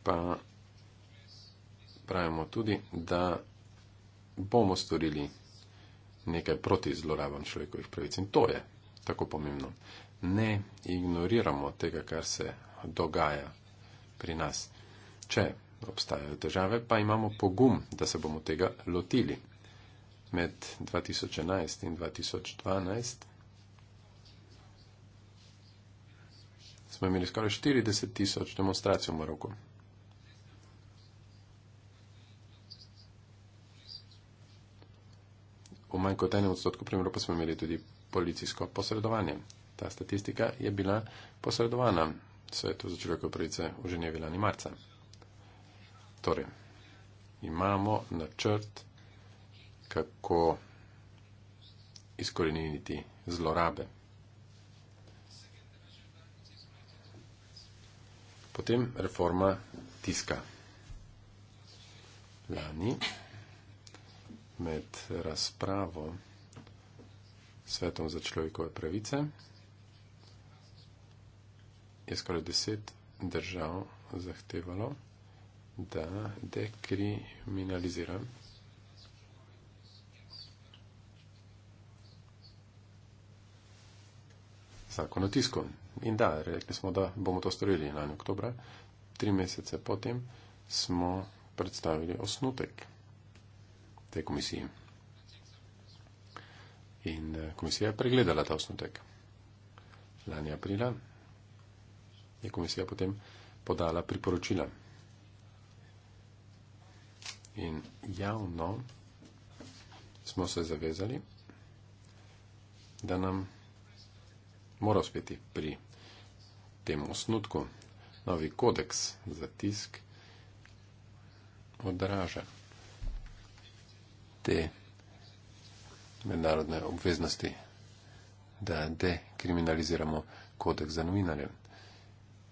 pa pravimo tudi, da bomo storili nekaj proti zlorabam človekovih pravic in to je tako pomembno. Ne ignoriramo tega, kar se dogaja pri nas. Če obstajajo težave, pa imamo pogum, da se bomo tega lotili. Med 2011 in 2012 smo imeli skoraj 40 tisoč demonstracij v Maroku. v manj kot enem odstotku primerov pa smo imeli tudi policijsko posredovanje. Ta statistika je bila posredovana svetu za človekove pravice v Ženevi lani marca. Torej, imamo načrt, kako izkoreniniti zlorabe. Potem reforma tiska. Lani med razpravo Svetom za človekove pravice. Je skoraj deset držav zahtevalo, da dekriminalizira. Zakon o tisku. In da, rekli smo, da bomo to storili lani oktobra. Tri mesece potem smo predstavili osnutek te komisije. In eh, komisija je pregledala ta osnutek. Lani aprila je komisija potem podala priporočila. In javno smo se zavezali, da nam mora uspeti pri tem osnutku novi kodeks za tisk odraža te mednarodne obveznosti, da dekriminaliziramo kodek za novinarje.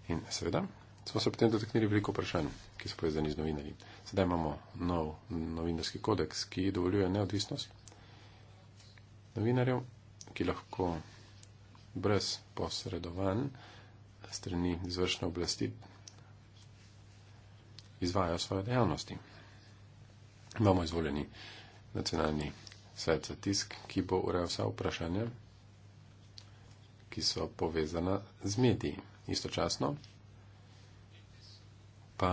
In seveda smo se potem dotaknili veliko vprašanj, ki so povezani z novinarji. Sedaj imamo nov novinarski kodeks, ki dovoljuje neodvisnost novinarjev, ki lahko brez posredovanj strani izvršne oblasti izvajajo svoje dejavnosti. Imamo izvoljeni nacionalni svet za tisk, ki bo urejal vsa vprašanja, ki so povezana z mediji. Istočasno pa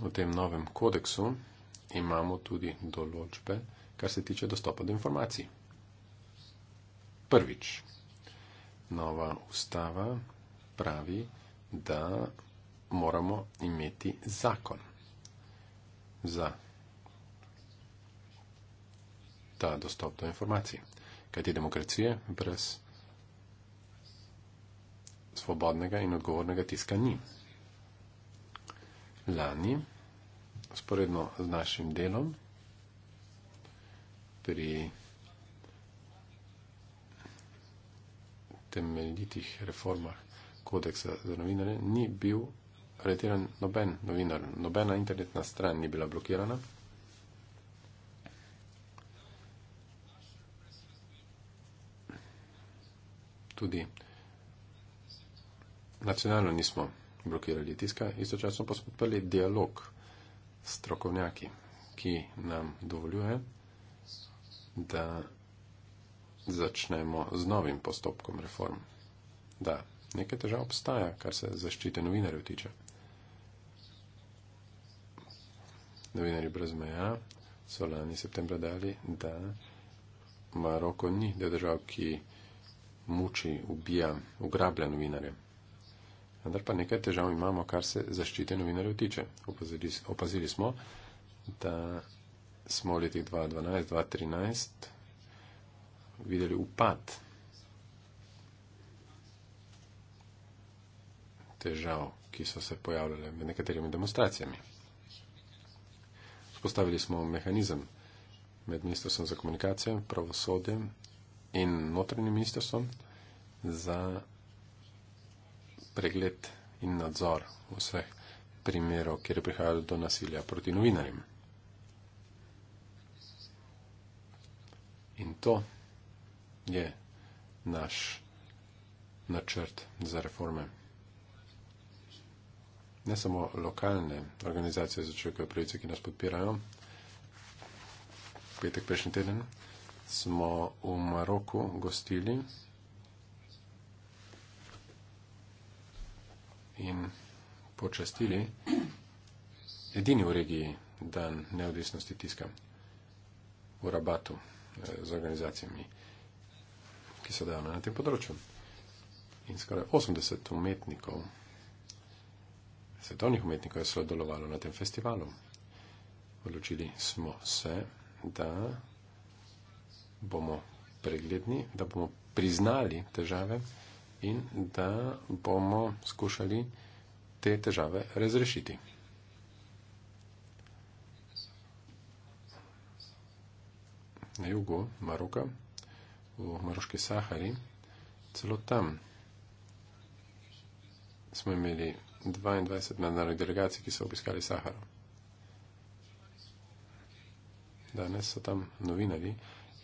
v tem novem kodeksu imamo tudi določbe, kar se tiče dostopa do informacij. Prvič, nova ustava pravi, da moramo imeti zakon za ta dostop do informacij. Kaj ti demokracije brez svobodnega in odgovornega tiska ni. Lani, sporedno z našim delom, pri temeljitih reformah kodeksa za novinarje, ni bil aretiran noben novinar, nobena internetna stran ni bila blokirana. tudi nacionalno nismo blokirali tiska, istočasno pa smo odprli dialog s strokovnjaki, ki nam dovoljuje, da začnemo z novim postopkom reform. Da, nekaj težav obstaja, kar se zaščite novinarjev tiče. Novinari brez meja so lani septembra dali, da Maroko ni, da je država, ki muči, ubija, ugrablja novinarje. Vendar pa nekaj težav imamo, kar se zaščite novinarjev tiče. Opazili, opazili smo, da smo leti 2012-2013 videli upad težav, ki so se pojavljale med nekaterimi demonstracijami. Spostavili smo mehanizem med ministrstvom za komunikacijo, pravosodjem in notranjim ministrstvom za pregled in nadzor vseh primerov, kjer je prihajalo do nasilja proti novinarjem. In to je naš načrt za reforme. Ne samo lokalne organizacije za človekove pravice, ki nas podpirajo, petek prejšnji teden, smo v Maroku gostili in počastili edini v regiji dan neodvisnosti tiska v Rabatu eh, z organizacijami, ki so dejavne na tem področju. In skoraj 80 umetnikov, svetovnih umetnikov je sodelovalo na tem festivalu. Odločili smo se, da bomo pregledni, da bomo priznali težave in da bomo skušali te težave razrešiti. Na jugu Maroka, v Maroški Sahari, celo tam smo imeli 22 mednarodnih delegacij, ki so obiskali Saharo. Danes so tam novinari,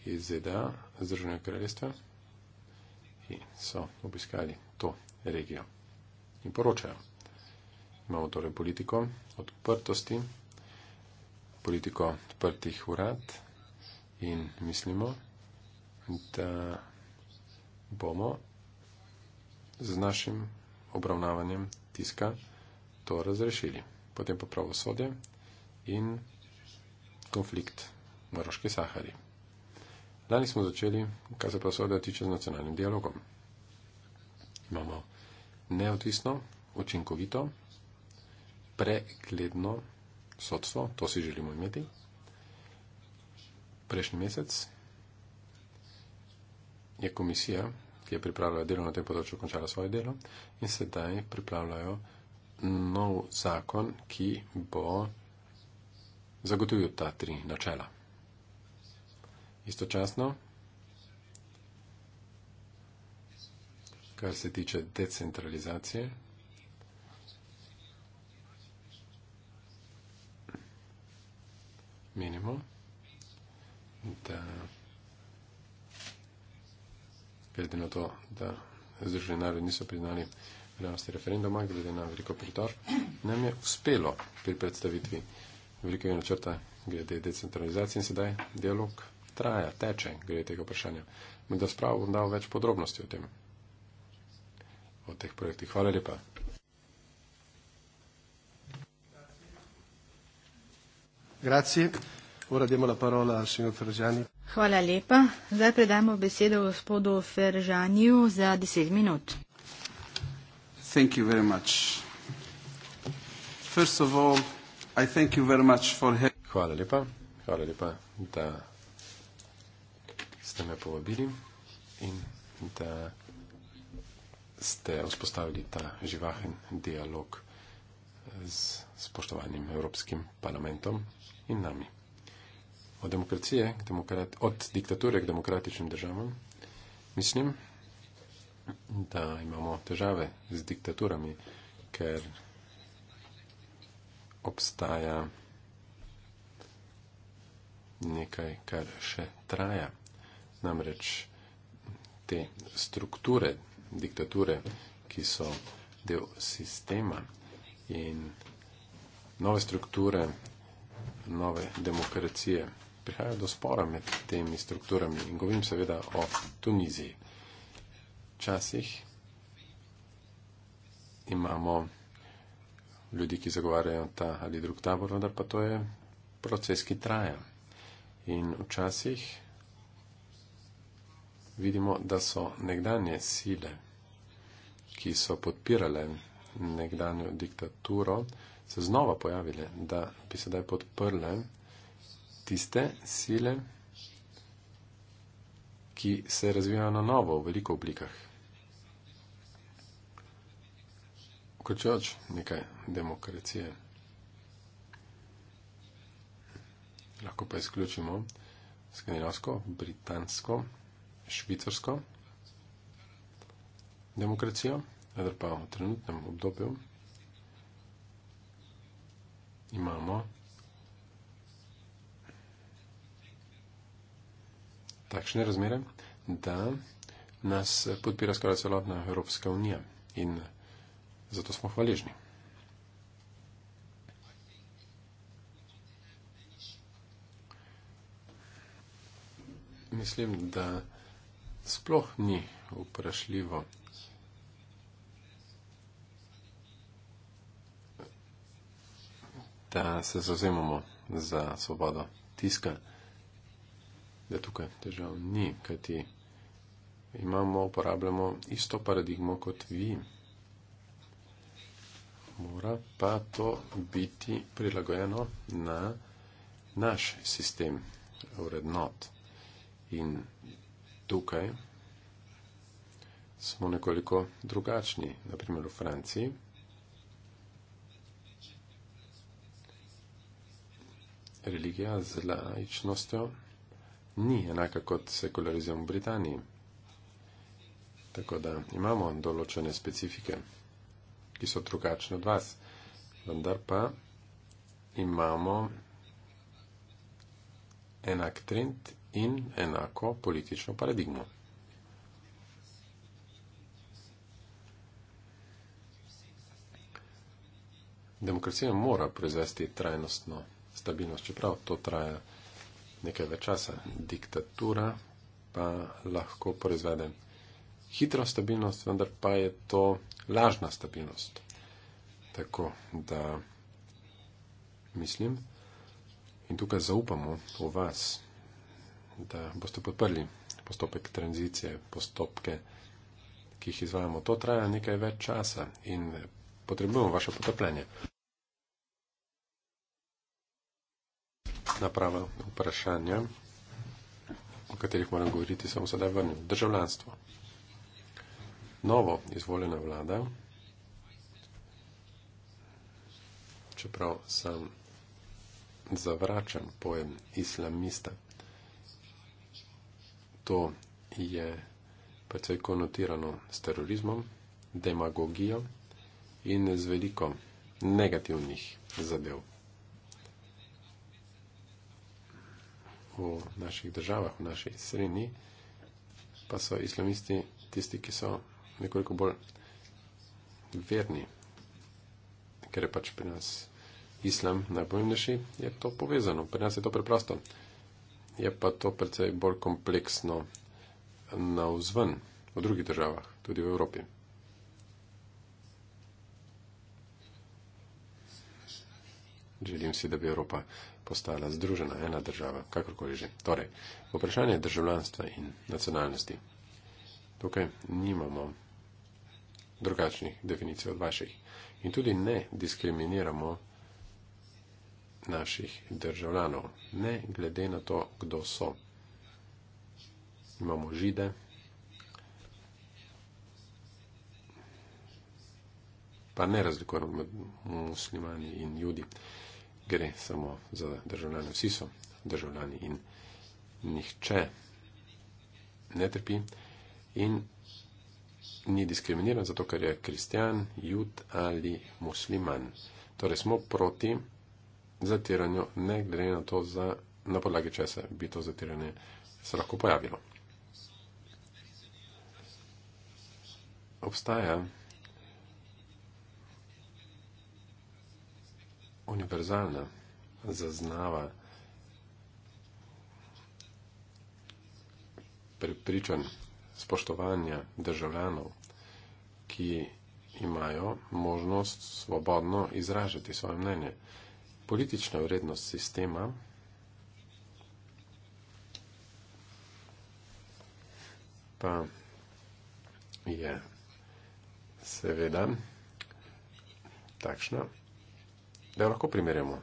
iz ZDA, Združenega kraljestva, ki so obiskali to regijo in poročajo. Imamo torej politiko odprtosti, politiko odprtih urad in mislimo, da bomo z našim obravnavanjem tiska to razrešili. Potem pa pravosodje in konflikt v Maroški Sahari. Lani smo začeli, kar se pa seveda tiče z nacionalnim dialogom. Imamo neodvisno, učinkovito, pregledno sodstvo, to si želimo imeti. Prejšnji mesec je komisija, ki je pripravljala delo na tem področju, končala svoje delo in sedaj pripravljajo nov zakon, ki bo zagotovil ta tri načela istočasno, kar se tiče decentralizacije. Menimo, da glede na to, da Združene narode niso priznali veljavnosti referenduma, glede na veliko pritor, nam je uspelo pri predstavitvi velikega načrta glede decentralizacije in sedaj dialog traja, teče, glede tega vprašanja. Med razpravo bom dal več podrobnosti o tem, o teh projektih. Hvala lepa. Hvala lepa. Zdaj predajmo besedo gospodu Feržanju za 10 minut. Thank you very much. First of all, I thank you very much for having me. Hvala lepa. Hvala lepa, da ste me povabili in da ste vzpostavili ta živahen dialog z spoštovanim Evropskim parlamentom in nami. Od, demokracije k demokrat, od diktature k demokratičnim državam mislim, da imamo težave z diktaturami, ker obstaja nekaj, kar še traja namreč te strukture, diktature, ki so del sistema in nove strukture, nove demokracije, prihaja do spora med temi strukturami in govorim seveda o Tuniziji. Včasih imamo ljudi, ki zagovarjajo ta ali drug tabor, vendar pa to je proces, ki traja. In včasih vidimo, da so nekdanje sile, ki so podpirale nekdanjo diktaturo, se znova pojavile, da bi sedaj podprle tiste sile, ki se razvijajo na novo v veliko oblikah. Vključujoč nekaj demokracije. Lahko pa izključimo skandinavsko, britansko, švicarsko demokracijo, vendar pa v trenutnem obdobju imamo takšne razmere, da nas podpira skoraj celotna Evropska unija in zato smo hvaležni. Mislim, da sploh ni vprašljivo. Da se zauzemamo za svobodo tiska, da tukaj težav ni, kajti imamo, uporabljamo isto paradigmo kot vi. Mora pa to biti prilagojeno na naš sistem vrednot. In tukaj smo nekoliko drugačni, naprimer v Franciji. Religija z laičnostjo ni enaka kot sekularizem v Britaniji. Tako da imamo določene specifike, ki so drugačne od vas, vendar pa imamo enak trend in enako politično paradigmo. Demokracija mora proizvesti trajnostno stabilnost, čeprav to traja nekaj več časa. Diktatura pa lahko proizvede hitro stabilnost, vendar pa je to lažna stabilnost. Tako da mislim in tukaj zaupamo v vas da boste podprli postopek tranzicije, postopke, ki jih izvajamo. To traja nekaj več časa in potrebujemo vaše potrpljenje. Naprava vprašanja, o katerih moram govoriti, sem sedaj vrnil. Državljanstvo. Novo izvoljena vlada, čeprav sem zavračen pojem islamista, to je precej konotirano s terorizmom, demagogijo in z veliko negativnih zadev. V naših državah, v naši sredini, pa so islamisti tisti, ki so nekoliko bolj verni, ker je pač pri nas islam najpomembnejši, je to povezano, pri nas je to preprosto je pa to precej bolj kompleksno na vzven, v drugih državah, tudi v Evropi. Želim si, da bi Evropa postala združena, ena država, kakorkoli že. Torej, vprašanje državljanstva in nacionalnosti. Tukaj nimamo drugačnih definicij od vaših. In tudi ne diskriminiramo naših državljanov, ne glede na to, kdo so. Imamo žide, pa ne razlikujemo med muslimani in judi, gre samo za državljane. Vsi so državljani in nihče ne trpi in ni diskriminiran zato, ker je kristjan, jud ali musliman. Torej smo proti zatiranju, ne glede na to, za, na podlagi česa bi to zatiranje se lahko pojavilo. Obstaja univerzalna zaznava prepričanj spoštovanja državljanov, ki imajo možnost svobodno izražati svoje mnenje politična vrednost sistema pa je seveda takšna, da jo lahko primerjamo eh,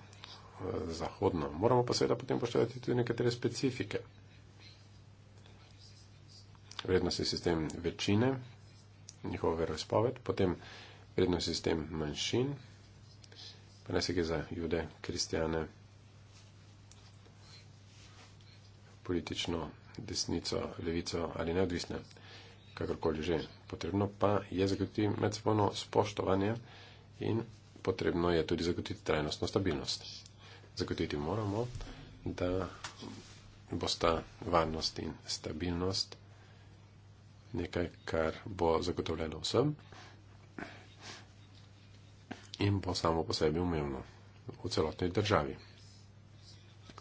zahodno. Moramo pa seveda potem poštevati tudi nekatere specifike. Vrednostni sistem večine, njihovo verospoved, potem vrednostni sistem manjšin, ne se gre za jude, kristijane, politično desnico, levico ali neodvisne, kakorkoli že. Potrebno pa je zagotoviti medsebojno spoštovanje in potrebno je tudi zagotoviti trajnostno stabilnost. Zagotoviti moramo, da bosta varnost in stabilnost nekaj, kar bo zagotovljeno vsem in bo samo po sebi umevno v celotni državi.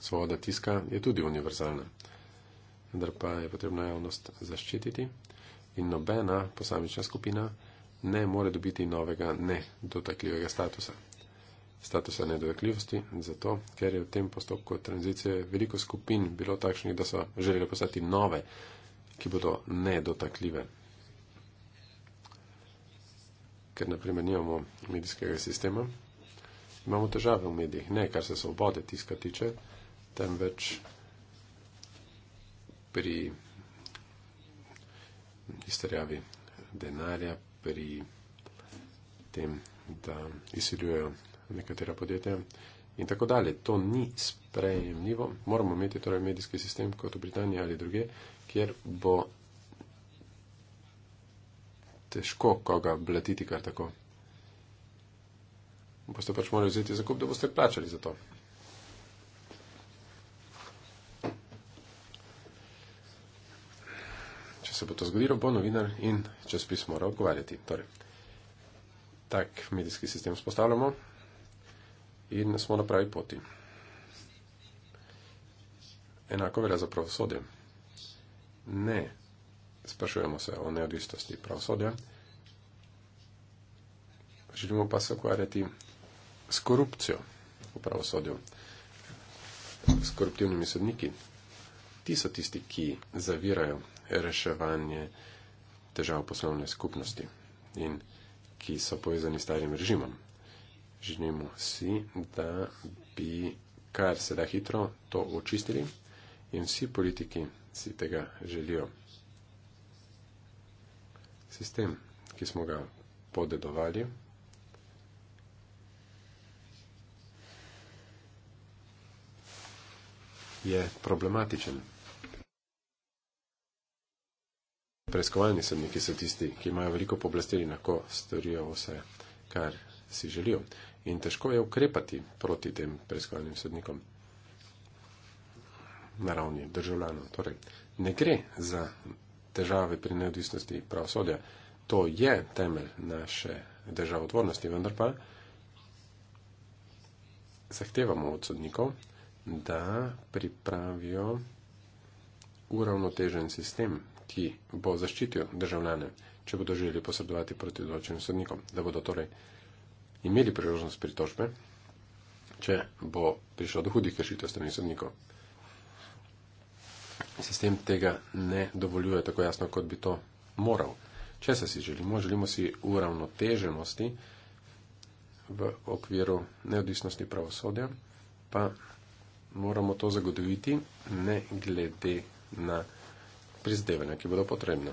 Svoboda tiska je tudi univerzalna, vendar pa je potrebno javnost zaščititi in nobena posamična skupina ne more dobiti novega nedotakljivega statusa. Statusa nedotakljivosti zato, ker je v tem postopku tranzicije veliko skupin bilo takšnih, da so želeli postati nove, ki bodo nedotakljive ker naprimer nimamo medijskega sistema, imamo težave v medijih. Ne, kar se svobode tiska tiče, temveč pri izterjavi denarja, pri tem, da izsiljujejo nekatera podjetja in tako dalje. To ni sprejemljivo. Moramo imeti torej medijski sistem kot v Britaniji ali druge, kjer bo težko koga blatiti kar tako. Boste pač morali vzeti zakup, da boste plačali za to. Če se bo to zgodilo, bo novinar in časopis mora odgovarjati. Torej, tak medijski sistem spostavljamo in smo na pravi poti. Enako velja za pravosodje. Ne, sprašujemo se o neodvisnosti pravosodja. Želimo pa se ukvarjati s korupcijo v pravosodju, s koruptivnimi sodniki. Ti so tisti, ki zavirajo reševanje težav poslovne skupnosti in ki so povezani s starim režimom. Želimo si, da bi kar se da hitro to očistili in vsi politiki si tega želijo sistem, ki smo ga podedovali. Je problematičen. Preiskovalni sodniki so tisti, ki imajo veliko pooblastil in lahko storijo vse, kar si želijo. In težko je ukrepati proti tem preiskovalnim sodnikom na ravni državljanov. Torej, ne gre za težave pri neodvisnosti pravosodja. To je temelj naše državotvornosti, vendar pa zahtevamo od sodnikov, da pripravijo uravnotežen sistem, ki bo zaščitil državljane, če bodo želeli posredovati proti določenim sodnikom, da bodo torej imeli priložnost pritožbe, če bo prišlo do hudih kršitev strani sodnikov sistem tega ne dovoljuje tako jasno, kot bi to moral. Če se si želimo, želimo si uravnoteženosti v okviru neodvisnosti pravosodja, pa moramo to zagotoviti ne glede na prizadevanja, ki bodo potrebna.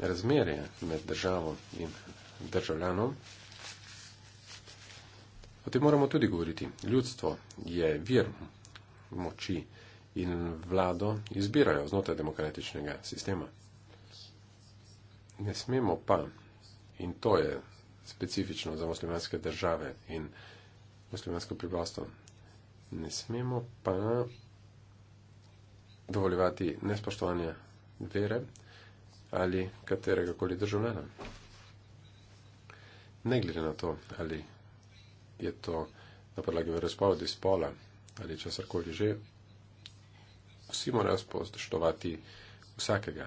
Razmerje med državo in državljanom. O tem moramo tudi govoriti. Ljudstvo je vir moči in vlado izbirajo znotraj demokratičnega sistema. Ne smemo pa, in to je specifično za muslimanske države in muslimansko prebivalstvo, ne smemo pa dovoljevati nespoštovanja vere ali katerega koli državljana. Ne glede na to, ali je to na podlagi verospovedi spola ali česarkoli že, vsi morajo spoštovati vsakega.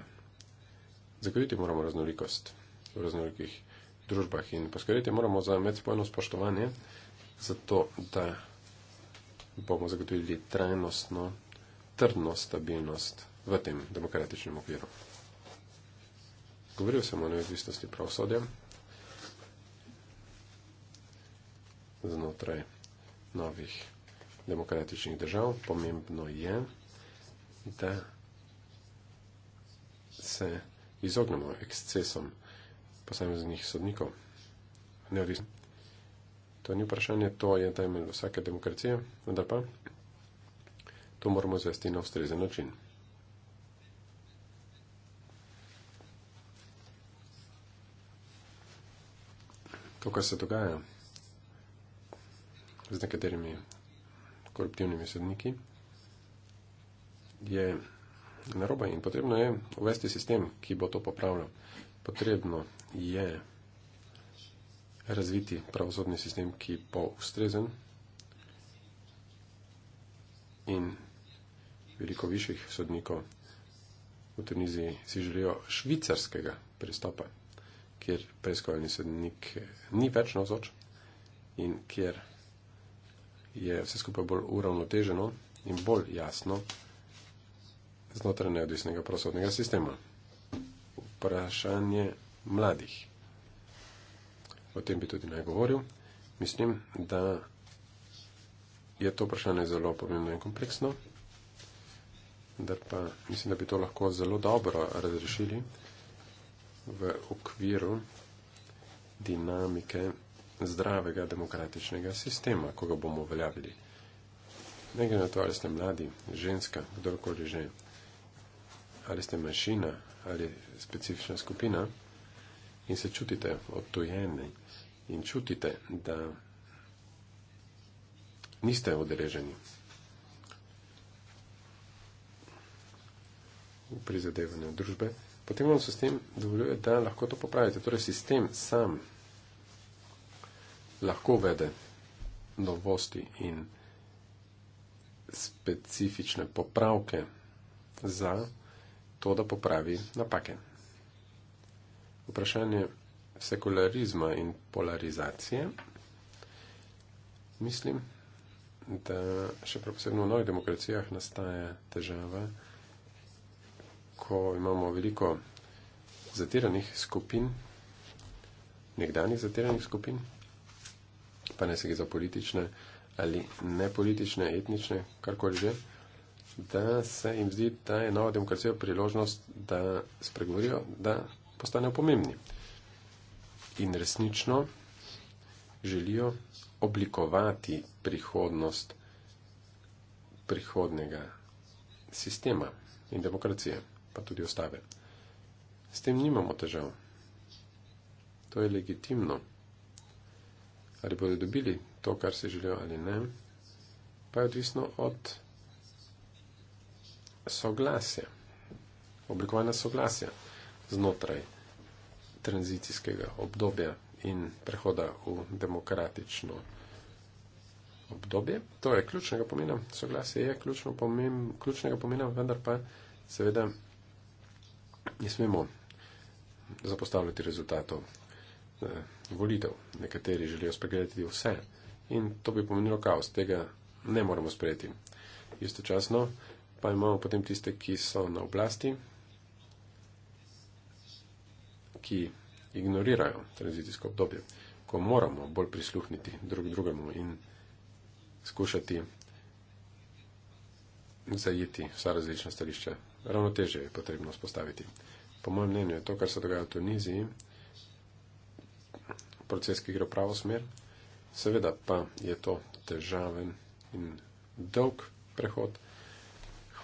Zagotoviti moramo raznolikost v raznolikih družbah in poskrbeti moramo za medsebojno spoštovanje, zato da bomo zagotovili trajnostno, trdno stabilnost v tem demokratičnem okviru. Govoril sem o neodvisnosti pravosodja znotraj novih demokratičnih držav. Pomembno je, da se izognemo ekscesom posameznih sodnikov. Neodvisno. To ni vprašanje, to je temelj vsake demokracije, vendar pa to moramo zvesti na ustrezen način. To, kar se dogaja z nekaterimi koruptivnimi sodniki, je narobe in potrebno je uvesti sistem, ki bo to popravljal. Potrebno je razviti pravosodni sistem, ki bo ustrezen in veliko višjih sodnikov v Tuniziji si želijo švicarskega pristopa, kjer preiskovalni sodnik ni več nozoč in kjer je vse skupaj bolj uravnoteženo in bolj jasno znotraj neodvisnega prosodnega sistema. Vprašanje mladih. O tem bi tudi najgovoril. Mislim, da je to vprašanje zelo pomembno in kompleksno, da pa mislim, da bi to lahko zelo dobro razrešili v okviru dinamike zdravega demokratičnega sistema, ko ga bomo uveljavili. Ne glede na to, ali ste mladi, ženska, kdorkoli že ali ste manjšina ali specifična skupina in se čutite odtojeni in čutite, da niste odreženi v prizadevanju družbe, potem vam sistem dovoljuje, da lahko to popravite. Torej sistem sam lahko vede novosti in specifične popravke za to, da popravi napake. Vprašanje sekularizma in polarizacije. Mislim, da še posebno v novih demokracijah nastaja težava, ko imamo veliko zatiranih skupin, nekdanjih zatiranih skupin, pa ne se gre za politične ali nepolitične, etnične, karkoli že da se jim zdi, da je nova demokracija priložnost, da spregovorijo, da postanejo pomembni. In resnično želijo oblikovati prihodnost prihodnega sistema in demokracije, pa tudi ostave. S tem nimamo težav. To je legitimno. Ali bodo dobili to, kar si želijo ali ne, pa je odvisno od soglasja, oblikovanja soglasja znotraj tranzicijskega obdobja in prehoda v demokratično obdobje. To je ključnega pomena, soglasje je pomem, ključnega pomena, vendar pa seveda ne smemo zapostavljati rezultatov eh, volitev. Nekateri želijo spregledati vse in to bi pomenilo kaos. Tega ne moramo sprejeti. Istočasno pa imamo potem tiste, ki so na oblasti, ki ignorirajo tranzicijsko obdobje, ko moramo bolj prisluhniti drug drugemu in skušati zajeti vsa različna stališča. Ravno teže je potrebno spostaviti. Po mojem mnenju je to, kar se dogaja v Tuniziji, proces, ki gre v pravo smer. Seveda pa je to težaven in dolg prehod.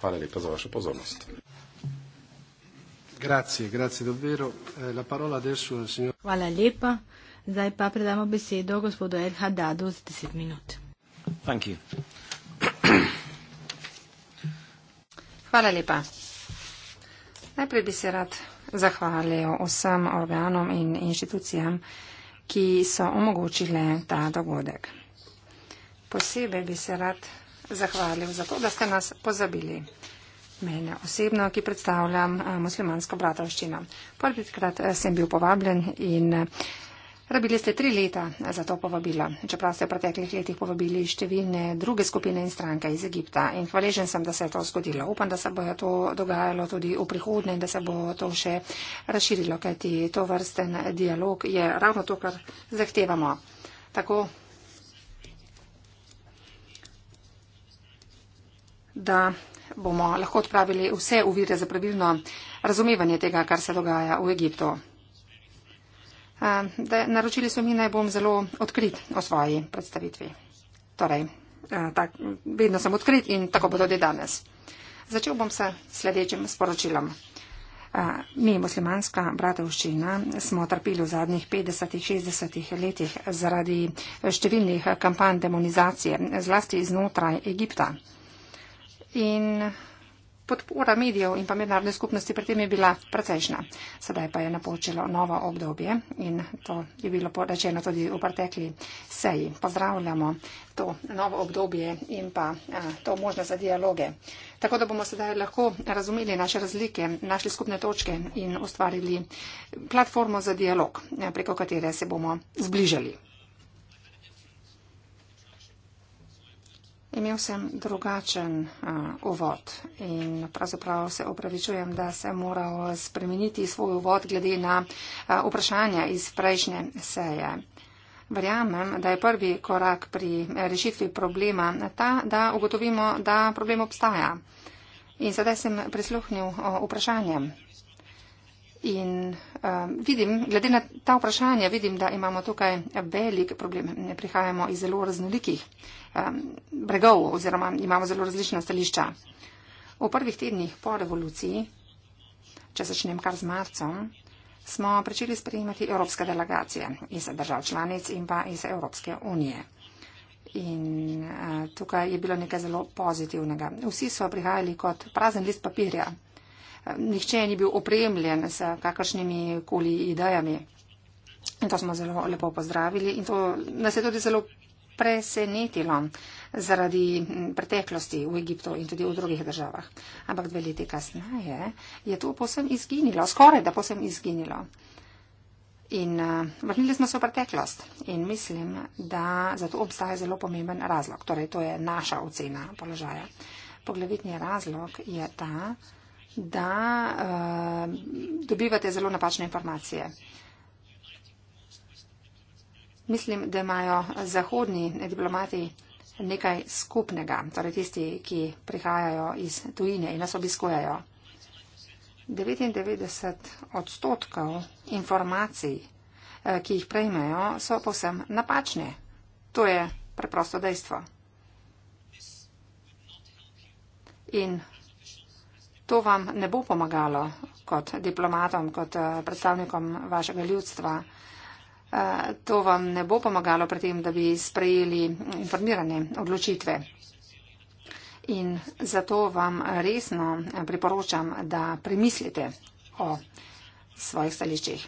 Hvala lepa za vašo pozornost. Grazie, grazie davvero. Eh, la parola adesso al signor. Hvala lepa. Zdaj pa predamo besedo gospodu El Hadadu za 10 minut. Thank you. Hvala lepa. Najprej bi se rad zahvalil vsem organom in inštitucijam, ki so omogočile ta dogodek. Posebej bi se rad zahvalil za to, da ste nas pozabili. Mene osebno, ki predstavljam eh, muslimansko bratovščino. Prvikrat eh, sem bil povabljen in eh, rabili ste tri leta za to povabilo. Čeprav ste v preteklih letih povabili številne druge skupine in stranke iz Egipta. In hvaležen sem, da se je to zgodilo. Upam, da se bo to dogajalo tudi v prihodnje in da se bo to še razširilo, kajti to vrsten dialog je ravno to, kar zahtevamo. Tako da bomo lahko odpravili vse uvire za pravilno razumevanje tega, kar se dogaja v Egiptu. Da naročili so mi, naj bom zelo odkrit o svoji predstavitvi. Torej, tak, vedno sem odkrit in tako bo tudi danes. Začel bom se sledečim sporočilom. Mi, muslimanska bratovščina, smo trpili v zadnjih 50-60 letih zaradi številnih kampanj demonizacije, zlasti iznotraj Egipta in podpora medijev in pa mednarodne skupnosti pri tem je bila precejšna. Sedaj pa je napočilo novo obdobje in to je bilo rečeno tudi v pretekli seji. Pozdravljamo to novo obdobje in pa a, to možnost za dialoge. Tako da bomo sedaj lahko razumeli naše razlike, našli skupne točke in ustvarili platformo za dialog, preko katere se bomo zbližali. Imel sem drugačen uh, uvod in pravzaprav se opravičujem, da sem moral spremeniti svoj uvod glede na uh, vprašanja iz prejšnje seje. Verjamem, da je prvi korak pri rešitvi problema ta, da ugotovimo, da problem obstaja. In sedaj sem prisluhnil vprašanjem. In um, vidim, glede na ta vprašanja, vidim, da imamo tukaj velik problem. Ne prihajamo iz zelo raznolikih um, bregov oziroma imamo zelo različna stališča. V prvih tednih po revoluciji, če začnem kar z marcom, smo začeli sprejemati evropske delegacije iz držav članic in pa iz Evropske unije. In uh, tukaj je bilo nekaj zelo pozitivnega. Vsi so prihajali kot prazen list papirja nihče ni bil opremljen s kakršnimi koli idejami. In to smo zelo lepo pozdravili in to nas je tudi zelo presenetilo zaradi preteklosti v Egiptu in tudi v drugih državah. Ampak dve leti kasneje je to posem izginilo, skoraj da posem izginilo. In uh, vrnili smo se v preteklost in mislim, da za to obstaja zelo pomemben razlog. Torej, to je naša ocena položaja. Poglavitni razlog je ta, da uh, dobivate zelo napačne informacije. Mislim, da imajo zahodni diplomati nekaj skupnega, torej tisti, ki prihajajo iz tujine in nas obiskujejo. 99 odstotkov informacij, eh, ki jih prejmejo, so povsem napačne. To je preprosto dejstvo. In To vam ne bo pomagalo kot diplomatom, kot eh, predstavnikom vašega ljudstva. Eh, to vam ne bo pomagalo pri tem, da bi sprejeli informirane odločitve. In zato vam resno eh, priporočam, da premislite o svojih stališčih.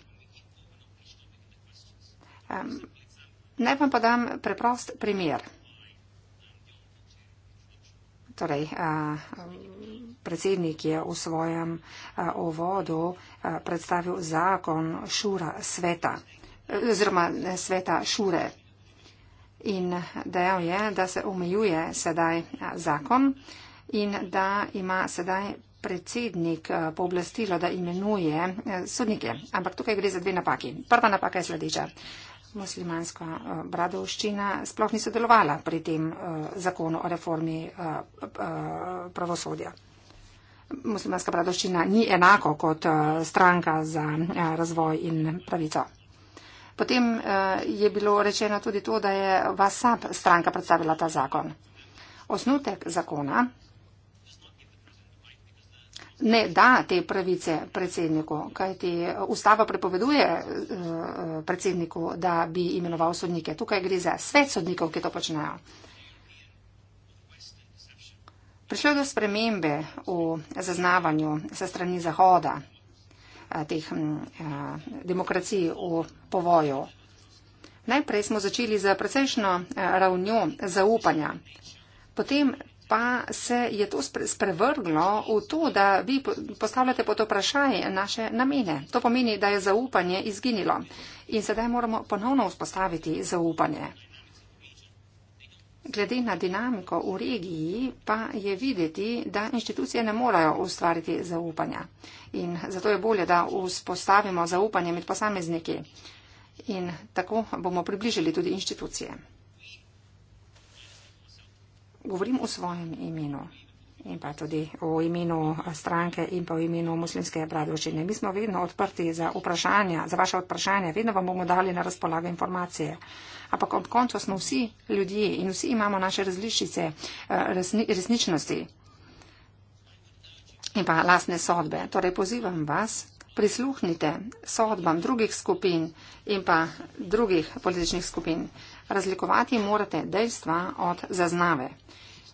Ehm, naj vam podam preprost primer. Torej, eh, predsednik je v svojem ovodu eh, eh, predstavil zakon šura sveta, oziroma sveta šure. In dejal je, da se omejuje sedaj zakon in da ima sedaj predsednik pooblastilo, da imenuje sodnike. Ampak tukaj gre za dve napaki. Prva napaka je sledeča muslimanska uh, bradovščina sploh ni sodelovala pri tem uh, zakonu o reformi uh, uh, pravosodja. Muslimanska bradovščina ni enako kot uh, stranka za uh, razvoj in pravico. Potem uh, je bilo rečeno tudi to, da je Vasab stranka predstavila ta zakon. Osnutek zakona ne da te pravice predsedniku, kajti ustava prepoveduje eh, predsedniku, da bi imenoval sodnike. Tukaj gre za svet sodnikov, ki to počnejo. Prišlo je do spremembe v zaznavanju se strani Zahoda eh, teh mm, eh, demokracij v povoju. Najprej smo začeli z precejšno ravnjo zaupanja, potem pa se je to sprevrglo v to, da vi postavljate pod vprašanje naše namene. To pomeni, da je zaupanje izginilo in sedaj moramo ponovno vzpostaviti zaupanje. Glede na dinamiko v regiji pa je videti, da inštitucije ne morajo ustvariti zaupanja. In zato je bolje, da vzpostavimo zaupanje med posamezniki. In tako bomo približili tudi inštitucije govorim o svojem imenu in pa tudi o imenu stranke in pa o imenu muslimske bradočine. Mi smo vedno odprti za vprašanja, za vaše vprašanja, vedno vam bomo dali na razpolago informacije. Ampak ob koncu smo vsi ljudje in vsi imamo naše različice eh, resni, resničnosti in pa lasne sodbe. Torej pozivam vas, prisluhnite sodbam drugih skupin in pa drugih političnih skupin. Razlikovati morate dejstva od zaznave.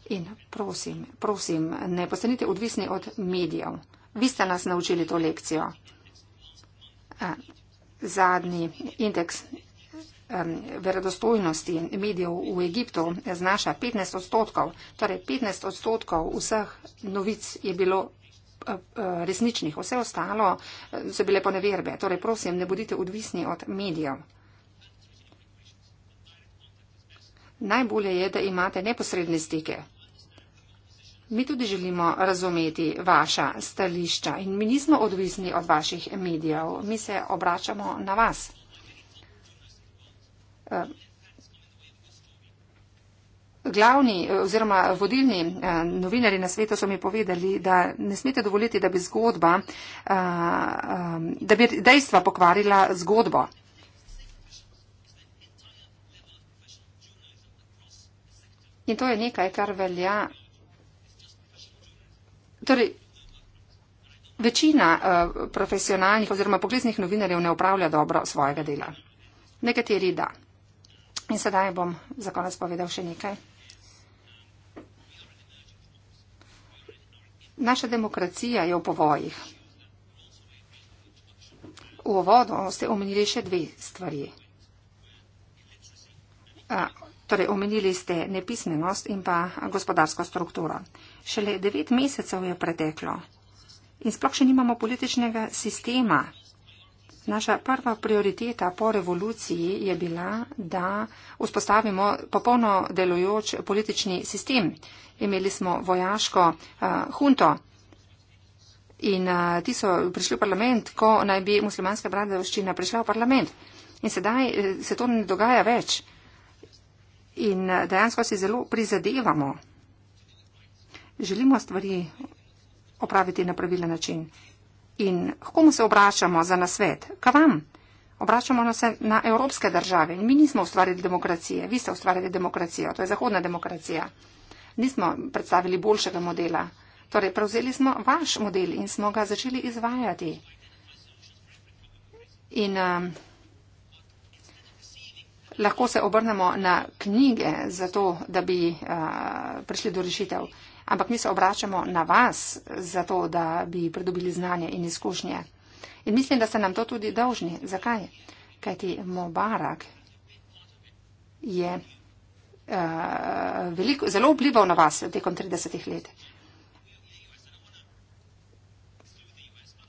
In prosim, prosim, ne postanite odvisni od medijev. Vi ste nas naučili to lekcijo. Zadnji indeks verodostojnosti medijev v Egiptu znaša 15 odstotkov. Torej 15 odstotkov vseh novic je bilo resničnih, vse ostalo e, so bile poneverbe. Torej prosim, ne bodite odvisni od medijev. Najbolje je, da imate neposredne stike. Mi tudi želimo razumeti vaša stališča in mi nismo odvisni od vaših medijev. Mi se obračamo na vas. Eh, glavni eh, oziroma vodilni eh, novinari na svetu so mi povedali, da ne smete dovoliti, da bi, zgodba, da bi dejstva pokvarila zgodbo. In to je nekaj, kar velja. Torej, večina uh, profesionalnih oziroma poklicnih novinarjev ne upravlja dobro svojega dela. Nekateri da. In sedaj bom za konec povedal še nekaj. Naša demokracija je v povojih. V uvodu ste omenili še dve stvari. Eh, Torej, omenili ste nepismenost in pa gospodarsko strukturo. Šele devet mesecev je preteklo in sploh še nimamo političnega sistema. Naša prva prioriteta po revoluciji je bila, da vzpostavimo popolno delujoč politični sistem. Imeli smo vojaško uh, hunto in uh, ti so prišli v parlament, ko naj bi muslimanska bradovščina prišla v parlament. In sedaj eh, se to ne dogaja več. In dejansko si zelo prizadevamo. Želimo stvari opraviti na pravilen način. In komu se obračamo za nasvet? Ka vam? Obračamo se na evropske države. Mi nismo ustvarili demokracije. Vi ste ustvarili demokracijo. To je zahodna demokracija. Nismo predstavili boljšega modela. Torej, prevzeli smo vaš model in smo ga začeli izvajati. In, uh, lahko se obrnemo na knjige, zato da bi uh, prišli do rešitev. Ampak mi se obračamo na vas, zato da bi pridobili znanje in izkušnje. In mislim, da ste nam to tudi dolžni. Zakaj? Kaj ti Mubarak je uh, veliko, zelo vplival na vas tekom 30 let. Uh,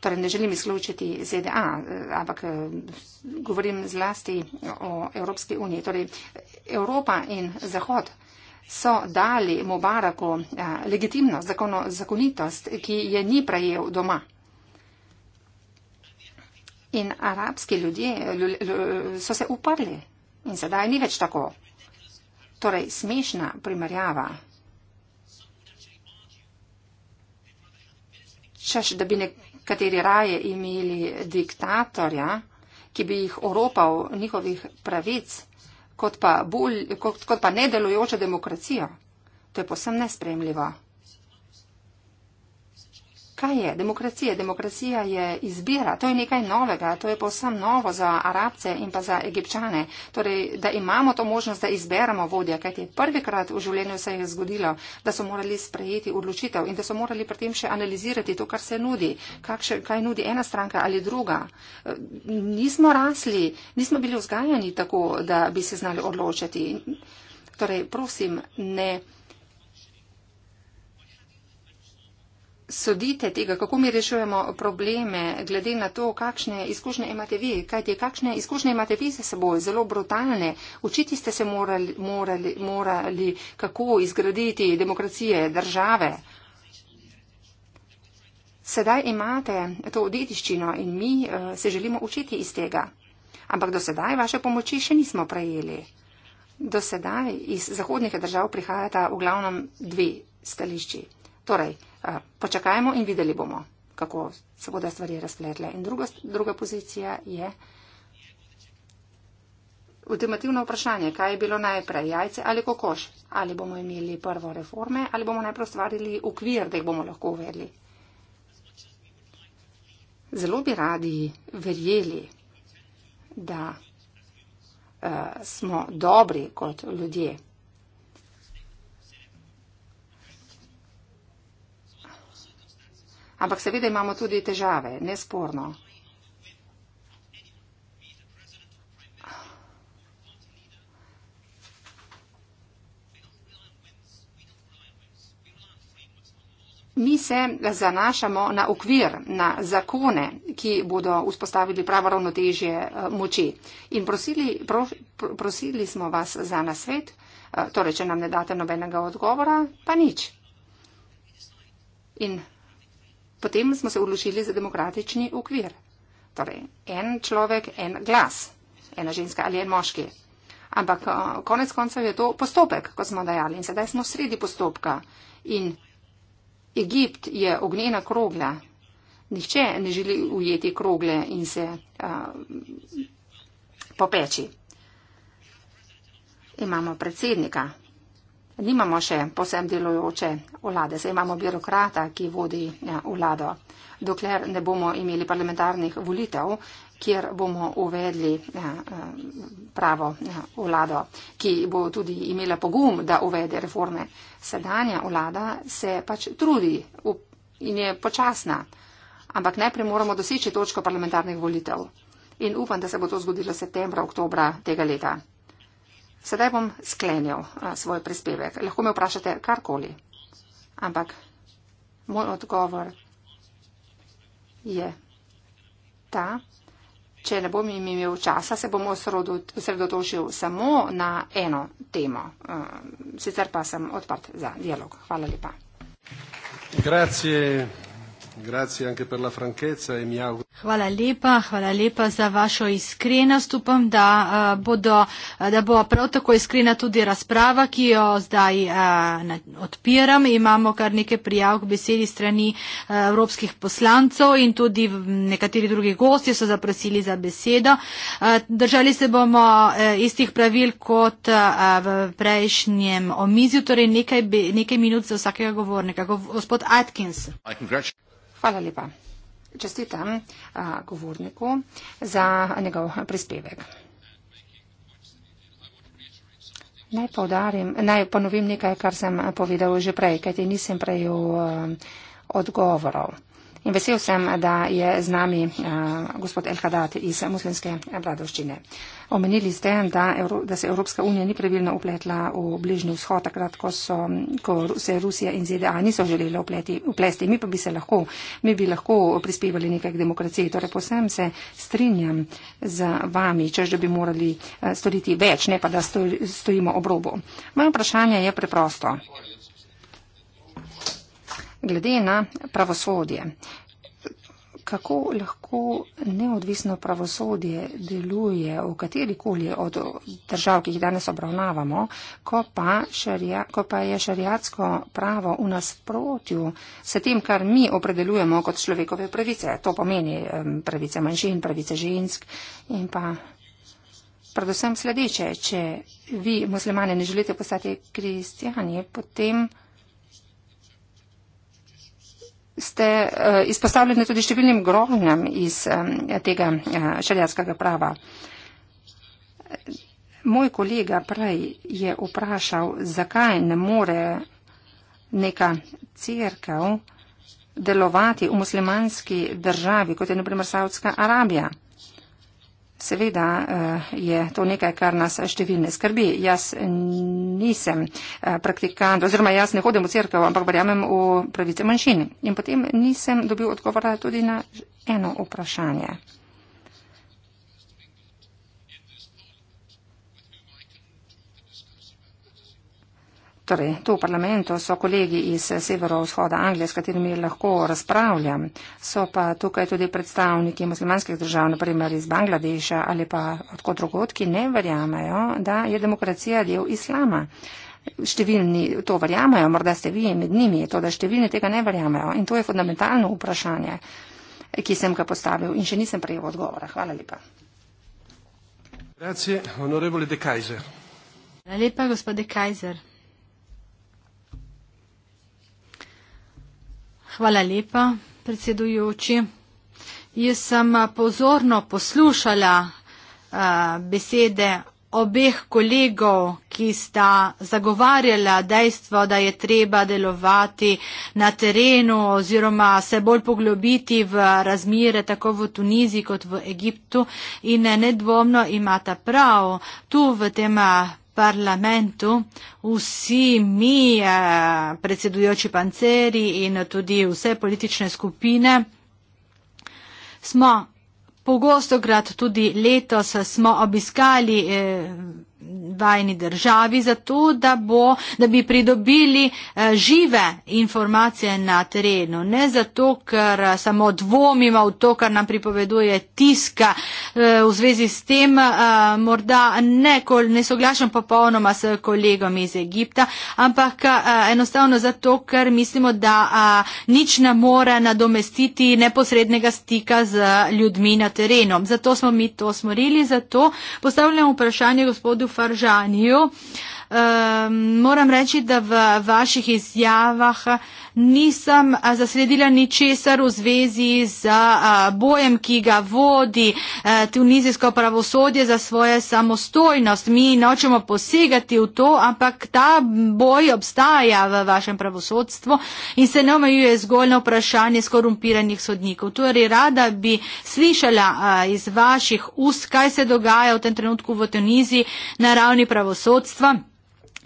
torej ne želim izključiti ZDA, eh, ampak eh, govorim zlasti o Evropski uniji. Torej Evropa in Zahod so dali Mubaraku eh, legitimnost, zakon, zakonitost, ki je ni prejel doma. In arabski ljudje so se uprli in sedaj ni več tako. Torej, smešna primerjava. Češ, da bi nek kateri raje imeli diktatorja, ki bi jih oropal njihovih pravic, kot pa, bolj, kot, kot pa nedelujočo demokracijo. To je posem nespremljivo kaj je demokracija? Demokracija je izbira, to je nekaj novega, to je povsem novo za arabce in pa za egipčane. Torej, da imamo to možnost, da izberemo vodja, kajti prvikrat v življenju se je zgodilo, da so morali sprejeti odločitev in da so morali pri tem še analizirati to, kar se nudi, kakšen, kaj nudi ena stranka ali druga. E, nismo rasli, nismo bili vzgajani tako, da bi se znali odločiti. Torej, prosim, ne. sodite tega, kako mi rešujemo probleme, glede na to, kakšne izkušnje imate vi, kajte kakšne izkušnje imate vi za seboj, zelo brutalne. Učiti ste se morali, morali, morali kako izgraditi demokracije, države. Sedaj imate to dediščino in mi eh, se želimo učiti iz tega. Ampak do sedaj vaše pomoči še nismo prejeli. Do sedaj iz zahodnih držav prihajata v glavnem dve stališči. Torej, Eh, počakajmo in videli bomo, kako se bodo stvari razpletle. In druga, druga pozicija je ultimativno vprašanje, kaj je bilo najprej, jajce ali kokoš, ali bomo imeli prvo reforme ali bomo najprej ustvarili ukvir, da jih bomo lahko uvedli. Zelo bi radi verjeli, da uh, smo dobri kot ljudje. Ampak seveda imamo tudi težave, nesporno. Mi se zanašamo na okvir, na zakone, ki bodo vzpostavili pravo ravnotežje eh, moči. In prosili, pro, prosili smo vas za nasvet, eh, torej, če nam ne date nobenega odgovora, pa nič. In Potem smo se odločili za demokratični okvir. Torej, en človek, en glas, ena ženska ali en moški. Ampak eh, konec koncev je to postopek, kot smo dajali. In sedaj smo sredi postopka. In Egipt je ognjena krogla. Nihče ne želi ujeti krogle in se uh, popeči. Imamo predsednika, nimamo še posem delujoče vlade, saj imamo birokrata, ki vodi ja, vlado. Dokler ne bomo imeli parlamentarnih volitev, kjer bomo uvedli ja, pravo ja, vlado, ki bo tudi imela pogum, da uvede reforme. Sedanja vlada se pač trudi in je počasna, ampak najprej moramo doseči točko parlamentarnih volitev. In upam, da se bo to zgodilo septembra, oktobra tega leta. Sedaj bom sklenil svoj prispevek. Lahko me vprašate karkoli, ampak moj odgovor je ta. Če ne bom imel časa, se bom osredotočil samo na eno temo. Sicer pa sem odprt za dialog. Hvala lepa. Grazie. Grazie anche per la franchezza e mi auguro. Hvala lepa, hvala lepa za vašo iskrenost. Upam, da, uh, bodo, eh, da bo prav tako iskrena tudi razprava, ki jo zdaj uh, odpiram. Imamo kar nekaj prijav k besedi strani uh, evropskih poslancev in tudi nekateri drugi gosti so zaprosili za besedo. Uh, držali se bomo uh, istih pravil kot uh, v prejšnjem omizju, torej nekaj, be, nekaj minut za vsakega govornika. Gov gospod Atkins. Hvala lepa čestitam a, govorniku za njegov prispevek. Naj, podarim, naj ponovim nekaj, kar sem povedal že prej, kajti nisem prejel odgovorov. In vesel sem, da je z nami uh, gospod El Hadad iz muslimske bladoščine. Omenili ste, da, Evro, da se Evropska unija ni pravilno upletla v bližnji vzhod, takrat, ko, so, ko se Rusija in ZDA niso želeli upleti, uplesti. Mi pa bi se lahko, mi bi lahko prispevali nekaj k demokraciji. Torej, posem se strinjam z vami, čež da bi morali eh, storiti več, ne pa da stojimo obrobo. Moje vprašanje je preprosto glede na pravosodje. Kako lahko neodvisno pravosodje deluje v katerikoli od držav, ki jih danes obravnavamo, ko pa, šaria, ko pa je šariatsko pravo v nasprotju s tem, kar mi opredeljujemo kot človekove pravice. To pomeni pravice manjšin, pravice žensk in pa. Predvsem sledeče, če vi, muslimane, ne želite postati kristijani, potem ste eh, izpostavljeni tudi številnim grožnjam iz eh, tega eh, šeljarskega prava. Moj kolega prej je vprašal, zakaj ne more neka crkav delovati v muslimanski državi, kot je naprimer Saudska Arabija. Seveda eh, je to nekaj, kar nas številne skrbi. Jaz nisem eh, praktikant, oziroma jaz ne hodim v cerkev, ampak verjamem v pravice manjšin. In potem nisem dobil odgovora tudi na eno vprašanje. Torej, tu v parlamentu so kolegi iz severovzhoda Anglije, s katerimi lahko razpravljam. So pa tukaj tudi predstavniki muslimanskih držav, naprimer iz Bangladeša ali pa odkot drugot, ki ne verjamejo, da je demokracija del islama. Številni to verjamejo, morda ste vi med njimi, to, da številni tega ne verjamejo. In to je fundamentalno vprašanje, ki sem ga postavil in še nisem prejel odgovora. Hvala lepa. Hvala lepa, gospod Kajzer. Hvala lepa, predsedujoči. Jaz sem pozorno poslušala uh, besede obeh kolegov, ki sta zagovarjala dejstvo, da je treba delovati na terenu oziroma se bolj poglobiti v razmire tako v Tuniziji kot v Egiptu in nedvomno imata prav tu v tem parlamentu vsi mi, eh, predsedujoči panceri in tudi vse politične skupine, smo pogosto krat tudi letos smo obiskali eh, vajni državi za to, da, da bi pridobili eh, žive informacije na terenu. Ne zato, ker eh, samo dvomimo v to, kar nam pripoveduje tiska eh, v zvezi s tem, morda ne, ne soglašam popolnoma s kolegom iz Egipta, ampak enostavno zato, ker mislimo, da nič ne more nadomestiti neposrednega stika z ljudmi na terenu. Zato smo mi to smorili, zato postavljam vprašanje gospodu Fajnera. Fržaniju. Ehm, moram reči, da v vaših izjavah nisem eh, zasledila ničesar v zvezi z eh, bojem, ki ga vodi eh, tunizijsko pravosodje za svojo samostojnost. Mi nočemo posegati v to, ampak ta boj obstaja v vašem pravosodstvu in se ne omejuje zgolj na vprašanje skorumpiranih sodnikov. Torej, rada bi slišala iz vaših ust, kaj se dogaja v tem trenutku v Tuniziji na ravni pravosodstva.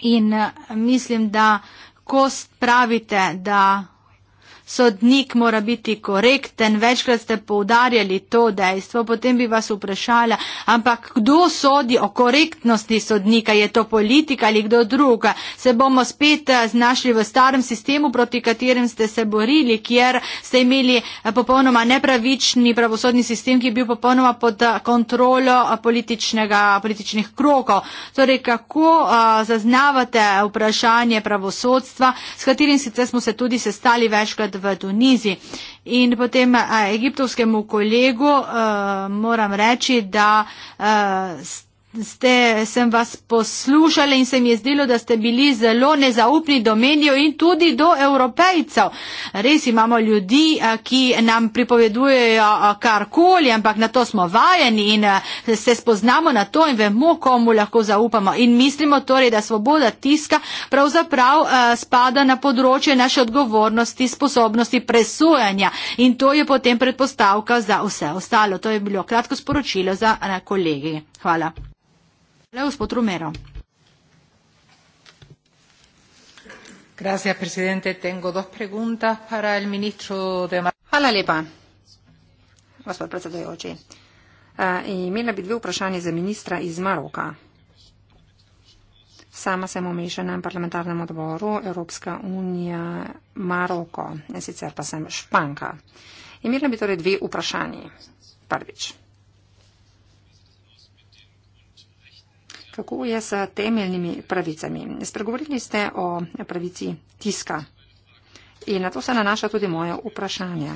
In eh, mislim, da ko pravite, da sodnik mora biti korekten, večkrat ste poudarjali to dejstvo, potem bi vas vprašala, ampak kdo sodi o korektnosti sodnika, je to politika ali kdo druga? Se bomo spet eh, znašli v starem sistemu, proti katerem ste se borili, kjer ste imeli eh, popolnoma nepravični pravosodni sistem, ki je bil popolnoma pod eh, kontrolo političnih krokov. Torej, kako a, zaznavate vprašanje pravosodstva, s katerim sicer smo se tudi sestali večkrat takrat v Tuniziji. In potem a, eh, egiptovskemu kolegu a, eh, moram reči, da a, eh, ste, sem vas poslušala in se mi je zdelo, da ste bili zelo nezaupni do medijev in tudi do evropejcev. Res imamo ljudi, eh, ki nam pripovedujejo eh, karkoli, ampak na to smo vajeni in eh, se spoznamo na to in vemo, komu lahko zaupamo. In mislimo torej, da svoboda tiska pravzaprav spada na področje naše odgovornosti, sposobnosti presojanja in to je potem predpostavka za vse ostalo. To je bilo kratko sporočilo za kolegi. Hvala. Gospod Romero. Hvala lepa, gospod predsedujoči. Imela bi dve vprašanje za ministra iz Maroka. Sama sem omešena na parlamentarnem odboru Evropska unija Maroko, sicer pa sem Španka. Imela bi torej dve vprašanje. Prvič. kako je s temeljnimi pravicami. Spregovorili ste o pravici tiska in na to se nanaša tudi moje vprašanje.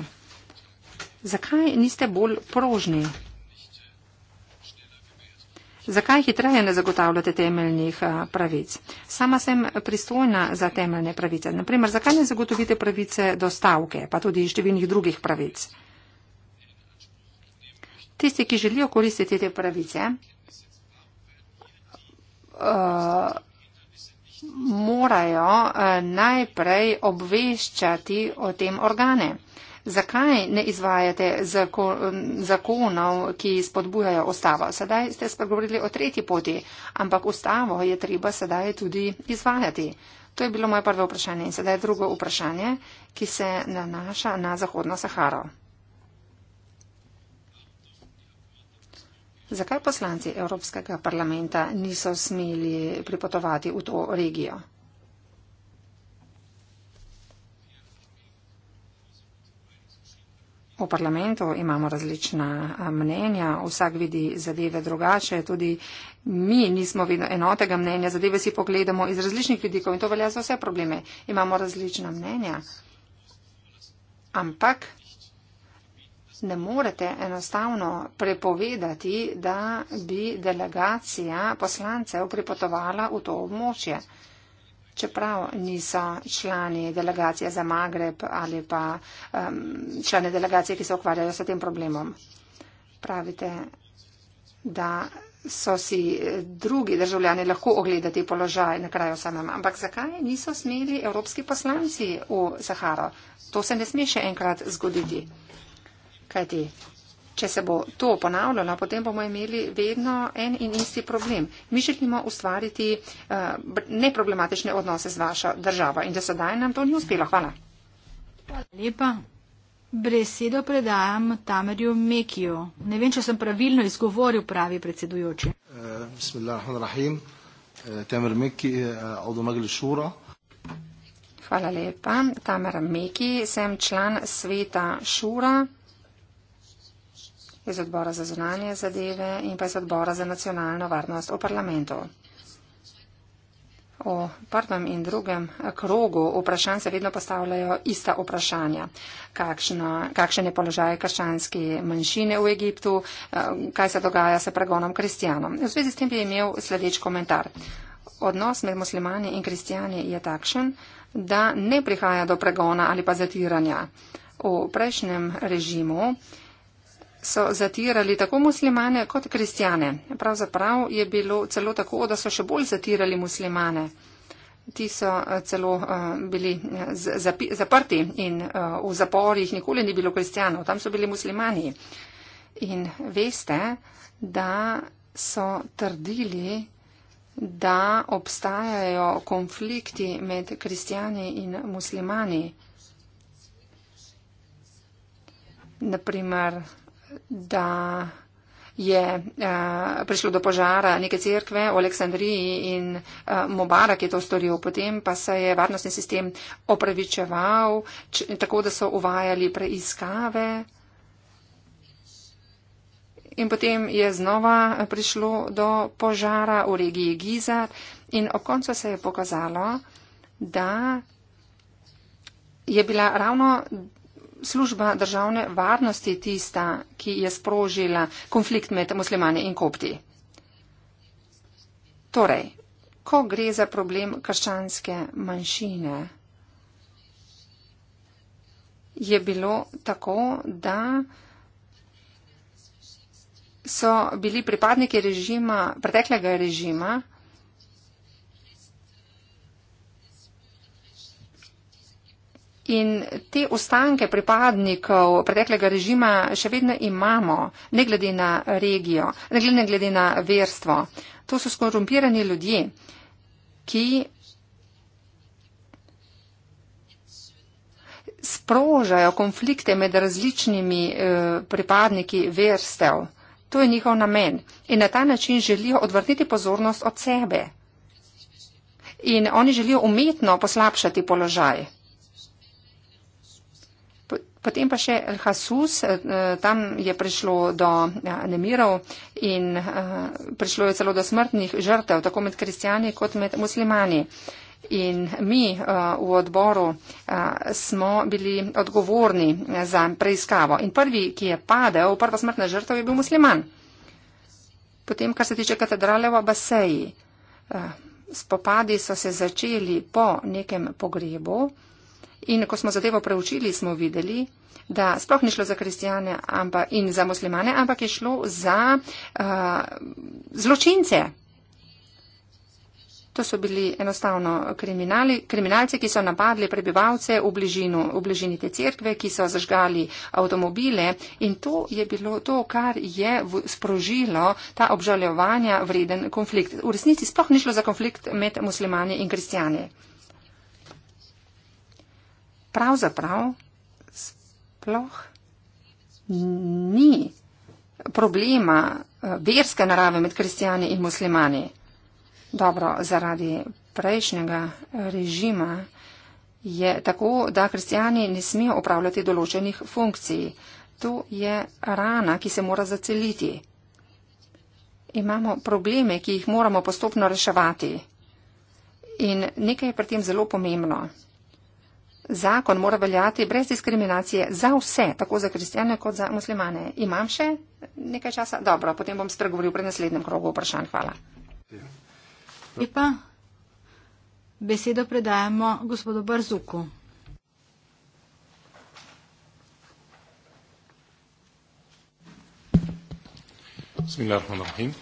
Zakaj niste bolj prožni? Zakaj hitreje ne zagotavljate temeljnih eh, pravic? Sama sem pristojna za temeljne pravice. Naprimer, zakaj ne zagotovite pravice do stavke, pa tudi številnih drugih pravic? Tisti, ki želijo koristiti te pravice, morajo eh, najprej obveščati o tem organe. Zakaj ne izvajate zakonov, ki spodbujajo ustavo? Sedaj ste spregovorili o tretji poti, ampak ustavo je treba sedaj tudi izvajati. To je bilo moje prvo vprašanje. In sedaj drugo vprašanje, ki se nanaša na Zahodno Saharo. Zakaj poslanci Evropskega parlamenta niso smeli pripotovati v to regijo? V parlamentu imamo različna mnenja, vsak vidi zadeve drugače, tudi mi nismo vedno enotega mnenja, zadeve si pogledamo iz različnih vidikov in to velja za vse probleme. Imamo različna mnenja, ampak ne morete enostavno prepovedati, da bi delegacija poslancev pripotovala v to območje, čeprav niso člani delegacije za Magreb ali pa um, člani delegacije, ki se ukvarjajo s tem problemom. Pravite, da so si drugi državljani lahko ogledati položaj na kraju samem. Ampak zakaj niso smeli evropski poslanci v Saharo? To se ne sme še enkrat zgoditi. Kajti, če se bo to ponavljalo, potem bomo imeli vedno en in isti problem. Mi želimo ustvariti uh, neproblematične odnose z vašo državo in do sedaj nam to ni uspelo. Hvala. Hvala lepa. Besedo predajam Tamerju Mekiju. Ne vem, če sem pravilno izgovoril pravi predsedujoči. Eh, eh, Hvala lepa. Tamer Meki, sem član sveta Šura iz odbora za zunanje zadeve in pa iz odbora za nacionalno varnost v parlamentu. O prvem in drugem krogu vprašanj se vedno postavljajo ista vprašanja. Kakšno, kakšen je položaj krščanske manjšine v Egiptu, eh, kaj se dogaja s pregonom kristijanom. V zvezi s tem bi imel sledeč komentar. Odnos med muslimani in kristijani je takšen, da ne prihaja do pregona ali pa zatiranja. V prejšnjem režimu so zatirali tako muslimane kot kristjane. Pravzaprav je bilo celo tako, da so še bolj zatirali muslimane. Ti so eh, celo uh, bili eh, zaprti in uh, v zaporih nikoli ni bilo kristjanov, tam so bili muslimani. In veste, da so trdili, da obstajajo konflikti med kristjani in muslimani. Naprimer, da je a, eh, prišlo do požara neke cerkve v Aleksandriji in a, eh, Mubarak je to storil. Potem pa se je varnostni sistem opravičeval, č, tako da so uvajali preiskave. In potem je znova prišlo do požara v regiji Giza in ob koncu se je pokazalo, da je bila ravno služba državne varnosti tista, ki je sprožila konflikt med muslimani in kopti? Torej, ko gre za problem krščanske manjšine, je bilo tako, da so bili pripadniki režima, preteklega režima, In te ostanke pripadnikov preteklega režima še vedno imamo, ne glede na regijo, ne glede, ne glede na verstvo. To so skorumpirani ljudje, ki sprožajo konflikte med različnimi eh, pripadniki verstev. To je njihov namen. In na ta način želijo odvrniti pozornost od sebe. In oni želijo umetno poslabšati položaj. Potem pa še El Hasus, eh, tam je prišlo do eh, nemirov in eh, prišlo je celo do smrtnih žrtev, tako med kristijani kot med muslimani. In mi v odboru smo bili odgovorni za preiskavo. In prvi, ki je padel, prva smrtna žrtev je bil musliman. Potem, kar se tiče katedrale v Abaseji, spopadi so se začeli po nekem pogrebu. In ko smo zadevo preučili, smo videli, da sploh ni šlo za kristijane ampak, in za muslimane, ampak je šlo za uh, zločince. To so bili enostavno kriminali, kriminalci, ki so napadli prebivalce v, bližinu, v bližini te cerkve, ki so zažgali avtomobile in to je bilo to, kar je sprožilo ta obžalovanja vreden konflikt. V resnici sploh ni šlo za konflikt med muslimani in kristijani pravzaprav sploh ni problema eh, verske narave med kristijani in muslimani. Dobro, zaradi prejšnjega režima je tako, da kristijani ne smejo upravljati določenih funkcij. To je rana, ki se mora zaceliti. Imamo probleme, ki jih moramo postopno reševati. In nekaj je pri tem zelo pomembno. Zakon mora veljati brez diskriminacije za vse, tako za kristjane kot za muslimane. Imam še nekaj časa? Dobro, potem bom spregovoril pri naslednjem krogu vprašanj. Hvala. Lepa. Besedo predajamo gospodu Barzuku. Bismillahirrahmanirrahim.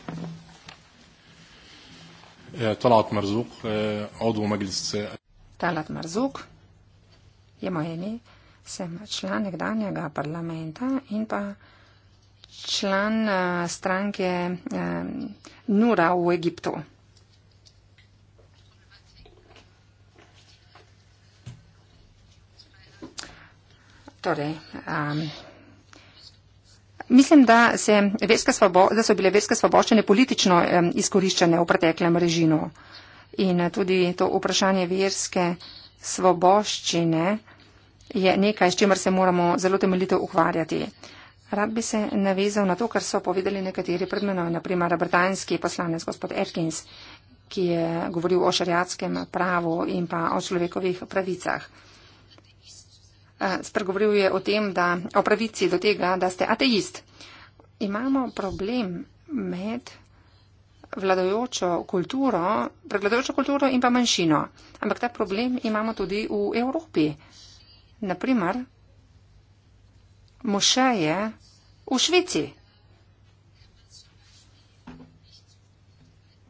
Eh, Talat Marzuk, eh, odvo magistrice. Talat Marzuk, je moje ime, sem član nekdanjega parlamenta in pa član eh, stranke eh, Nura v Egiptu. Torej, um, mislim, da, da so bile verske svoboščine politično um, izkoriščene v preteklem režimu in tudi to vprašanje verske svoboščine je nekaj, s čimer se moramo zelo temeljito ukvarjati. Rad bi se navezal na to, kar so povedali nekateri pred menoj, naprimer britanski poslanec gospod Erkins, ki je govoril o šariatskem pravu in pa o človekovih pravicah. Eh, spregovoril je o tem, da o pravici do tega, da ste ateist. Imamo problem med vladajočo kulturo, prevladajočo kulturo in pa manjšino. Ampak ta problem imamo tudi v Evropi. Naprimer, mošeje v Švici.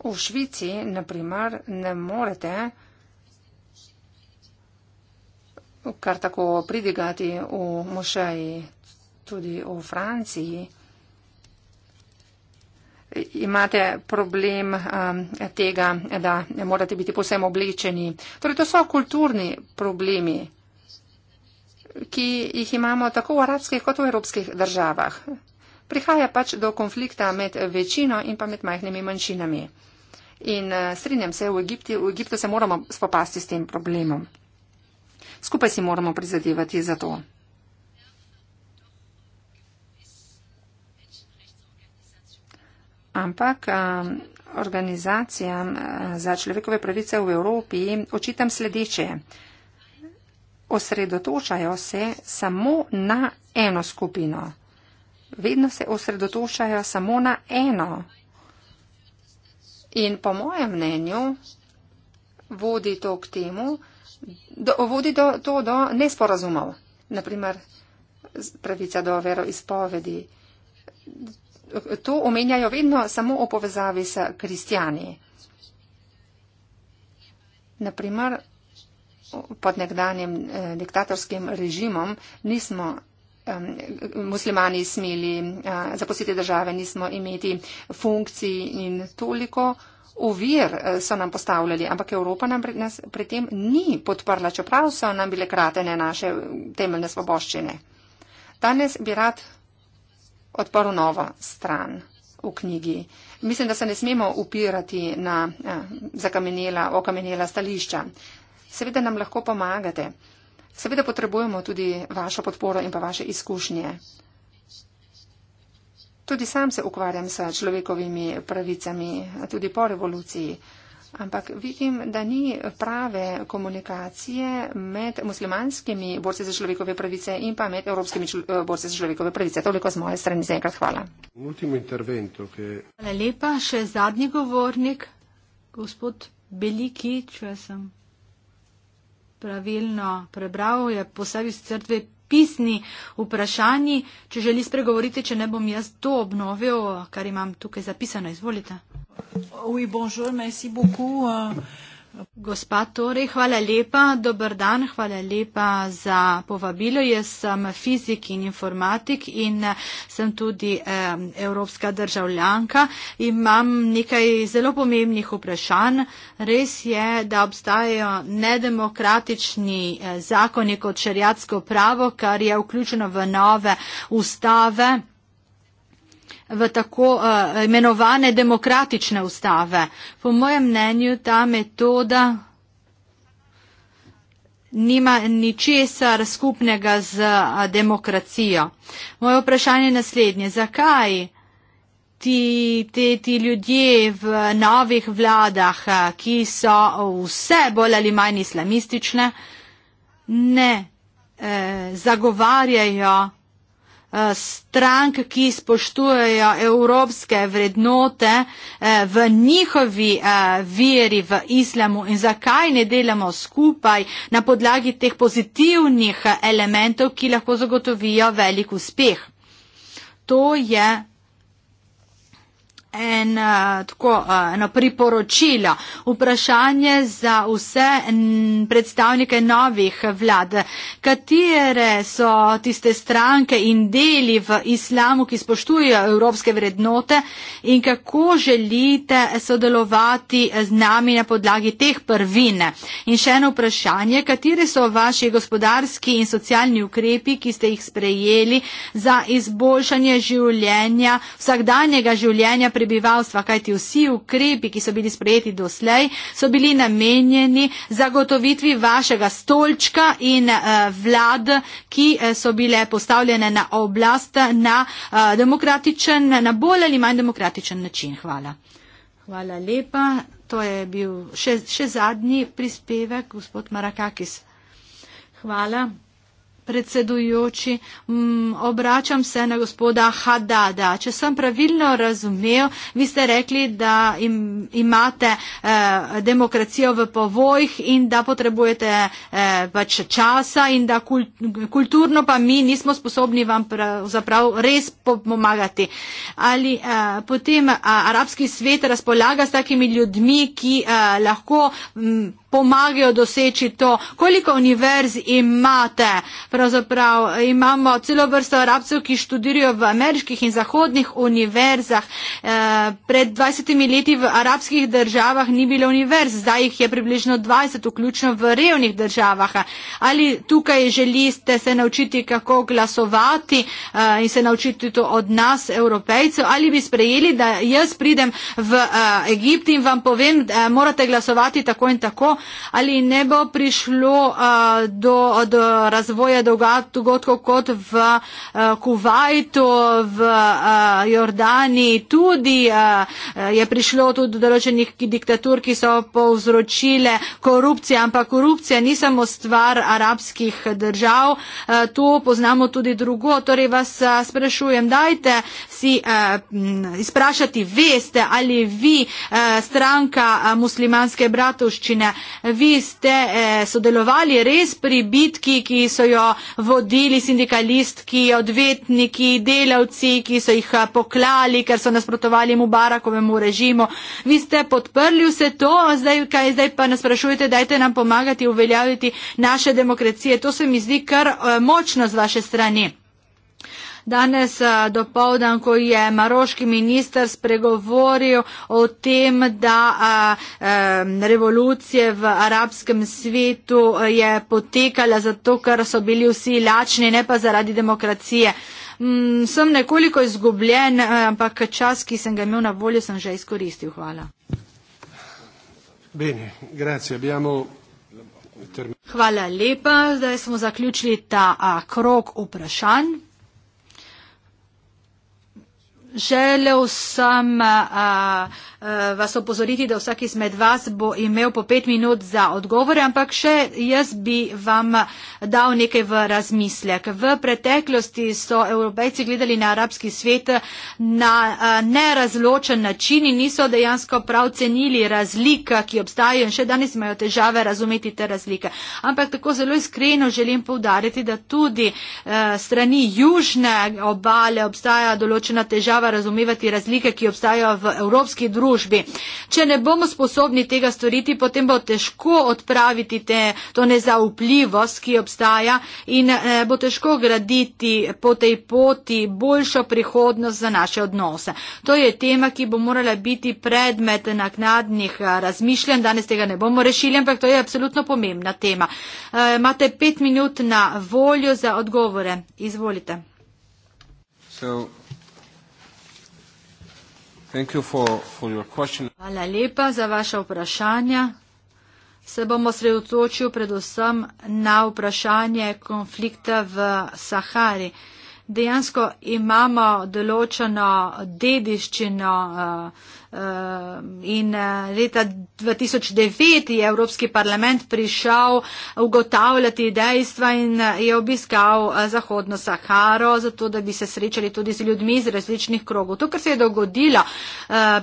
V Švici, naprimer, ne morete kar tako pridigati v mošeji, tudi v Franciji imate problem um, tega, da morate biti posebno oblečeni. Torej, to so kulturni problemi, ki jih imamo tako v arabskih kot v evropskih državah. Prihaja pač do konflikta med večino in pa med majhnimi manjšinami. In uh, strinjam se, v, Egipti, v Egiptu se moramo spopasti s tem problemom. Skupaj si moramo prizadevati za to. ampak organizacijam za človekove pravice v Evropi očitam sledeče. Osredotočajo se samo na eno skupino. Vedno se osredotočajo samo na eno. In po mojem mnenju vodi to k temu, do, vodi do, to do nesporazumov. Naprimer, pravica do veroizpovedi to omenjajo vedno samo o povezavi s kristijani. Naprimer, pod nekdanjem eh, diktatorskim režimom nismo eh, muslimani smeli eh, zapustiti države, nismo imeti funkcij in toliko uvir eh, so nam postavljali, ampak Evropa nam pri, nas pri tem ni podprla, čeprav so nam bile kratene naše temeljne svoboščine. Danes bi rad odprl novo stran v knjigi. Mislim, da se ne smemo upirati na eh, zakamenela, okamenela stališča. Seveda nam lahko pomagate. Seveda potrebujemo tudi vašo podporo in pa vaše izkušnje. Tudi sam se ukvarjam s človekovimi pravicami, tudi po revoluciji. Ampak vidim, da ni prave komunikacije med muslimanskimi borci za človekove pravice in pa med evropskimi eh, borci za človekove pravice. Toliko z moje strani za enkrat. Hvala. Hvala lepa. Še zadnji govornik, gospod Belikič, če sem pravilno prebral, je posebej sicer dve pisni vprašanji. Če želi spregovoriti, če ne bom jaz to obnovil, kar imam tukaj zapisano, izvolite. Oui, bonjour, merci beaucoup. Euh, Gospa Tori, hvala lepa. Dobar dan, hvala lepa za povabilo. Jaz sem fizik in informatik in sem tudi eh, evropska državljanka. Imam nekaj zelo pomembnih vprašanj. Res je, da obstajajo nedemokratični eh, zakoni kot šariatsko pravo, kar je vključeno v nove ustave v tako uh, imenovane demokratične ustave. Po mojem mnenju ta metoda nima ničesar skupnega z eh, demokracijo. Moje vprašanje je naslednje. Zakaj ti, te, ti ljudje v novih vladah, eh, ki so vse bolj ali manj islamistične, ne eh, zagovarjajo Eh, strank, ki spoštujejo evropske vrednote eh, v njihovi eh, veri v islamu in zakaj ne delamo skupaj na podlagi teh pozitivnih elementov, ki lahko zagotovijo velik uspeh. To je en, eh, tako, eh, eno priporočilo, vprašanje za vse predstavnike novih vlad. Katere so tiste stranke in deli v islamu, ki spoštujejo evropske vrednote in kako želite sodelovati z nami na podlagi teh prvine? In še eno vprašanje, kateri so vaši gospodarski in socialni ukrepi, ki ste jih sprejeli za izboljšanje življenja, vsakdanjega življenja pri prebivalstva, kajti vsi ukrepi, ki so bili sprejeti doslej, so bili namenjeni zagotovitvi vašega stolčka in uh, vlad, ki eh, so bile postavljene na oblast na, uh, na bolj ali manj demokratičen način. Hvala. Hvala lepa. To je bil še, še zadnji prispevek, gospod Marakakis. Hvala predsedujoči, m, mm, obračam se na gospoda Hadada. Če sem pravilno razumel, vi ste rekli, da im, imate eh, demokracijo v povojih in da potrebujete eh, pač časa in da kult, kulturno pa mi nismo sposobni vam prav, res pomagati. Ali eh, potem eh, arabski svet razpolaga s takimi ljudmi, ki eh, lahko. Hm, pomagajo doseči to, koliko univerz imate. Pravzaprav imamo celo vrsto arabcev, ki študirajo v ameriških in zahodnih univerzah. Eh, pred 20 leti v arabskih državah ni bilo univerz, zdaj jih je približno 20, vključno v revnih državah. Ali tukaj želite se naučiti, kako glasovati eh, in se naučiti to od nas, evropejcev, ali bi sprejeli, da jaz pridem v eh, Egipt in vam povem, morate glasovati tako in tako, ali ne bo prišlo uh, do, do razvoja dogodkov kot v uh, Kuwaitu, v uh, Jordaniji. Tudi uh, je prišlo tudi do določenih diktatur, ki so povzročile korupcije, ampak korupcija ni samo stvar arabskih držav. Uh, to poznamo tudi drugo. Torej vas uh, sprašujem, dajte si uh, izprašati, veste ali vi uh, stranka uh, muslimanske bratovščine, uh, vi ste eh, sodelovali res pri bitki, ki so jo vodili sindikalistki, odvetniki, delavci, ki so jih eh, poklali, ker so nasprotovali mu Barakovemu režimu. Vi ste podprli vse to, zdaj, kaj, zdaj pa nas sprašujete, dajte nam pomagati uveljaviti naše demokracije. To se mi zdi kar eh, močno z vaše strani danes eh, do povdan, ko je maroški minister spregovoril o tem, da eh, revolucije v arabskem svetu eh, je potekala zato, ker so bili vsi lačni, ne pa zaradi demokracije. Mm, sem nekoliko izgubljen, ampak čas, ki sem ga imel na voljo, sem že izkoristil. Hvala. Bene, grazie, abbiamo... Hvala lepa. Zdaj smo zaključili ta a, krok vprašanj. Želel sem a, a, vas opozoriti, da vsak izmed vas bo imel po pet minut za odgovore, ampak še jaz bi vam dal nekaj v razmislek. V preteklosti so evropejci gledali na arabski svet na a, nerazločen način in niso dejansko prav cenili razlika, ki obstajajo in še danes imajo težave razumeti te razlike. Ampak tako zelo iskreno želim povdariti, da tudi a, strani južne obale obstaja določena težava sprava razumevati razlike, ki obstajajo v evropski družbi. Če ne bomo sposobni tega storiti, potem bo težko odpraviti te, to nezaupljivost, ki obstaja in eh, bo težko graditi po tej poti boljšo prihodnost za naše odnose. To je tema, ki bo morala biti predmet naknadnih eh, razmišljanj. Danes tega ne bomo rešili, ampak to je absolutno pomembna tema. Eh, imate pet minut na voljo za odgovore. Izvolite. So, Hvala lepa za vaše vprašanje. Se bom osredotočil predvsem na vprašanje konflikta v Sahari. Dejansko imamo določeno dediščino uh, Eh, in eh, leta 2009 je Evropski parlament prišel ugotavljati dejstva in eh, je obiskal Zahodno Saharo, zato da bi se srečali tudi z ljudmi iz različnih krogov. To, kar se je dogodilo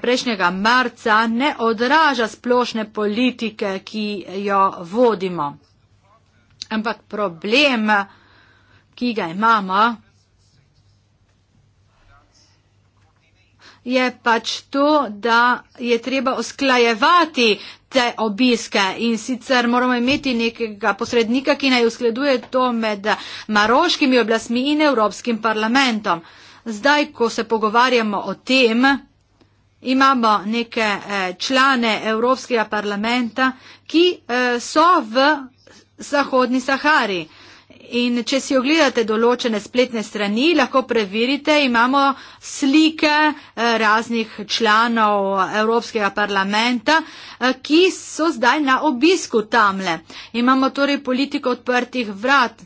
prejšnjega marca, ne odraža splošne politike, ki jo vodimo. Ampak problem, ki ga imamo, je pač to, da je treba usklajevati te obiske in sicer moramo imeti nekega posrednika, ki naj uskladuje to med maroškimi oblastmi in Evropskim parlamentom. Zdaj, ko se pogovarjamo o tem, imamo neke eh, člane Evropskega parlamenta, ki eh, so v Zahodni Sahari. In če si ogledate določene spletne strani, lahko preverite, imamo slike eh, raznih članov Evropskega parlamenta, eh, ki so zdaj na obisku tamle. Imamo torej politiko odprtih vrat.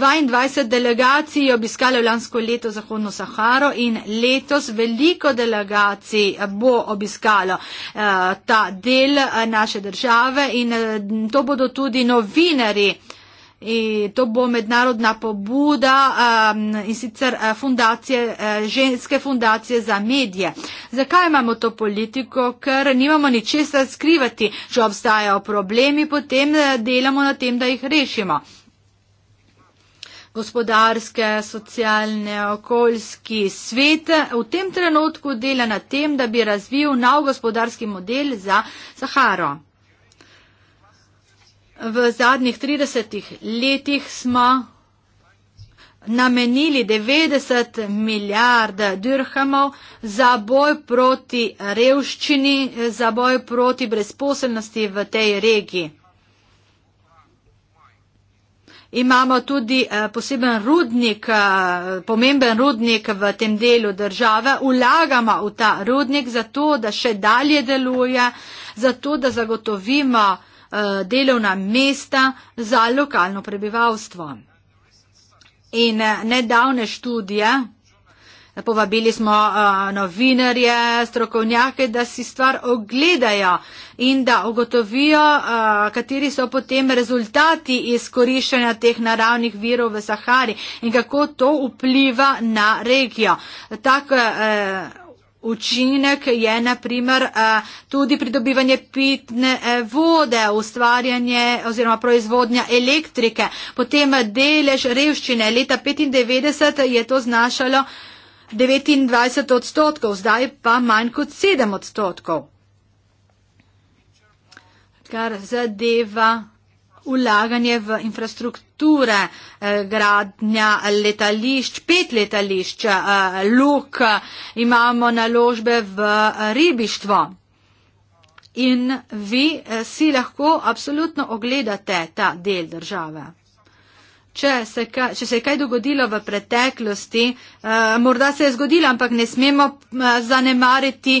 22 delegacij je obiskalo lansko leto Zahodno Saharo in letos veliko delegacij bo obiskalo uh, ta del naše države in uh, to bodo tudi novinari uh, In to bo mednarodna pobuda um, in sicer eh, fundacije, eh, ženske fundacije za medije. Zakaj imamo to politiko? Ker nimamo ničesa skrivati. Če obstajajo problemi, potem eh, delamo na tem, da jih rešimo. Gospodarske, socialne, okoljski svet v tem trenutku dela na tem, da bi razvil nov gospodarski model za Saharo. V zadnjih 30 letih smo namenili 90 milijard dirhamov za boj proti revščini, za boj proti brezposelnosti v tej regiji. Imamo tudi eh, poseben rudnik, eh, pomemben rudnik v tem delu države. Ulagamo v ta rudnik zato, da še dalje deluje, zato, da zagotovimo Eh, delovna mesta za lokalno prebivalstvo. In eh, nedavne študije, eh, povabili smo novinarje, strokovnjake, da si stvar ogledajo in da ugotovijo, kateri so potem rezultati izkoriščanja teh naravnih virov v Sahari in kako to vpliva na regijo. Tako, učinek je na primer tudi pridobivanje pitne e, vode, ustvarjanje oziroma proizvodnja elektrike, potem delež revščine. Leta 1995 je to znašalo 29 odstotkov, zdaj pa manj kot 7 odstotkov. Kar zadeva ulaganje v infrastrukture, eh, gradnja letališč, pet letališč, eh, luk, imamo naložbe v eh, ribištvo. In vi si lahko absolutno ogledate ta del države. Če se, ka, če se je kaj dogodilo v preteklosti, uh, morda se je zgodilo, ampak ne smemo uh, zanemariti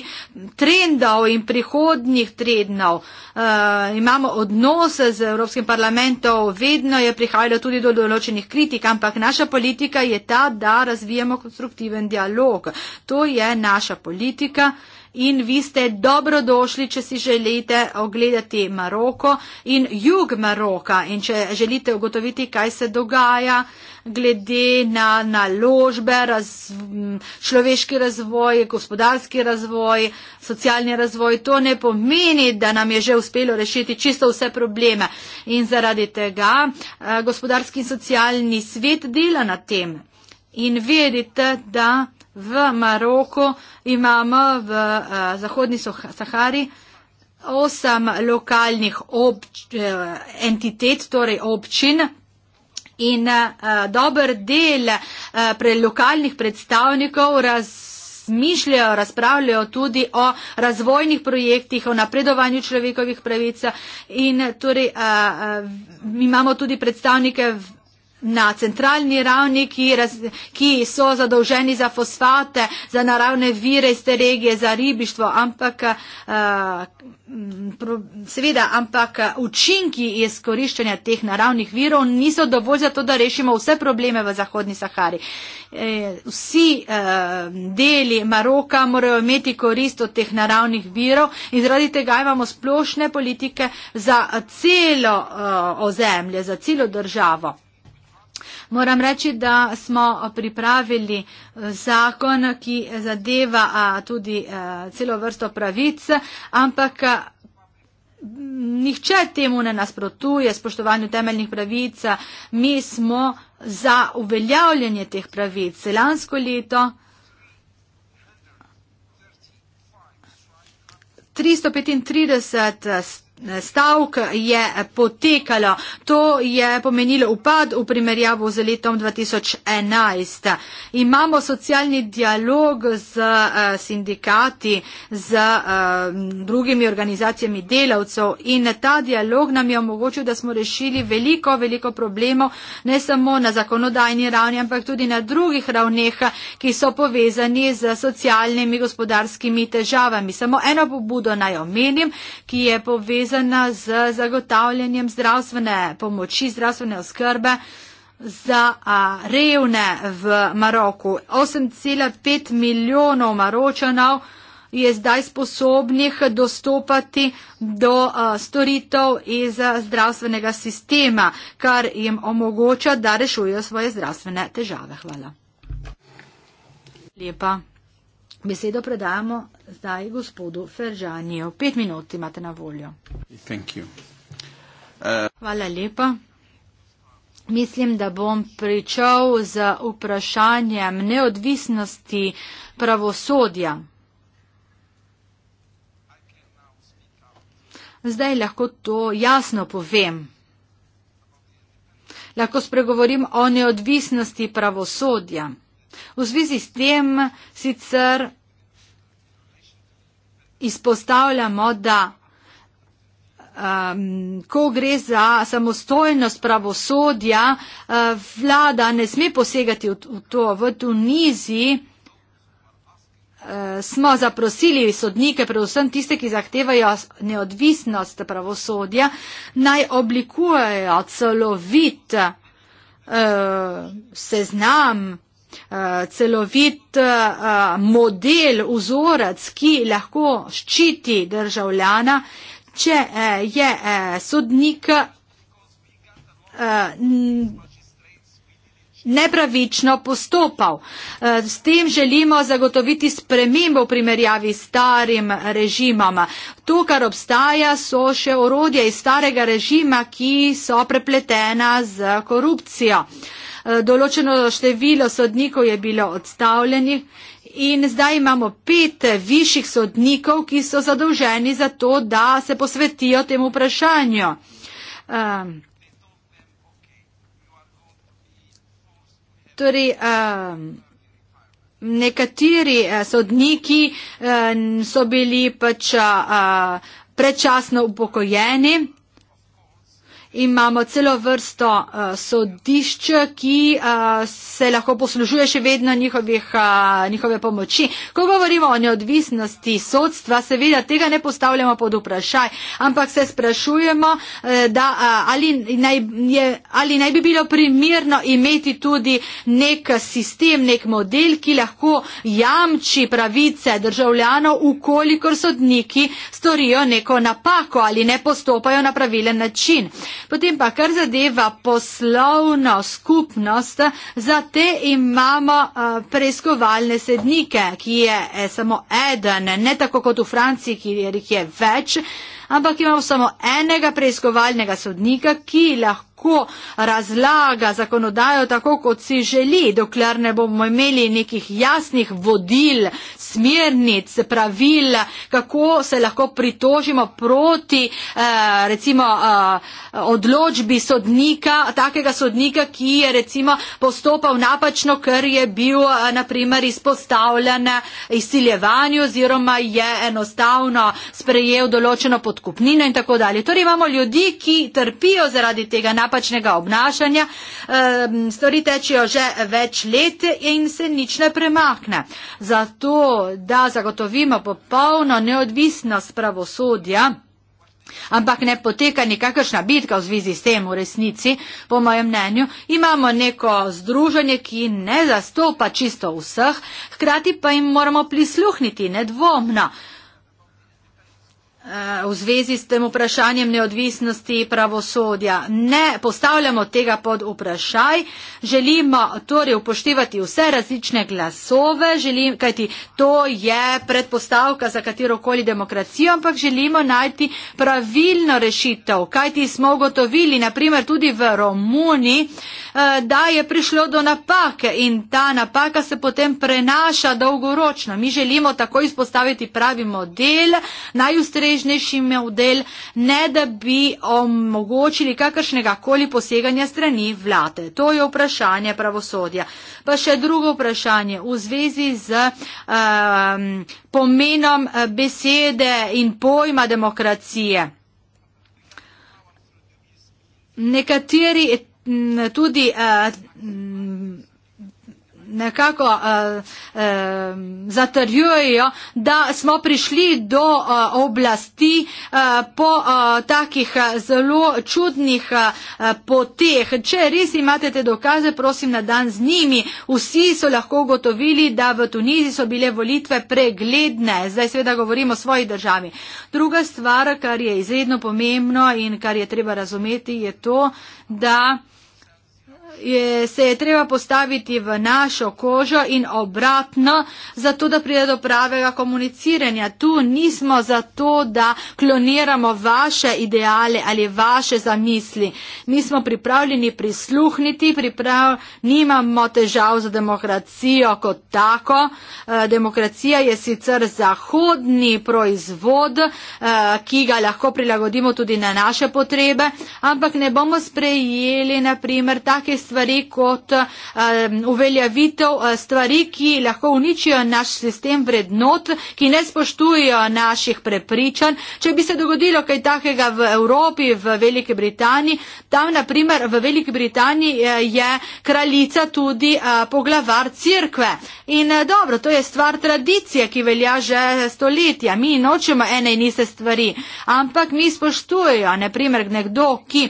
trendov in prihodnjih trendov. Uh, imamo odnose z Evropskim parlamentom, vedno je prihajalo tudi do določenih kritik, ampak naša politika je ta, da razvijamo konstruktiven dialog. To je naša politika. Uh, in vi ste dobrodošli, če si želite ogledati Maroko in jug Maroka in če želite ugotoviti, kaj se dogaja glede na naložbe, raz, človeški razvoj, gospodarski razvoj, socialni razvoj. To ne pomeni, da nam je že uspelo rešiti čisto vse probleme in zaradi tega eh, gospodarski in socialni svet dela na tem. In vedite, da v Maroku imamo v uh, Zahodni Sahari osem lokalnih obč, uh, eh, entitet, torej občin. In uh, dober del uh, pre lokalnih predstavnikov razmišljajo, razpravljajo tudi o razvojnih projektih, o napredovanju človekovih pravic. In torej uh, uh, imamo tudi predstavnike. V, na centralni ravni, ki, raz, ki so zadolženi za fosfate, za naravne vire iz te regije, za ribištvo, ampak uh, pro, seveda, ampak eh, učinki izkoriščanja teh naravnih virov niso dovolj za to, da rešimo vse probleme v Zahodni Sahari. E, vsi uh, deli Maroka morajo imeti korist od teh naravnih virov in zaradi tega imamo splošne politike za celo uh, ozemlje, za celo državo. Moram reči, da smo pripravili eh, zakon, ki zadeva tudi eh, celo vrsto pravic, ampak. Eh, nihče temu ne nasprotuje spoštovanju temeljnih pravic, mi smo za uveljavljanje teh pravic. Lansko leto 335 stavk je potekalo. To je pomenilo upad v primerjavu z letom 2011. Imamo socialni dialog z eh, sindikati, z eh, drugimi organizacijami delavcev in ta dialog nam je omogočil, da smo rešili veliko, veliko problemov, ne samo na zakonodajni ravni, ampak tudi na drugih ravneh, ki so povezani z socialnimi, gospodarskimi težavami. Samo eno pobudo naj omenim, ki je povezana povezana z zagotavljanjem zdravstvene pomoči, zdravstvene oskrbe za a, revne v Maroku. 8,5 milijonov maročanov je zdaj sposobnih dostopati do a, storitev iz zdravstvenega sistema, kar jim omogoča, da rešujejo svoje zdravstvene težave. Hvala. Lepa. Besedo predamo zdaj gospodu Feržanijo. Pet minut imate na voljo. Hvala lepa. Mislim, da bom pričal z vprašanjem neodvisnosti pravosodja. Zdaj lahko to jasno povem. Lahko spregovorim o neodvisnosti pravosodja. V zvezi s tem sicer izpostavljamo, da um, ko gre za samostojnost pravosodja, uh, vlada ne sme posegati v, v to. V Tuniziji uh, smo zaprosili sodnike, predvsem tiste, ki zahtevajo neodvisnost pravosodja, naj oblikujejo celovit uh, seznam Eh, celovit eh, model, vzorec, ki lahko ščiti državljana, če eh, je sodnik nepravično postopal. S tem želimo zagotoviti spremembo v primerjavi s starim režimom. To, kar obstaja, so še orodje iz starega režima, ki so prepletena z korupcijo. Eh, določeno število sodnikov je bilo odstavljenih in zdaj imamo pet višjih sodnikov, ki so zadolženi za to, da se posvetijo temu vprašanju. Um, torej, um, Nekateri eh, sodniki eh, so bili pač predčasno upokojeni, imamo celo vrsto uh, sodišč, ki uh, se lahko poslužuje še vedno njihovih, uh, njihove pomoči. Ko govorimo o neodvisnosti sodstva, seveda tega ne postavljamo pod vprašaj, ampak se sprašujemo, uh, da, uh, ali, naj, je, ali naj bi bilo primirno imeti tudi nek sistem, nek model, ki lahko jamči pravice državljanov, ukolikor sodniki storijo neko napako ali ne postopajo na pravilen način. Potem pa kar zadeva poslovno skupnost, za te imamo uh, preiskovalne sednike, ki je eh, samo eden, ne tako kot v Franciji, kjer jih je več, ampak imamo samo enega preiskovalnega sodnika, ki lahko lahko razlaga zakonodajo tako, kot si želi, dokler ne bomo imeli nekih jasnih vodil, smernic, pravil, kako se lahko pritožimo proti eh, recimo eh, odločbi sodnika, takega sodnika, ki je recimo postopal napačno, ker je bil eh, naprimer izpostavljen izsiljevanju oziroma je enostavno sprejel določeno podkupnino in tako dalje. Torej imamo ljudi, ki trpijo zaradi tega napačnega napačnega obnašanja, ehm, stvari tečejo že več let in se nič ne premakne. Zato, da zagotovimo popolno neodvisnost pravosodja, ampak ne poteka nikakršna bitka v zvezi s tem v resnici, po mojem mnenju, imamo neko združenje, ki ne zastopa čisto vseh, hkrati pa jim moramo prisluhniti nedvomno. Eh, v zvezi s tem vprašanjem neodvisnosti pravosodja. Ne postavljamo tega pod vprašaj, želimo torej upoštevati vse različne glasove, želim, kajti to je predpostavka za katero koli demokracijo, ampak želimo najti pravilno rešitev, kajti smo ugotovili, naprimer tudi v Romuniji, eh, da je prišlo do napake in ta napaka se potem prenaša dolgoročno. Mi želimo tako izpostaviti pravi model, najustrežnejši najobsežnejšim model, ne da bi omogočili kakršnega koli poseganja strani vlade. To je vprašanje pravosodja. Pa še drugo vprašanje v zvezi z um, pomenom eh, besede in pojma demokracije. Nekateri tudi uh, nekako uh, um, zatrjujejo, da smo prišli do uh, oblasti uh, po uh, takih zelo čudnih uh, poteh. Če res imate te dokaze, prosim na dan z njimi. Vsi so lahko ugotovili, da v Tunizi so bile volitve pregledne. Zdaj seveda govorimo o svoji državi. Druga stvar, kar je izredno pomembno in kar je treba razumeti, je to, da je, se je treba postaviti v našo kožo in obratno, zato da pride do pravega komuniciranja. Tu nismo zato, da kloniramo vaše ideale ali vaše zamisli. Mi smo pripravljeni prisluhniti, priprav, nimamo težav za demokracijo kot tako. Eh, demokracija je sicer zahodni proizvod, eh, ki ga lahko prilagodimo tudi na naše potrebe, ampak ne bomo sprejeli, na primer, takih stvari, stvari kot ehm, uveljavitev eh, stvari, ki lahko uničijo naš sistem vrednot, ki ne spoštujejo naših prepričanj. Če bi se dogodilo kaj takega v Evropi, v Veliki Britaniji, tam naprimer v Veliki Britaniji eh, je kraljica tudi eh, poglavar crkve. In dobro, to je stvar tradicije, ki velja že stoletja. Mi nočemo ene in iste stvari, ampak mi spoštujejo, naprimer, nekdo, ki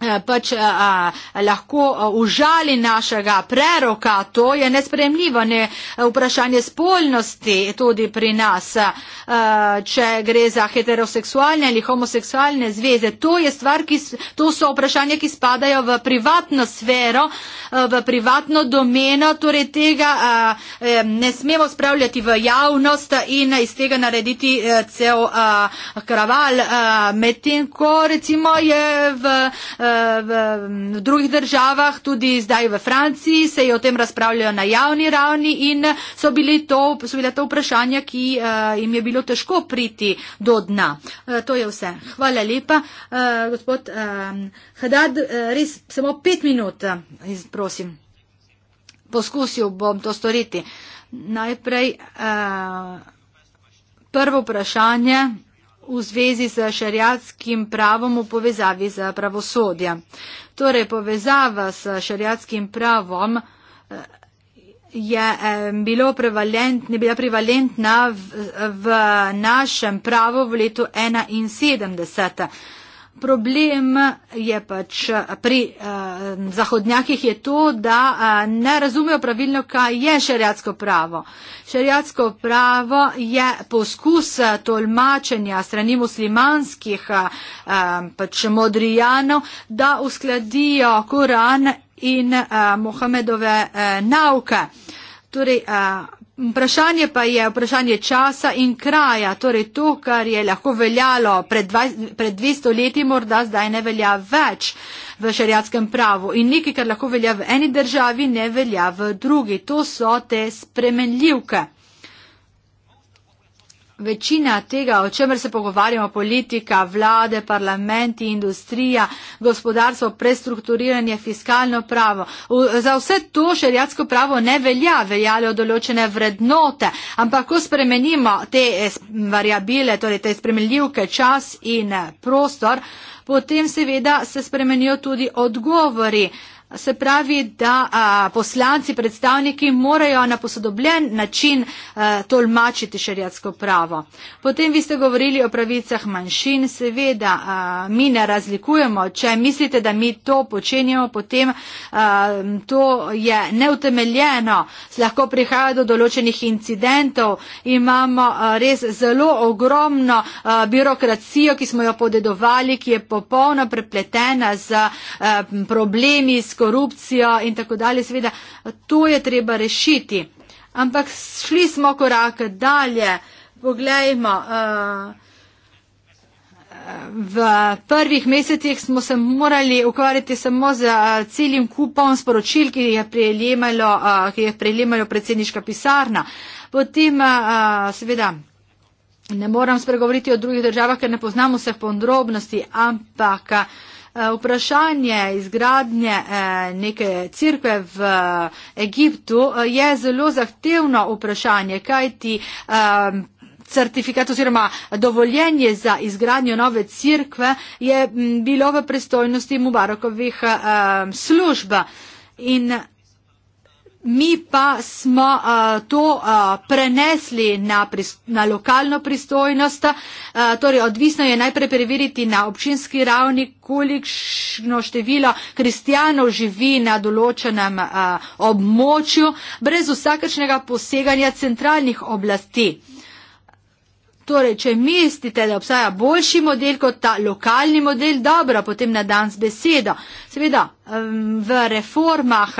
Eh, pač a, eh, eh, lahko užali našega preroka. To je nespremljivo, ne vprašanje spolnosti tudi pri nas, a, če gre za heteroseksualne ali homoseksualne zveze. To, stvar, ki, to so vprašanja, ki spadajo v privatno sfero, v privatno domeno, torej tega a, ne smemo spravljati v javnost in iz tega narediti cel a, kraval. Medtem, ko recimo je v a, v, v drugih državah, tudi zdaj v Franciji, se je o tem razpravljalo na javni ravni in so, to, so bile to vprašanja, ki uh, jim je bilo težko priti do dna. Uh, to je vse. Hvala lepa. Uh, gospod uh, Hadad, uh, res samo pet minut, uh, iz, prosim. Poskusil bom to storiti. Najprej uh, prvo vprašanje v zvezi z šariatskim pravom v povezavi z pravosodjem. Torej, povezava s šariatskim pravom eh, je eh, bilo prevalentna, bila prevalentna v, v našem pravu v letu 1971. Problem je pač eh, pri uh, zahodnjakih je to, da uh, ne razumejo pravilno, kaj je šariatsko pravo. Šariatsko pravo je poskus tolmačenja strani muslimanskih uh, pač modrijanov, da uskladijo Koran in uh, Mohamedove uh, nauke. Torej, uh, Vprašanje pa je vprašanje časa in kraja, torej to, kar je lahko veljalo pred, 20, pred 200 leti, morda zdaj ne velja več v šariatskem pravu in nekaj, kar lahko velja v eni državi, ne velja v drugi. To so te spremenljivke. Večina tega, o čemer se pogovarjamo, politika, vlade, parlamenti, industrija, gospodarstvo, prestrukturiranje, fiskalno pravo, za vse to šerijatsko pravo ne velja, veljajo določene vrednote, ampak ko spremenimo te variabile, torej te spremljivke čas in prostor, potem seveda se spremenijo tudi odgovori. Se pravi, da a, poslanci, predstavniki morajo na posodobljen način a, tolmačiti šariatsko pravo. Potem vi ste govorili o pravicah manjšin. Seveda, a, mi ne razlikujemo. Če mislite, da mi to počenjamo, potem a, to je neutemeljeno. Lahko prihaja do določenih incidentov. Imamo a, res zelo ogromno a, birokracijo, ki smo jo podedovali, ki je popolno prepletena z a, problemi, s korupcijo in tako dalje. Seveda, to je treba rešiti. Ampak šli smo korak dalje. Poglejmo, eh, v prvih mesecih smo se morali ukvarjati samo z eh, celim kupom sporočil, ki jih je prejemalo, eh, ki jih je prejemalo predsedniška pisarna. Potem, seveda, ne moram spregovoriti o drugih državah, ker ne poznam vseh podrobnosti, ampak. Eh, vprašanje izgradnje eh, neke crkve v eh, Egiptu je zelo zahtevno vprašanje, kajti certifikat oziroma dovoljenje za izgradnjo nove crkve je mm, bilo v prestojnosti Mubarakovih služb. In mi pa smo uh, to uh, prenesli na, pris na lokalno pristojnost. Uh, torej, odvisno je najprej preveriti na občinski ravni, kolikšno število kristijanov živi na določenem uh, območju, brez vsakršnega poseganja centralnih oblasti. Uh, Torej, če mislite, da obstaja boljši model kot ta lokalni model, dobro, potem na dan z besedo. Seveda, v reformah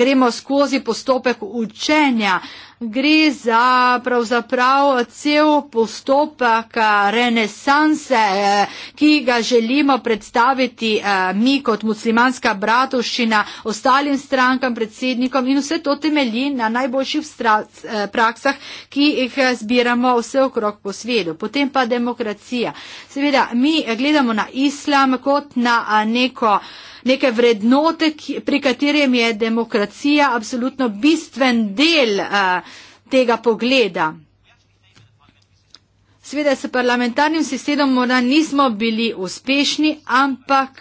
gremo skozi postopek učenja gre za pravzaprav cel postopek eh, renesanse, eh, ki ga želimo predstaviti eh, mi kot muslimanska bratovščina, ostalim strankam, predsednikom in vse to temelji na najboljših praksah, ki jih zbiramo vse okrog po svetu. Potem pa demokracija. Seveda, mi gledamo na islam kot na neko neke vrednote, pri katerem je demokracija absolutno bistven del eh, tega pogleda. Sveda s parlamentarnim sistemom morda nismo bili uspešni, ampak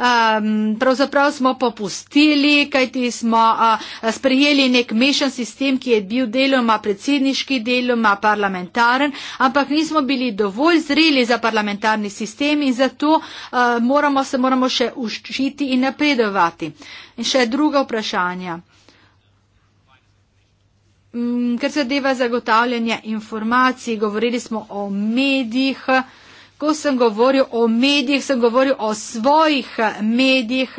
um, pravzaprav smo popustili, kajti smo uh, sprejeli nek mešan sistem, ki je bil deloma predsedniški, deloma parlamentaren, ampak nismo bili dovolj zreli za parlamentarni sistem in zato uh, moramo, se moramo še uščiti in napredovati. In še druga vprašanja. Mm, Ker se deva zagotavljanja informacij, govorili smo o medijih ko sem govoril o medijih, sem govoril o svojih eh, medijih.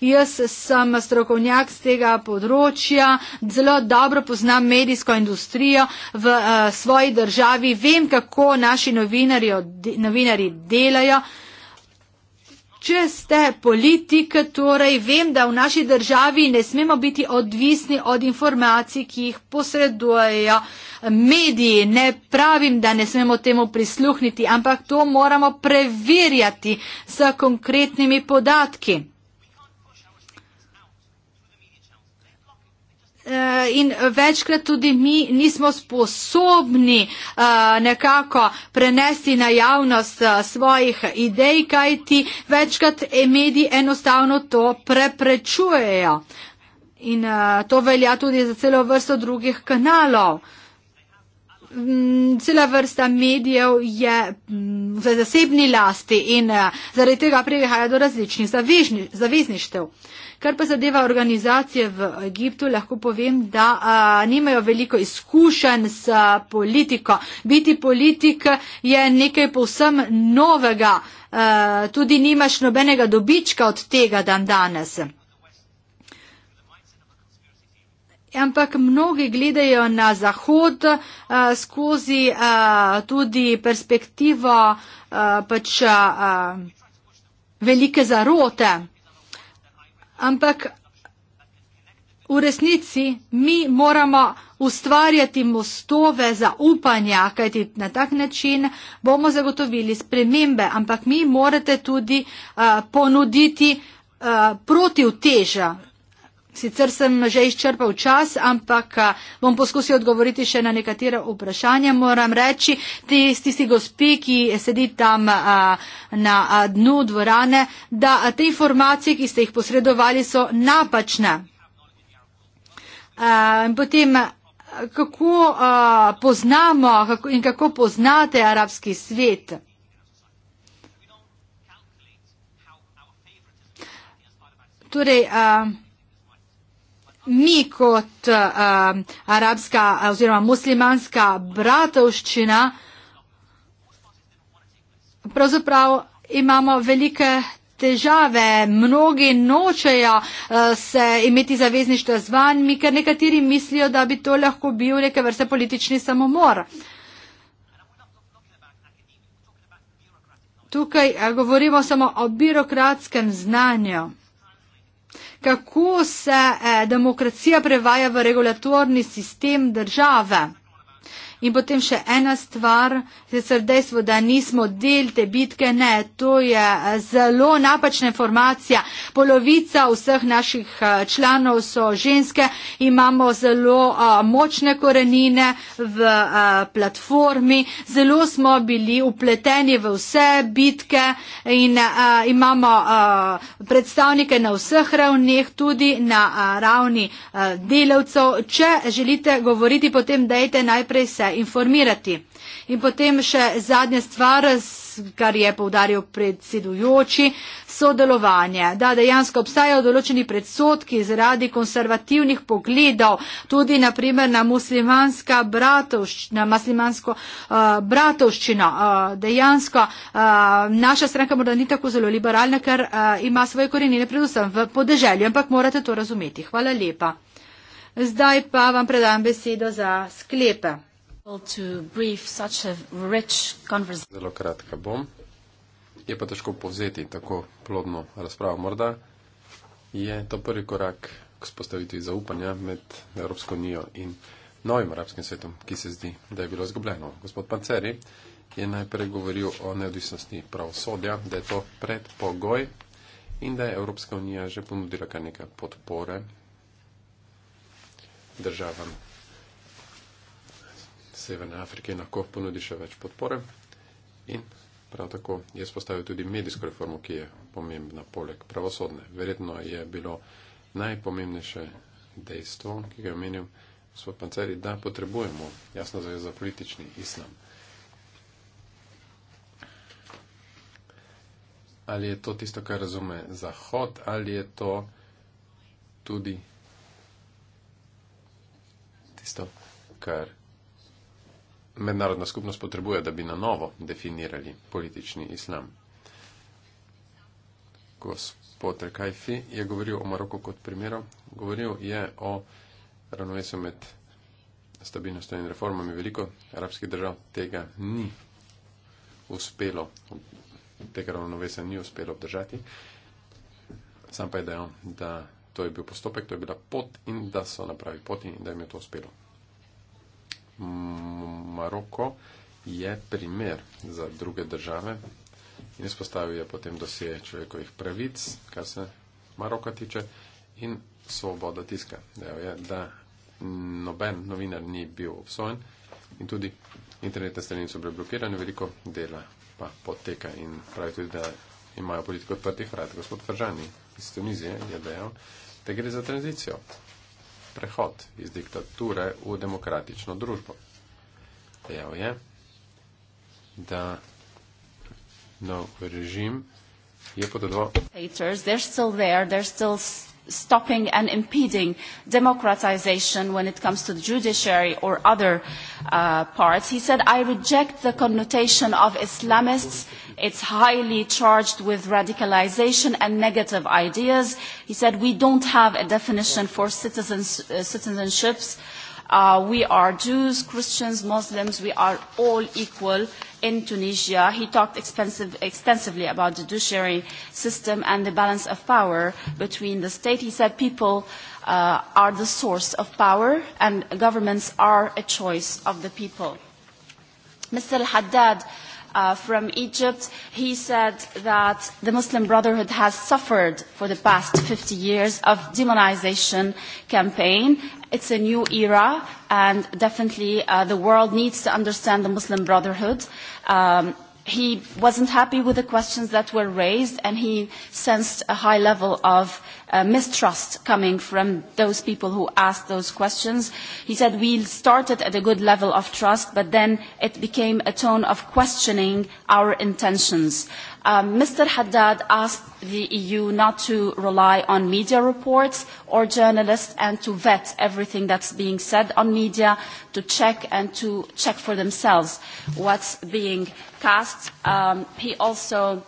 Jaz sem strokovnjak z tega področja, zelo dobro poznam medijsko industrijo v uh, svoji državi, vem, kako naši novinarji delajo. Če ste politik, torej vem, da v naši državi ne smemo biti odvisni od informacij, ki jih posredujejo mediji. Ne pravim, da ne smemo temu prisluhniti, ampak to moramo preverjati s konkretnimi podatki. Eh, in večkrat tudi mi nismo sposobni eh, nekako prenesti na javnost eh, svojih idej, kajti večkrat e, mediji enostavno to preprečujejo. In to velja tudi za celo vrsto drugih kanalov. Mm, cela vrsta medijev je mm, v zasebni lasti in zaradi tega prihaja do različnih zavezništev. Zavežni, Kar pa zadeva organizacije v Egiptu, lahko povem, da a, nimajo veliko izkušenj s a, politiko. Biti politik je nekaj povsem novega, a, tudi nimaš nobenega dobička od tega dan danes. Ampak mnogi gledajo na Zahod a, skozi a, tudi perspektivo a, pač, a, velike zarote. Ampak v resnici mi moramo ustvarjati mostove za upanja, kajti na tak način bomo zagotovili spremembe, ampak mi morate tudi uh, ponuditi uh, protivteža Sicer sem že izčrpal čas, ampak bom poskusil odgovoriti še na nekatera vprašanja. Moram reči, ti tisti gospi, ki sedi tam a, na a, dnu dvorane, da te informacije, ki ste jih posredovali, so napačne. A, potem, kako a, poznamo kako, in kako poznate arabski svet? Torej, a, mi kot um, uh, arabska oziroma muslimanska bratovščina pravzaprav imamo velike težave. Mnogi nočejo uh, se imeti zavezništva z vanjmi, ker nekateri mislijo, da bi to lahko bil neke vrste politični samomor. Tukaj uh, govorimo samo o birokratskem znanju kako se eh, demokracija prevaja v regulatorni sistem države. In potem še ena stvar, sicer dejstvo, da nismo del te bitke, ne, to je eh, zelo napačna informacija. Polovica vseh naših eh, članov so ženske, imamo zelo eh, močne korenine v platformi, zelo smo bili upleteni v vse bitke in imamo predstavnike na vseh ravneh, tudi na ravni delavcev. Če želite govoriti, potem dajte najprej se informirati. In potem še zadnja stvar, kar je povdaril predsedujoči, sodelovanje. Da dejansko obstajajo določeni predsotki zaradi konservativnih pogledov, tudi naprimer na, na muslimansko uh, bratovščino. Uh, dejansko uh, naša stranka morda ni tako zelo liberalna, ker uh, ima svoje korenine predvsem v podeželju, ampak morate to razumeti. Hvala lepa. Zdaj pa vam predam besedo za sklepe. Zelo kratka bom. Je pa težko povzeti tako plodno razpravo. Morda je to prvi korak k spostavitvi zaupanja med Evropsko unijo in novim arabskim svetom, ki se zdi, da je bilo izgubljeno. Gospod Panceri je najprej govoril o neodvisnosti pravosodja, da je to predpogoj in da je Evropska unija že ponudila kar nekaj podpore državam Severne Afrike lahko ponudi še več podpore. In prav tako je spostavil tudi medijsko reformo, ki je pomembna poleg pravosodne. Verjetno je bilo najpomembnejše dejstvo, ki ga je omenil gospod Panceri, da potrebujemo jasno zavez za politični islam. Ali je to tisto, kar razume Zahod, ali je to tudi tisto, kar mednarodna skupnost potrebuje, da bi na novo definirali politični islam. Gospod Rekajfi je govoril o Maroku kot primeru. Govoril je o ravnovesju med stabilnostjo in reformami. Veliko arabskih držav tega ni uspelo, tega ravnovesja ni uspelo obdržati. Sam pa je dejal, da to je bil postopek, to je bila pot in da so na pravi poti in da jim je to uspelo. Maroko je primer za druge države in izpostavil je potem dosje človekovih pravic, kar se Maroka tiče, in svoboda tiska. Dejal je, da noben novinar ni bil obsojen in tudi internetne strani so bile blokirane, veliko dela pa poteka in pravi tudi, da imajo politiko odprtih vrat. Gospod Fržani iz Tunizije je dejal, da gre za tranzicijo prehod iz diktature v demokratično družbo. Dejal je, da nov režim je podedoval stopping and impeding democratization when it comes to the judiciary or other uh, parts. He said, I reject the connotation of Islamists. It's highly charged with radicalization and negative ideas. He said, we don't have a definition for citizens, uh, citizenships. Uh, we are Jews, Christians, Muslims. We are all equal in Tunisia. He talked expensive, extensively about the judiciary system and the balance of power between the state. He said people uh, are the source of power and governments are a choice of the people. Mr. Haddad, uh, from Egypt. He said that the Muslim Brotherhood has suffered for the past 50 years of demonization campaign. It's a new era, and definitely uh, the world needs to understand the Muslim Brotherhood. Um, he wasn't happy with the questions that were raised, and he sensed a high level of Uh, mistrust coming from those people who asked those questions. He said, We started at a good level of trust, but then it became a tone of questioning our intentions. Um, Mr. Haddad asked the EU not to rely on media reports or journalists and to vet everything that's being said on media, to check and to check for themselves what's being cast. Um, he also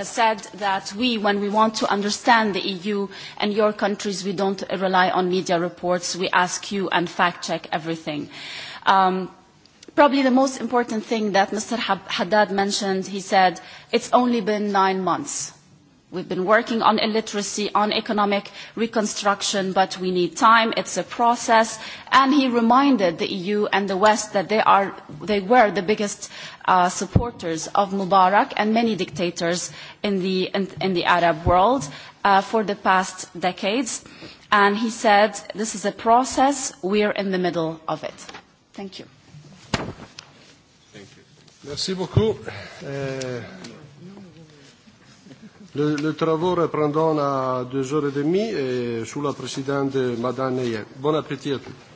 Uh, said that we, when we want to understand the EU and your countries, we don't rely on media reports. We ask you and fact-check everything. Um, probably the most important thing that Mr. Haddad mentioned, he said, it's only been nine months. We've been working on illiteracy, on economic reconstruction, but we need time. It's a process. And he reminded the EU and the West that they, are, they were the biggest uh, supporters of Mubarak and many dictators in the, in, in the Arab world uh, for the past decades. And he said, this is a process. We're in the middle of it. Thank you. Thank you. Merci beaucoup. Uh... Le, le travaux reprendront à deux heures et demie et sous la présidente de Madame Neyen. Bon appétit à tous.